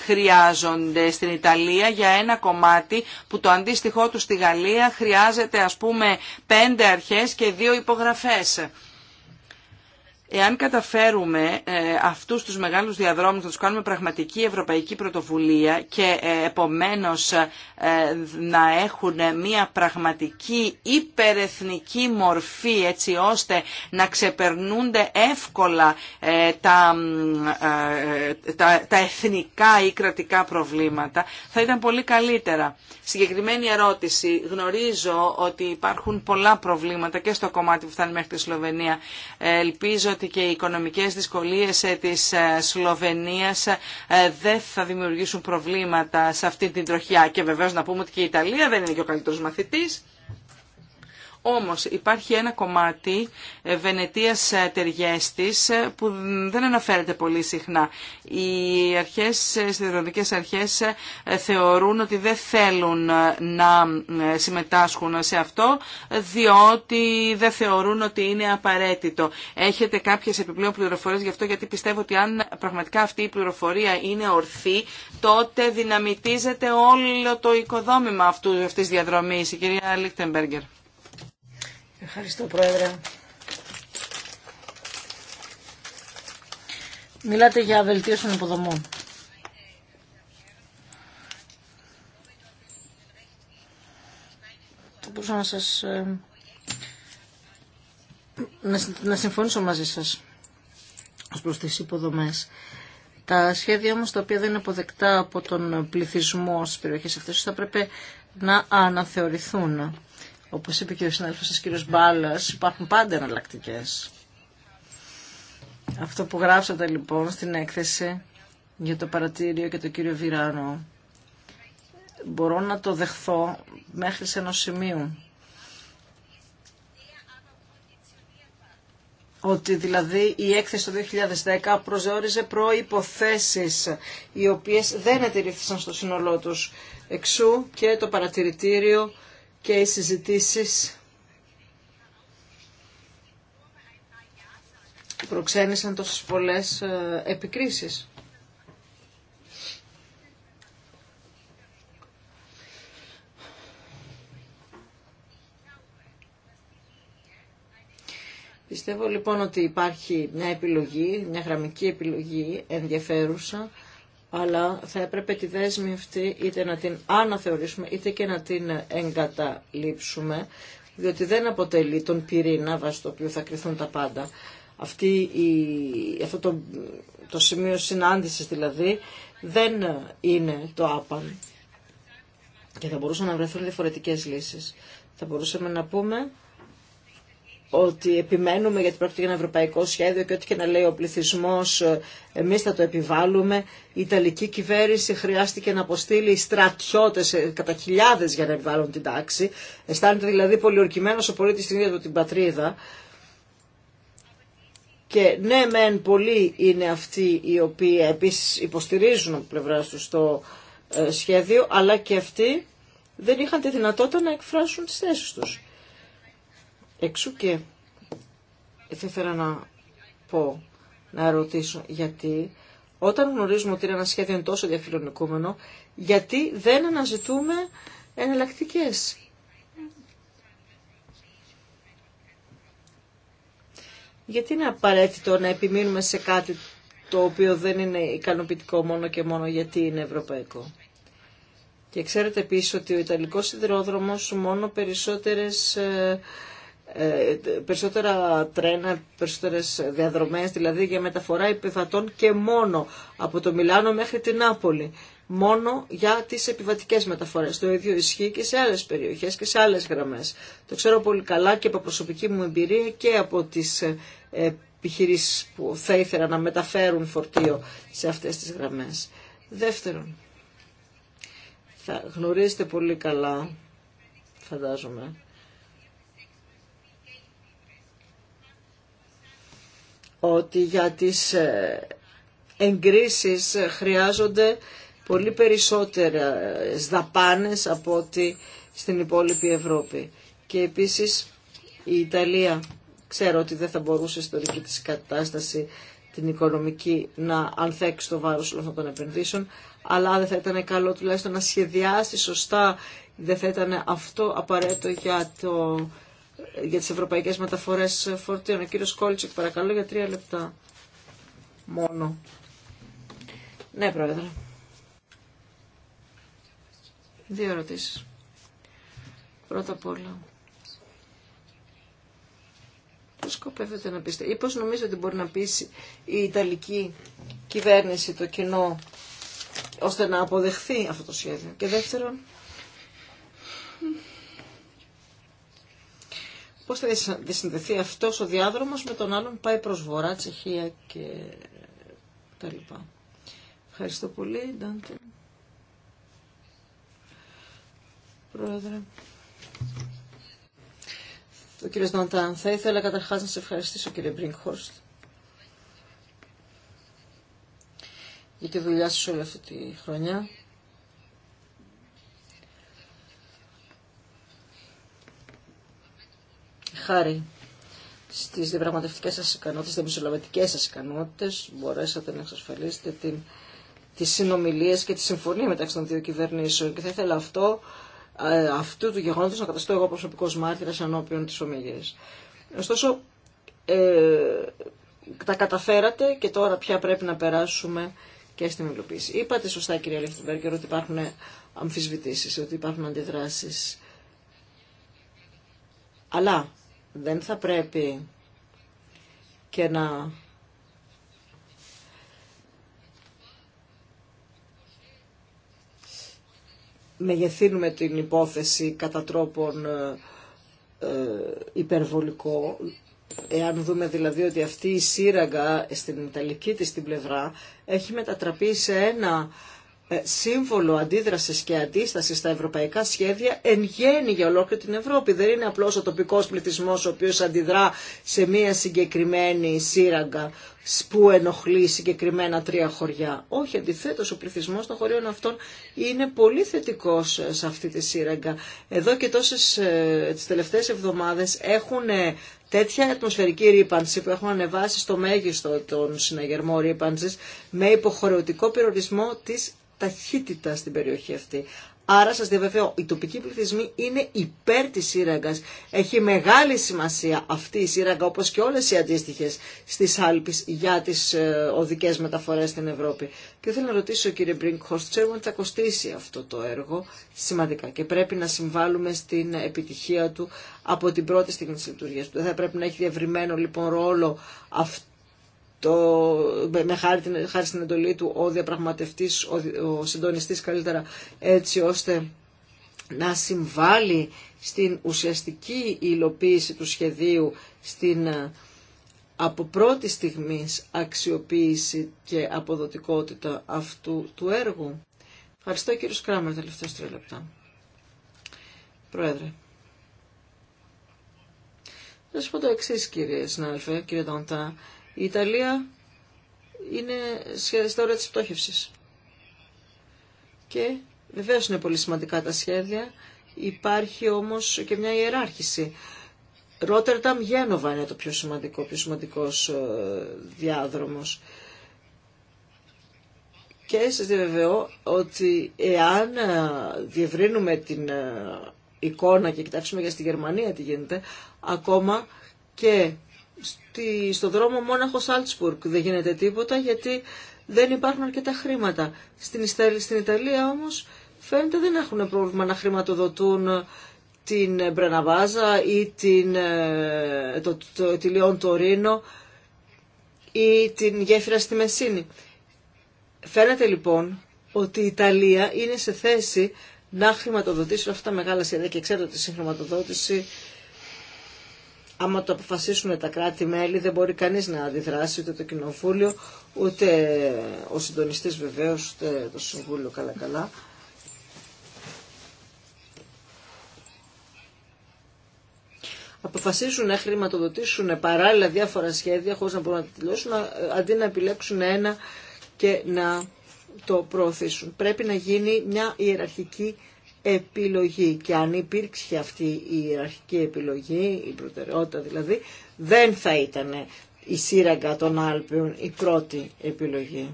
χρειάζονται στην Ιταλία για ένα κομμάτι που το αντίστοιχό του στη Γαλλία χρειάζεται ας πούμε 5 αρχές και 2 υπογραφές. Εάν καταφέρουμε ε, αυτούς τους μεγάλους διαδρόμους να τους κάνουμε πραγματική ευρωπαϊκή πρωτοβουλία και ε, επομένως ε, να έχουν μια πραγματική υπερεθνική μορφή έτσι ώστε να ξεπερνούνται εύκολα τα, τα, εθνικά ή κρατικά προβλήματα, θα ήταν πολύ καλύτερα. Συγκεκριμένη ερώτηση. Γνωρίζω ότι υπάρχουν πολλά προβλήματα και στο κομμάτι που φτάνει μέχρι τη Σλοβενία. Ελπίζω ότι και οι οικονομικές δυσκολίες ε, της ε, Σλοβενίας ε, δεν θα δημιουργήσουν προβλήματα σε αυτή την τροχιά. Και βεβαίως να πούμε ότι και η Ιταλία δεν είναι και ο καλύτερος μαθητής. Όμως υπάρχει ένα κομμάτι ε, Βενετίας ε, Τεργέστης ε, που δεν αναφέρεται πολύ συχνά. Οι αρχές, συνδεδοτικές αρχές θεωρούν ότι δεν θέλουν να συμμετάσχουν σε αυτό διότι δεν θεωρούν ότι είναι απαραίτητο. Έχετε κάποιες επιπλέον πληροφορίες γι' αυτό γιατί πιστεύω ότι αν πραγματικά αυτή η πληροφορία είναι ορθή τότε δυναμητίζεται όλο το οικοδόμημα αυτού, αυτής της διαδρομής. Η κυρία Λίχτεμπεργκερ. Ευχαριστώ, Πρόεδρε. Μιλάτε για βελτίωση των υποδομών. Θα μπορούσα να σας... Ε, να συμφωνήσω μαζί σας ως προς τις υποδομές. Τα σχέδια όμως τα οποία δεν είναι αποδεκτά από τον πληθυσμό στις περιοχές αυτές θα πρέπει να αναθεωρηθούν. Όπως είπε και ο συνάδελφο σας κύριος Μπάλλα, υπάρχουν πάντα εναλλακτικέ. Αυτό που γράψατε λοιπόν στην έκθεση για το παρατήριο και το κύριο Βιράνο, μπορώ να το δεχθώ μέχρι σε ένα σημείο. Ότι δηλαδή η έκθεση το 2010 προσδιορίζε προϋποθέσεις οι οποίες δεν ετηρήθησαν στο σύνολό τους. Εξού και το παρατηρητήριο και οι συζητήσεις προξένησαν τόσες πολλές ε, επικρίσεις. Πιστεύω λοιπόν ότι υπάρχει μια επιλογή, μια γραμμική επιλογή ενδιαφέρουσα αλλά θα έπρεπε τη δέσμη αυτή είτε να την αναθεωρήσουμε είτε και να την εγκαταλείψουμε, διότι δεν αποτελεί τον πυρήνα βάσει το οποίο θα κρυθούν τα πάντα. Αυτή η, αυτό το, το σημείο συνάντησης δηλαδή δεν είναι το άπαν και θα μπορούσαν να βρεθούν διαφορετικές λύσεις. Θα μπορούσαμε να πούμε ότι επιμένουμε γιατί πρόκειται για ένα ευρωπαϊκό σχέδιο και ό,τι και να λέει ο πληθυσμό, εμεί θα το επιβάλλουμε. Η Ιταλική κυβέρνηση χρειάστηκε να αποστείλει στρατιώτε ε, κατά χιλιάδε για να επιβάλλουν την τάξη. Αισθάνεται δηλαδή πολιορκημένο ο πολίτη στην ίδια του την πατρίδα. Και ναι, μεν πολλοί είναι αυτοί οι οποίοι επίση υποστηρίζουν από πλευρά του το ε, σχέδιο, αλλά και αυτοί δεν είχαν τη δυνατότητα να εκφράσουν τι θέσει του. Εξού και θα ήθελα να πω, να ρωτήσω γιατί όταν γνωρίζουμε ότι είναι ένα σχέδιο τόσο διαφιλονικούμενο, γιατί δεν αναζητούμε εναλλακτικέ. Γιατί είναι απαραίτητο να επιμείνουμε σε κάτι το οποίο δεν είναι ικανοποιητικό μόνο και μόνο γιατί είναι ευρωπαϊκό. Και ξέρετε επίσης ότι ο Ιταλικός Σιδηρόδρομος μόνο περισσότερες ε, ε, περισσότερα τρένα, περισσότερες διαδρομές, δηλαδή για μεταφορά επιβατών και μόνο από το Μιλάνο μέχρι την Νάπολη. Μόνο για τις επιβατικές μεταφορές. Το ίδιο ισχύει και σε άλλες περιοχές και σε άλλες γραμμές. Το ξέρω πολύ καλά και από προσωπική μου εμπειρία και από τις ε, επιχειρήσεις που θα ήθελα να μεταφέρουν φορτίο σε αυτές τις γραμμές. Δεύτερον, θα γνωρίζετε πολύ καλά, φαντάζομαι, ότι για τις ε, εγκρίσεις χρειάζονται πολύ περισσότερα ε, δαπάνες από ότι στην υπόλοιπη Ευρώπη. Και επίσης η Ιταλία ξέρω ότι δεν θα μπορούσε στο δική της κατάσταση την οικονομική να ανθέξει το βάρος όλων των επενδύσεων, αλλά δεν θα ήταν καλό τουλάχιστον να σχεδιάσει σωστά, δεν θα ήταν αυτό απαραίτητο για το για τις ευρωπαϊκές μεταφορές φορτίων. Ο κύριος Κόλτσικ παρακαλώ για τρία λεπτά μόνο. Ναι, Πρόεδρε. Δύο ερωτήσεις. Πρώτα απ' όλα. Πώς σκοπεύετε να πείστε ή πώς νομίζετε ότι μπορεί να πείσει η Ιταλική κυβέρνηση το κοινό ώστε να αποδεχθεί αυτό το σχέδιο. Και δεύτερον, Πώ θα συνδεθεί αυτός ο διάδρομος με τον άλλον πάει προς Βορρά, Τσεχία και τα λοιπά. Ευχαριστώ πολύ, Ντάντε. Πρόεδρε. Ο κύριος Νταντάν, θα ήθελα καταρχάς να σε ευχαριστήσω κύριε Μπριγχόρστ για τη δουλειά σου όλη αυτή τη χρονιά. χάρη στι διαπραγματευτικέ σα ικανότητε, στι μεσολαβητικές σα ικανότητε, μπορέσατε να εξασφαλίσετε την, τις συνομιλίες και τη συμφωνία μεταξύ των δύο κυβερνήσεων. Και θα ήθελα αυτό, αυτού του γεγονότος να καταστώ εγώ προσωπικός μάρτυρας ενώπιον τη ομιλία. Ωστόσο, ε, τα καταφέρατε και τώρα πια πρέπει να περάσουμε και στην υλοποίηση. Είπατε σωστά κυρία Λεχτιμπέργκερ ότι υπάρχουν αμφισβητήσει, ότι υπάρχουν αντιδράσει. Αλλά δεν θα πρέπει και να μεγεθύνουμε την υπόθεση κατά τρόπον ε, ε, υπερβολικό. Εάν δούμε δηλαδή ότι αυτή η σύραγγα στην Ιταλική της την πλευρά έχει μετατραπεί σε ένα ε, σύμβολο αντίδρασης και αντίστασης στα ευρωπαϊκά σχέδια εν γέννη για ολόκληρη την Ευρώπη. Δεν είναι απλώς ο τοπικός πληθυσμός ο οποίος αντιδρά σε μία συγκεκριμένη σύραγγα που ενοχλεί συγκεκριμένα τρία χωριά. Όχι, αντιθέτω, ο πληθυσμό των χωρίων αυτών είναι πολύ θετικό ε, σε αυτή τη σύραγγα. Εδώ και τόσε ε, τι τελευταίε εβδομάδε έχουν τέτοια ατμοσφαιρική ρήπανση που έχουν ανεβάσει στο μέγιστο τον συναγερμό ρήπανση με υποχρεωτικό περιορισμό τη ταχύτητα στην περιοχή αυτή. Άρα σας διαβεβαιώ, οι τοπικοί πληθυσμοί είναι υπέρ της σύραγγας. Έχει μεγάλη σημασία αυτή η σύραγγα όπως και όλες οι αντίστοιχες στις Άλπεις για τις ε, οδικές μεταφορές στην Ευρώπη. Και θέλω να ρωτήσω κύριε Μπρίνκχωστ, ξέρουμε ότι θα κοστίσει αυτό το έργο σημαντικά και πρέπει να συμβάλλουμε στην επιτυχία του από την πρώτη στιγμή της λειτουργίας του. Δεν θα πρέπει να έχει διευρυμένο λοιπόν ρόλο αυτό το, με χάρη, χάρη στην εντολή του ο διαπραγματευτής, ο, ο συντονιστής καλύτερα, έτσι ώστε να συμβάλλει στην ουσιαστική υλοποίηση του σχεδίου, στην ε, από πρώτη στιγμή αξιοποίηση και αποδοτικότητα αυτού του έργου. Ευχαριστώ κύριο Σκράμερ, τελευταίες τρία λεπτά. Πρόεδρε. Θα σας πω το εξής κύριε συνάδελφε, κύριε η Ιταλία είναι σχεδόν στα όρια της πτώχευσης. Και βεβαίω είναι πολύ σημαντικά τα σχέδια. Υπάρχει όμως και μια ιεράρχηση. Ρότερταμ Γένοβα είναι το πιο σημαντικό, πιο σημαντικός ε, διάδρομος. Και σας διαβεβαιώ ότι εάν ε, διευρύνουμε την ε, εικόνα και κοιτάξουμε για στη Γερμανία τι γίνεται, ακόμα και στη, στο δρόμο Μόναχο-Σάλτσπουργκ δεν γίνεται τίποτα γιατί δεν υπάρχουν αρκετά χρήματα. Στην, στην Ιταλία όμως φαίνεται δεν έχουν πρόβλημα να χρηματοδοτούν την Μπρεναβάζα ή την, ε, το, τη Λιόν Τωρίνο ή την γέφυρα στη Μεσίνη. Φαίνεται λοιπόν ότι η Ιταλία είναι σε θέση να χρηματοδοτήσουν αυτά τα μεγάλα σχέδια και ξέρετε ότι η ιταλια ειναι σε θεση να χρηματοδοτησουν αυτα τα μεγαλα σχεδια και ξερετε οτι η χρηματοδοτηση άμα το αποφασίσουν τα κράτη-μέλη δεν μπορεί κανείς να αντιδράσει ούτε το Κοινοβούλιο ούτε ο συντονιστής βεβαίως ούτε το Συμβούλιο καλά-καλά. Αποφασίσουν να χρηματοδοτήσουν παράλληλα διάφορα σχέδια χωρίς να μπορούν να τελειώσουν, αντί να επιλέξουν ένα και να το προωθήσουν. Πρέπει να γίνει μια ιεραρχική επιλογή και αν υπήρξε αυτή η ιεραρχική επιλογή, η προτεραιότητα δηλαδή, δεν θα ήταν η σύραγγα των Άλπιων η πρώτη επιλογή.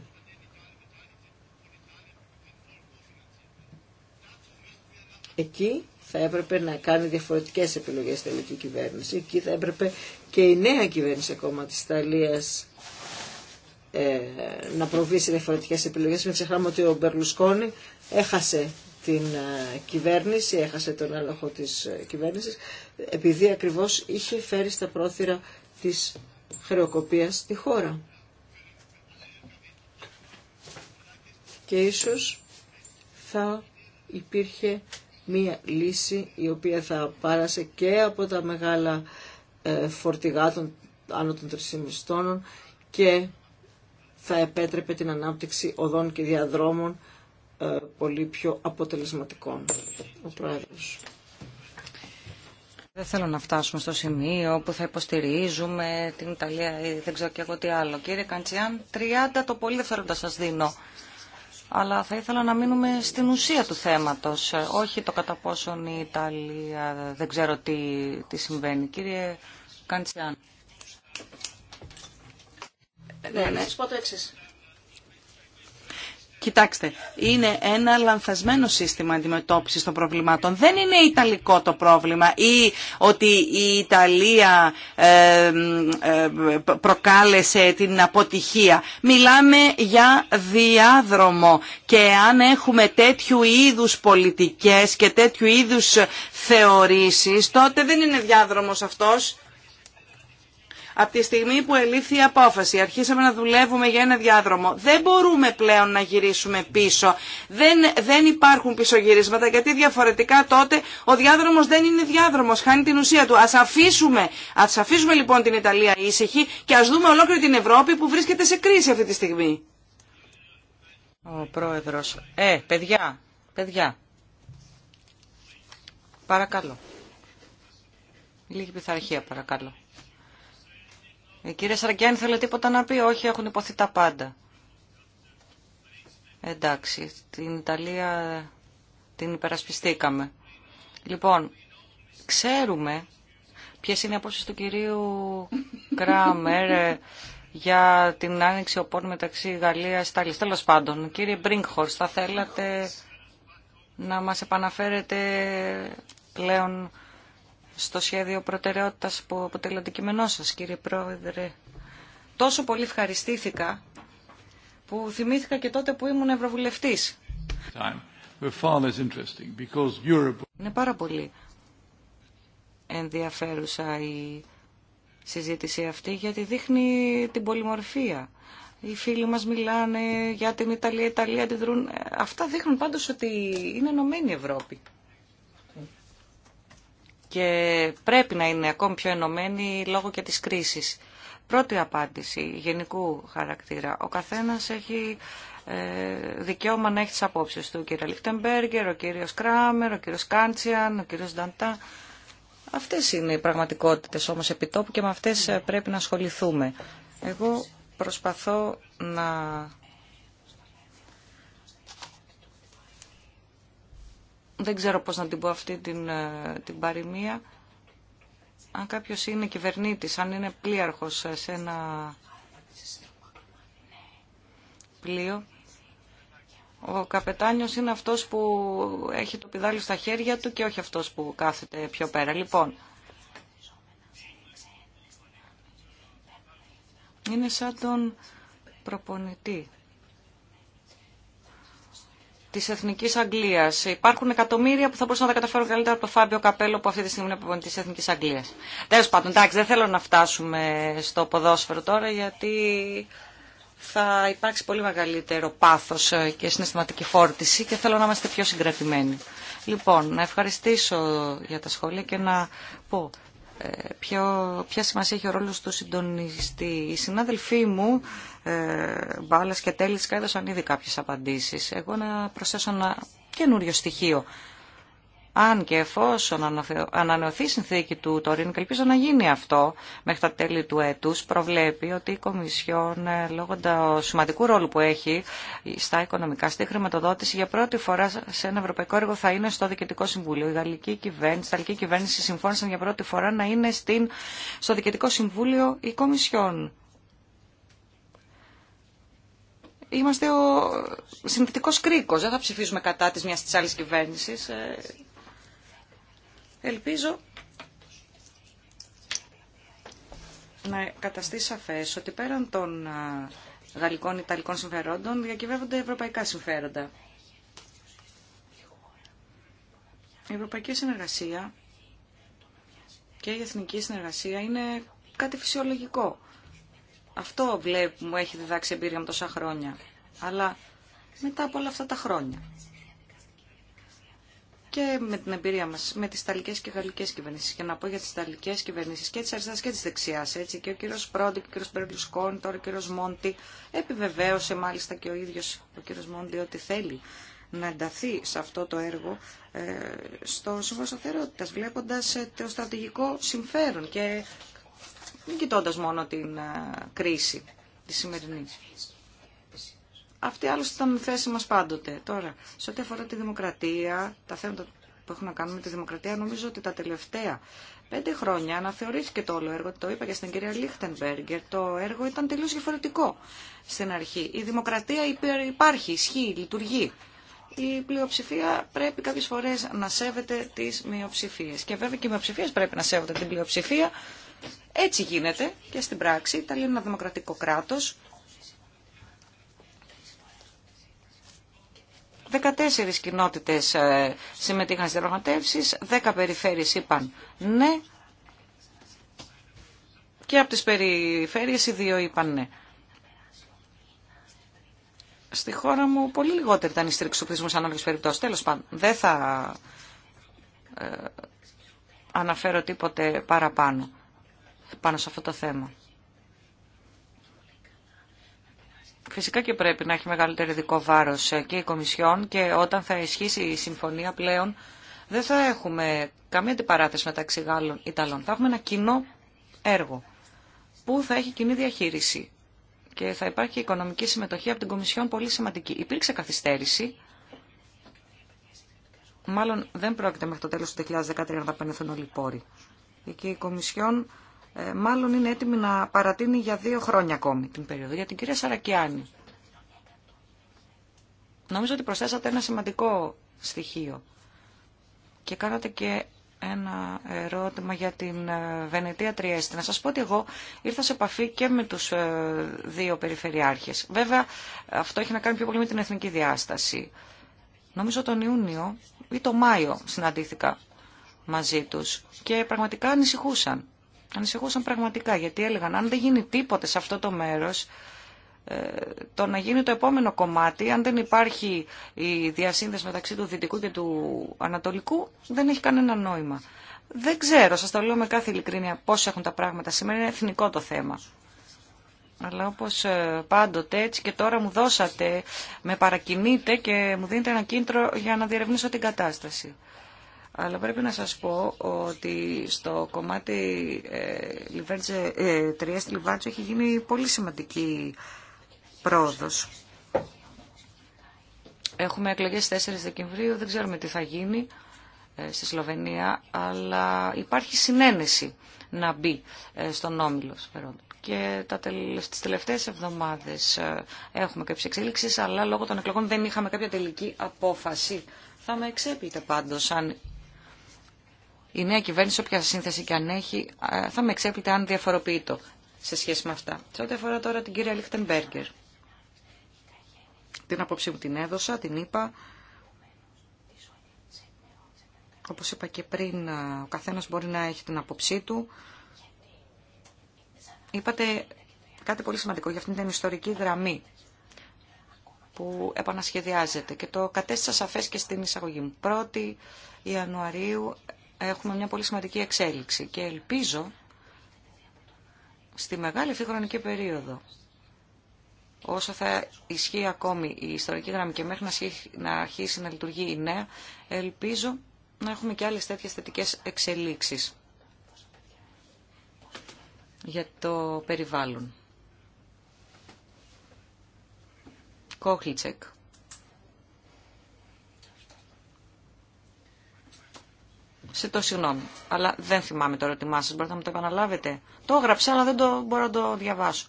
Εκεί θα έπρεπε να κάνει διαφορετικές επιλογές η τελική κυβέρνηση. Εκεί θα έπρεπε και η νέα κυβέρνηση ακόμα της Ιταλίας ε, να προβεί σε διαφορετικές επιλογές. Μην ξεχνάμε ότι ο Μπερλουσκόνη έχασε την ε, κυβέρνηση, έχασε τον έλεγχο της ε, κυβέρνησης, επειδή ακριβώς είχε φέρει στα πρόθυρα της χρεοκοπίας τη χώρα. Και ίσως θα υπήρχε μία λύση η οποία θα πάρασε και από τα μεγάλα ε, φορτηγά των άνω των τρισιμιστών και θα επέτρεπε την ανάπτυξη οδών και διαδρόμων ε, πολύ πιο αποτελεσματικών. Ο Πρόεδρος. Δεν θέλω να φτάσουμε στο σημείο που θα υποστηρίζουμε την Ιταλία ή δεν ξέρω και εγώ τι άλλο. Κύριε Καντσιάν, 30 το πολύ να σας δίνω. Αλλά θα ήθελα να μείνουμε στην ουσία του θέματος, ε, όχι το κατά πόσον η Ιταλία ε, δεν ξέρω τι, τι συμβαίνει. Κύριε Καντσιάν. Ναι, ναι. Σας Κοιτάξτε, είναι ένα λανθασμένο σύστημα αντιμετώπιση των προβλημάτων. Δεν είναι ιταλικό το πρόβλημα ή ότι η Ιταλία ε, ε, προκάλεσε την αποτυχία. Μιλάμε για διάδρομο και αν έχουμε τέτοιου είδους πολιτικές και τέτοιου είδους θεωρήσεις, τότε δεν είναι διάδρομος αυτός από τη στιγμή που ελήφθη η απόφαση, αρχίσαμε να δουλεύουμε για ένα διάδρομο. Δεν μπορούμε πλέον να γυρίσουμε πίσω. Δεν, δεν υπάρχουν πισωγυρίσματα, γιατί διαφορετικά τότε ο διάδρομος δεν είναι διάδρομος, χάνει την ουσία του. Ας αφήσουμε, αφήσουμε λοιπόν την Ιταλία ήσυχη και ας δούμε ολόκληρη την Ευρώπη που βρίσκεται σε κρίση αυτή τη στιγμή. Ο πρόεδρος. Ε, παιδιά, παιδιά. Παρακαλώ. Λίγη πειθαρχία, παρακαλώ. Η ε, κυρία Σαραγκιάννη θέλει τίποτα να πει. Όχι, έχουν υποθεί τα πάντα. Εντάξει, την Ιταλία την υπερασπιστήκαμε. Λοιπόν, ξέρουμε ποιε είναι οι απόψει του κυρίου Κράμερ ε, για την άνοιξη οπών μεταξύ Γαλλία και Ιταλίας. Τέλο πάντων, κύριε Μπρίγχορς, θα θέλατε να μας επαναφέρετε πλέον στο σχέδιο προτεραιότητας που αποτελεί αντικείμενό σας, κύριε Πρόεδρε. Τόσο πολύ ευχαριστήθηκα που θυμήθηκα και τότε που ήμουν Ευρωβουλευτής. Είναι πάρα πολύ ενδιαφέρουσα η συζήτηση αυτή γιατί δείχνει την πολυμορφία. Οι φίλοι μας μιλάνε για την Ιταλία, η Ιταλία αντιδρούν. Αυτά δείχνουν πάντως ότι είναι ενωμένη η Ευρώπη και πρέπει να είναι ακόμη πιο ενωμένοι λόγω και της κρίσης. Πρώτη απάντηση γενικού χαρακτήρα. Ο καθένας έχει ε, δικαίωμα να έχει τις απόψεις του. Ο κύριος Λιχτεμπέργκερ, ο κύριος Κράμερ, ο κύριος Κάντσιαν, ο κύριος Νταντά. Αυτές είναι οι πραγματικότητες όμως επιτόπου και με αυτές ε, πρέπει να ασχοληθούμε. Εγώ προσπαθώ να δεν ξέρω πώς να την πω αυτή την, ε, την παροιμία, αν κάποιος είναι κυβερνήτης, αν είναι πλοίαρχος σε ένα πλοίο, ο καπετάνιος είναι αυτός που έχει το πιδάλι στα χέρια του και όχι αυτός που κάθεται πιο πέρα. Λοιπόν, είναι σαν τον προπονητή τη εθνική αγγλία. Υπάρχουν εκατομμύρια που θα μπορούσαν να τα καταφέρουν καλύτερα από το Φάμπιο Καπέλο που αυτή τη στιγμή είναι προπονητή της Εθνική Αγγλία. Τέλο πάντων, εντάξει, δεν θέλω να φτάσουμε στο ποδόσφαιρο τώρα γιατί θα υπάρξει πολύ μεγαλύτερο πάθο ε, και συναισθηματική φόρτιση και θέλω να είμαστε πιο συγκρατημένοι. Λοιπόν, να ευχαριστήσω για τα σχόλια και να πω ποιο, ποια σημασία έχει ο ρόλος του συντονιστή. Οι συνάδελφοί μου, ε, Μπάλας και Τέλης, έδωσαν ήδη κάποιες απαντήσεις. Εγώ να προσθέσω ένα καινούριο στοιχείο αν και εφόσον ανανεωθεί η συνθήκη του Τωρίνου, και ελπίζω να γίνει αυτό μέχρι τα τέλη του έτους, προβλέπει ότι η Κομισιόν, ε, λόγω του σημαντικού ρόλου που έχει στα οικονομικά, στη χρηματοδότηση, για πρώτη φορά σε ένα ευρωπαϊκό έργο θα είναι στο Διοικητικό Συμβούλιο. Η γαλλική κυβέρνηση, η γαλλική κυβέρνηση συμφώνησαν για πρώτη φορά να είναι στην, στο Διοικητικό Συμβούλιο η Κομισιόν. Είμαστε ο συνθητικό κρίκος. Δεν θα ψηφίσουμε κατά της μιας της άλλης κυβέρνηση. Ε. Ελπίζω να καταστεί σαφές ότι πέραν των γαλλικών ιταλικών συμφερόντων διακυβεύονται ευρωπαϊκά συμφέροντα. Η ευρωπαϊκή συνεργασία και η εθνική συνεργασία είναι κάτι φυσιολογικό. Αυτό μου έχει διδάξει εμπειρία μου τόσα χρόνια. Αλλά μετά από όλα αυτά τα χρόνια και με την εμπειρία μας, με τις ταλικές και Γαλλικές κυβερνήσεις. Και να πω για τις ταλικές κυβερνήσεις και της αριστεράς και της δεξιάς, έτσι. Και ο κύριος Πρόντι και ο κύριος Μπερλουσκόν, τώρα ο κύριος Μόντι, επιβεβαίωσε μάλιστα και ο ίδιος ο κύριος Μόντι ότι θέλει να ενταθεί σε αυτό το έργο ε, στο Σύμφωνο Σταθερότητας, βλέποντας ε, το στρατηγικό συμφέρον και μην κοιτώντας μόνο την ε, κρίση τη σημερινή. Αυτή άλλωστε ήταν η θέση μα πάντοτε. Τώρα, σε ό,τι αφορά τη δημοκρατία, τα θέματα που έχουν να κάνουν με τη δημοκρατία, νομίζω ότι τα τελευταία πέντε χρόνια αναθεωρήθηκε το όλο έργο. Το είπα και στην κυρία Λίχτενμπεργκερ. Το έργο ήταν τελείω διαφορετικό στην αρχή. Η δημοκρατία υπάρχει, ισχύει, λειτουργεί. Η πλειοψηφία πρέπει κάποιε φορέ να σέβεται τι μειοψηφίε. Και βέβαια και οι μειοψηφίε πρέπει να σέβονται την πλειοψηφία. Έτσι γίνεται και στην πράξη. Η Ιταλία είναι ένα δημοκρατικό κράτο 14 κοινότητες ε, συμμετείχαν στις διαπραγματεύσει. 10 περιφέρειες είπαν ναι και από τις περιφέρειες οι δύο είπαν ναι. Στη χώρα μου πολύ λιγότερη ήταν η στήριξη του πληθυσμού σε ανάλογες περιπτώσεις. Τέλος πάντων, δεν θα ε, αναφέρω τίποτε παραπάνω πάνω σε αυτό το θέμα. Φυσικά και πρέπει να έχει μεγαλύτερη ειδικό βάρος και η Κομισιόν και όταν θα ισχύσει η συμφωνία πλέον δεν θα έχουμε καμία αντιπαράθεση μεταξύ Γάλλων Ιταλών. Θα έχουμε ένα κοινό έργο που θα έχει κοινή διαχείριση και θα υπάρχει οικονομική συμμετοχή από την Κομισιόν πολύ σημαντική. Υπήρξε καθυστέρηση. Μάλλον δεν πρόκειται μέχρι το τέλος του 2013 να τα όλοι οι πόροι. Και η Κομισιόν ε, μάλλον είναι έτοιμη να παρατείνει για δύο χρόνια ακόμη την περίοδο. Για την κυρία Σαρακιάνη. Νομίζω ότι προσθέσατε ένα σημαντικό στοιχείο και κάνατε και ένα ερώτημα για την ε, Βενετία Τριέστη. Να σας πω ότι εγώ ήρθα σε επαφή και με τους ε, δύο περιφερειάρχες. Βέβαια αυτό έχει να κάνει πιο πολύ με την εθνική διάσταση. Νομίζω τον Ιούνιο ή τον Μάιο συναντήθηκα μαζί τους και πραγματικά ανησυχούσαν ανησυχούσαν πραγματικά γιατί έλεγαν αν δεν γίνει τίποτε σε αυτό το μέρος ε, το να γίνει το επόμενο κομμάτι αν δεν υπάρχει η διασύνδεση μεταξύ του δυτικού και του ανατολικού δεν έχει κανένα νόημα. Δεν ξέρω, σας το λέω με κάθε ειλικρίνεια πώς έχουν τα πράγματα σήμερα, είναι εθνικό το θέμα. Αλλά όπως ε, πάντοτε έτσι και τώρα μου δώσατε, με παρακινείτε και μου δίνετε ένα κίνητρο για να διερευνήσω την κατάσταση αλλά πρέπει να σας πω ότι στο κομμάτι ε, ε, Τριέστη Λιβάντζο έχει γίνει πολύ σημαντική πρόοδος. Έχουμε εκλογές 4 Δεκεμβρίου, δεν ξέρουμε τι θα γίνει ε, στη Σλοβενία, αλλά υπάρχει συνένεση να μπει ε, στον Όμιλο και τα τελευταίε στις τελευταίες εβδομάδες έχουμε κάποιες εξέλιξεις, αλλά λόγω των εκλογών δεν είχαμε κάποια τελική απόφαση. Θα με εξέπλητε πάντως αν η νέα κυβέρνηση, όποια σύνθεση και αν έχει, θα με εξέπλητε αν διαφοροποιεί το σε σχέση με αυτά. Σε ό,τι αφορά τώρα την κυρία Λίχτενμπέργκερ. Την απόψη μου την έδωσα, την είπα. Όπως είπα και πριν, ο καθένας μπορεί να έχει την απόψή του. Είπατε κάτι πολύ σημαντικό για αυτήν την ιστορική γραμμή που επανασχεδιάζεται και το κατέστησα σαφές και στην εισαγωγή μου. 1η Ιανουαρίου έχουμε μια πολύ σημαντική εξέλιξη και ελπίζω στη μεγάλη αυτή χρονική περίοδο όσο θα ισχύει ακόμη η ιστορική γραμμή και μέχρι να αρχίσει να λειτουργεί η νέα, ελπίζω να έχουμε και άλλες τέτοιες θετικές εξελίξεις για το περιβάλλον. Κόχλιτσεκ. Σε το συγγνώμη, αλλά δεν θυμάμαι το ερώτημά σα. Μπορείτε να μου το επαναλάβετε. Το έγραψα, αλλά δεν το μπορώ να το διαβάσω.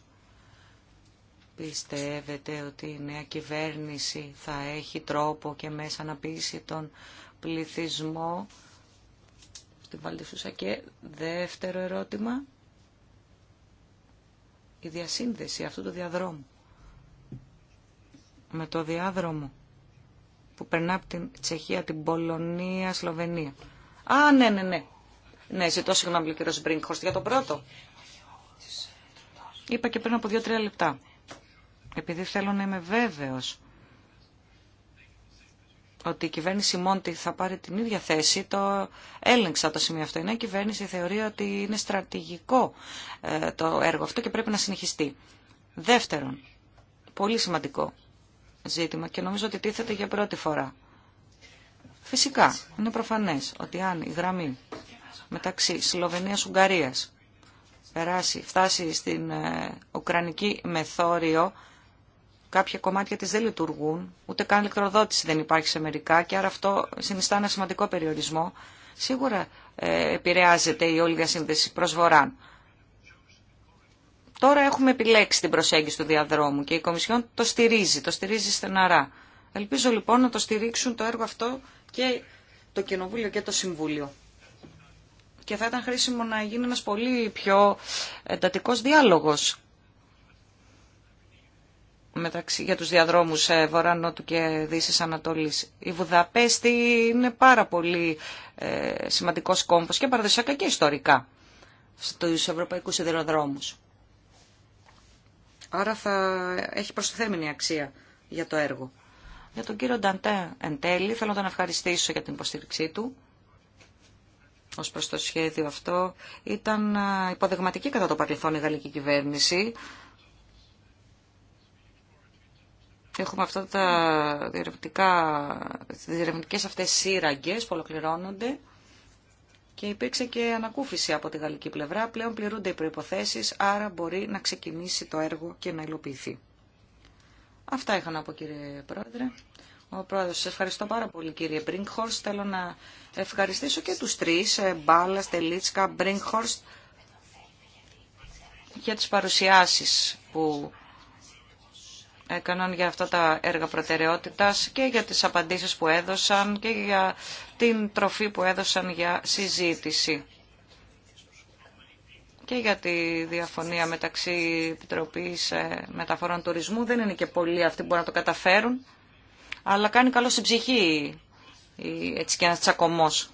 Πιστεύετε ότι η νέα κυβέρνηση θα έχει τρόπο και μέσα να πείσει τον πληθυσμό στην Βαλτισούσα και δεύτερο ερώτημα η διασύνδεση αυτού του διαδρόμου με το διάδρομο που περνά από την Τσεχία, την Πολωνία, Σλοβενία. Α, ναι, ναι, ναι. Ναι, ζητώ συγγνώμη, ο κύριο Μπρίνκχορστ, για τον πρώτο. Είπα και πριν από δύο-τρία λεπτά. Επειδή θέλω να είμαι βέβαιο ότι η κυβέρνηση Μόντι θα πάρει την ίδια θέση, το έλεγξα το σημείο αυτό. Η κυβέρνηση θεωρεί ότι είναι στρατηγικό ε, το έργο αυτό και πρέπει να συνεχιστεί. Δεύτερον, πολύ σημαντικό ζήτημα και νομίζω ότι τίθεται για πρώτη φορά. Φυσικά, είναι προφανές ότι αν η γραμμή μεταξύ Σλοβενίας-Ουγγαρίας περάσει, φτάσει στην ε, Ουκρανική μεθόριο, κάποια κομμάτια της δεν λειτουργούν, ούτε καν ηλεκτροδότηση δεν υπάρχει σε μερικά και άρα αυτό συνιστά ένα σημαντικό περιορισμό. Σίγουρα ε, επηρεάζεται η όλη διασύνδεση προς βοράν. Τώρα έχουμε επιλέξει την προσέγγιση του διαδρόμου και η Κομισιόν το στηρίζει, το στηρίζει στεναρά. Ελπίζω λοιπόν να το στηρίξουν το έργο αυτό και το Κοινοβούλιο και το Συμβούλιο. Και θα ήταν χρήσιμο να γίνει ένας πολύ πιο εντατικός διάλογος μεταξύ, για τους διαδρόμους ε, Βορρά, Νότου και Δύσης Ανατολής. Η Βουδαπέστη είναι πάρα πολύ ε, σημαντικός κόμπος και παραδοσιακά και ιστορικά στους ευρωπαϊκούς σιδηροδρόμους. Άρα θα έχει προσθεμένη αξία για το έργο. Για τον κύριο Νταντέ εν τέλει θέλω να τον ευχαριστήσω για την υποστήριξή του ως προς το σχέδιο αυτό. Ήταν υποδεγματική κατά το παρελθόν η γαλλική κυβέρνηση. Έχουμε αυτά τα διερευνητικέ αυτές σύραγγες που ολοκληρώνονται και υπήρξε και ανακούφιση από τη γαλλική πλευρά. Πλέον πληρούνται οι προϋποθέσεις, άρα μπορεί να ξεκινήσει το έργο και να υλοποιηθεί. Αυτά είχα να πω κύριε Πρόεδρε. Ο Πρόεδρος, ευχαριστώ πάρα πολύ κύριε Brinkhorst, Θέλω να ευχαριστήσω και τους τρεις, ε, Μπάλα, Στελίτσκα, Brinkhorst για τις παρουσιάσεις που έκαναν για αυτά τα έργα προτεραιότητας και για τις απαντήσεις που έδωσαν και για την τροφή που έδωσαν για συζήτηση και για τη διαφωνία μεταξύ Επιτροπής ε, Μεταφορών Τουρισμού. Δεν είναι και πολλοί αυτοί που μπορούν να το καταφέρουν, αλλά κάνει καλό στην ψυχή έτσι και ένα τσακωμός.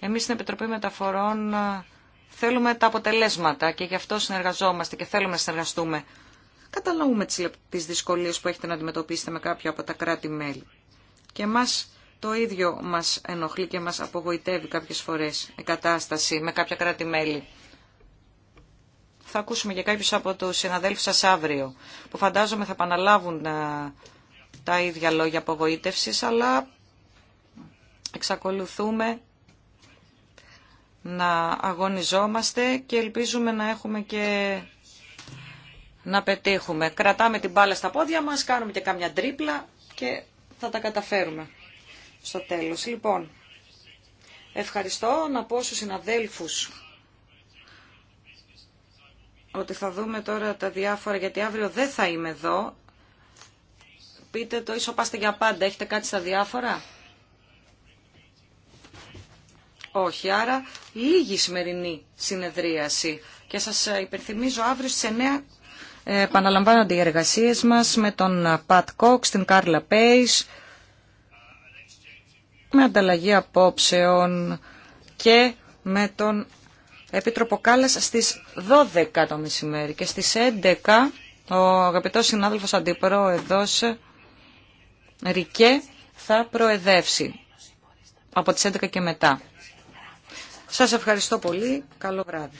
Εμείς στην Επιτροπή Μεταφορών ε, θέλουμε τα αποτελέσματα και γι' αυτό συνεργαζόμαστε και θέλουμε να συνεργαστούμε. Καταλαβούμε τις δυσκολίες που έχετε να αντιμετωπίσετε με κάποια από τα κράτη-μέλη. Και εμάς το ίδιο μας ενοχλεί και μας απογοητεύει κάποιες φορές η κατάσταση με κάποια κράτη-μέλη. Θα ακούσουμε και κάποιους από τους συναδέλφους σας αύριο, που φαντάζομαι θα επαναλάβουν ε, τα ίδια λόγια απογοήτευσης, αλλά εξακολουθούμε να αγωνιζόμαστε και ελπίζουμε να έχουμε και να πετύχουμε. Κρατάμε την μπάλα στα πόδια μας, κάνουμε και κάμια τρίπλα και θα τα καταφέρουμε στο τέλος. Λοιπόν, ευχαριστώ να πω στους συναδέλφους ότι θα δούμε τώρα τα διάφορα, γιατί αύριο δεν θα είμαι εδώ. Πείτε το, ίσο πάστε για πάντα. Έχετε κάτι στα διάφορα. Όχι, άρα λίγη σημερινή συνεδρίαση. Και σας ε, υπενθυμίζω αύριο στις 9 ε, επαναλαμβάνονται οι εργασίες μας με τον ε, Πατ Κόκ, την Κάρλα Πέις, με ανταλλαγή απόψεων και με τον Επίτροπο Κάλλας στις 12 το μεσημέρι και στις 11 ο αγαπητός συνάδελφος αντιπρόεδρος Ρικέ θα προεδεύσει από τις 11 και μετά. Σας ευχαριστώ πολύ. Καλό βράδυ.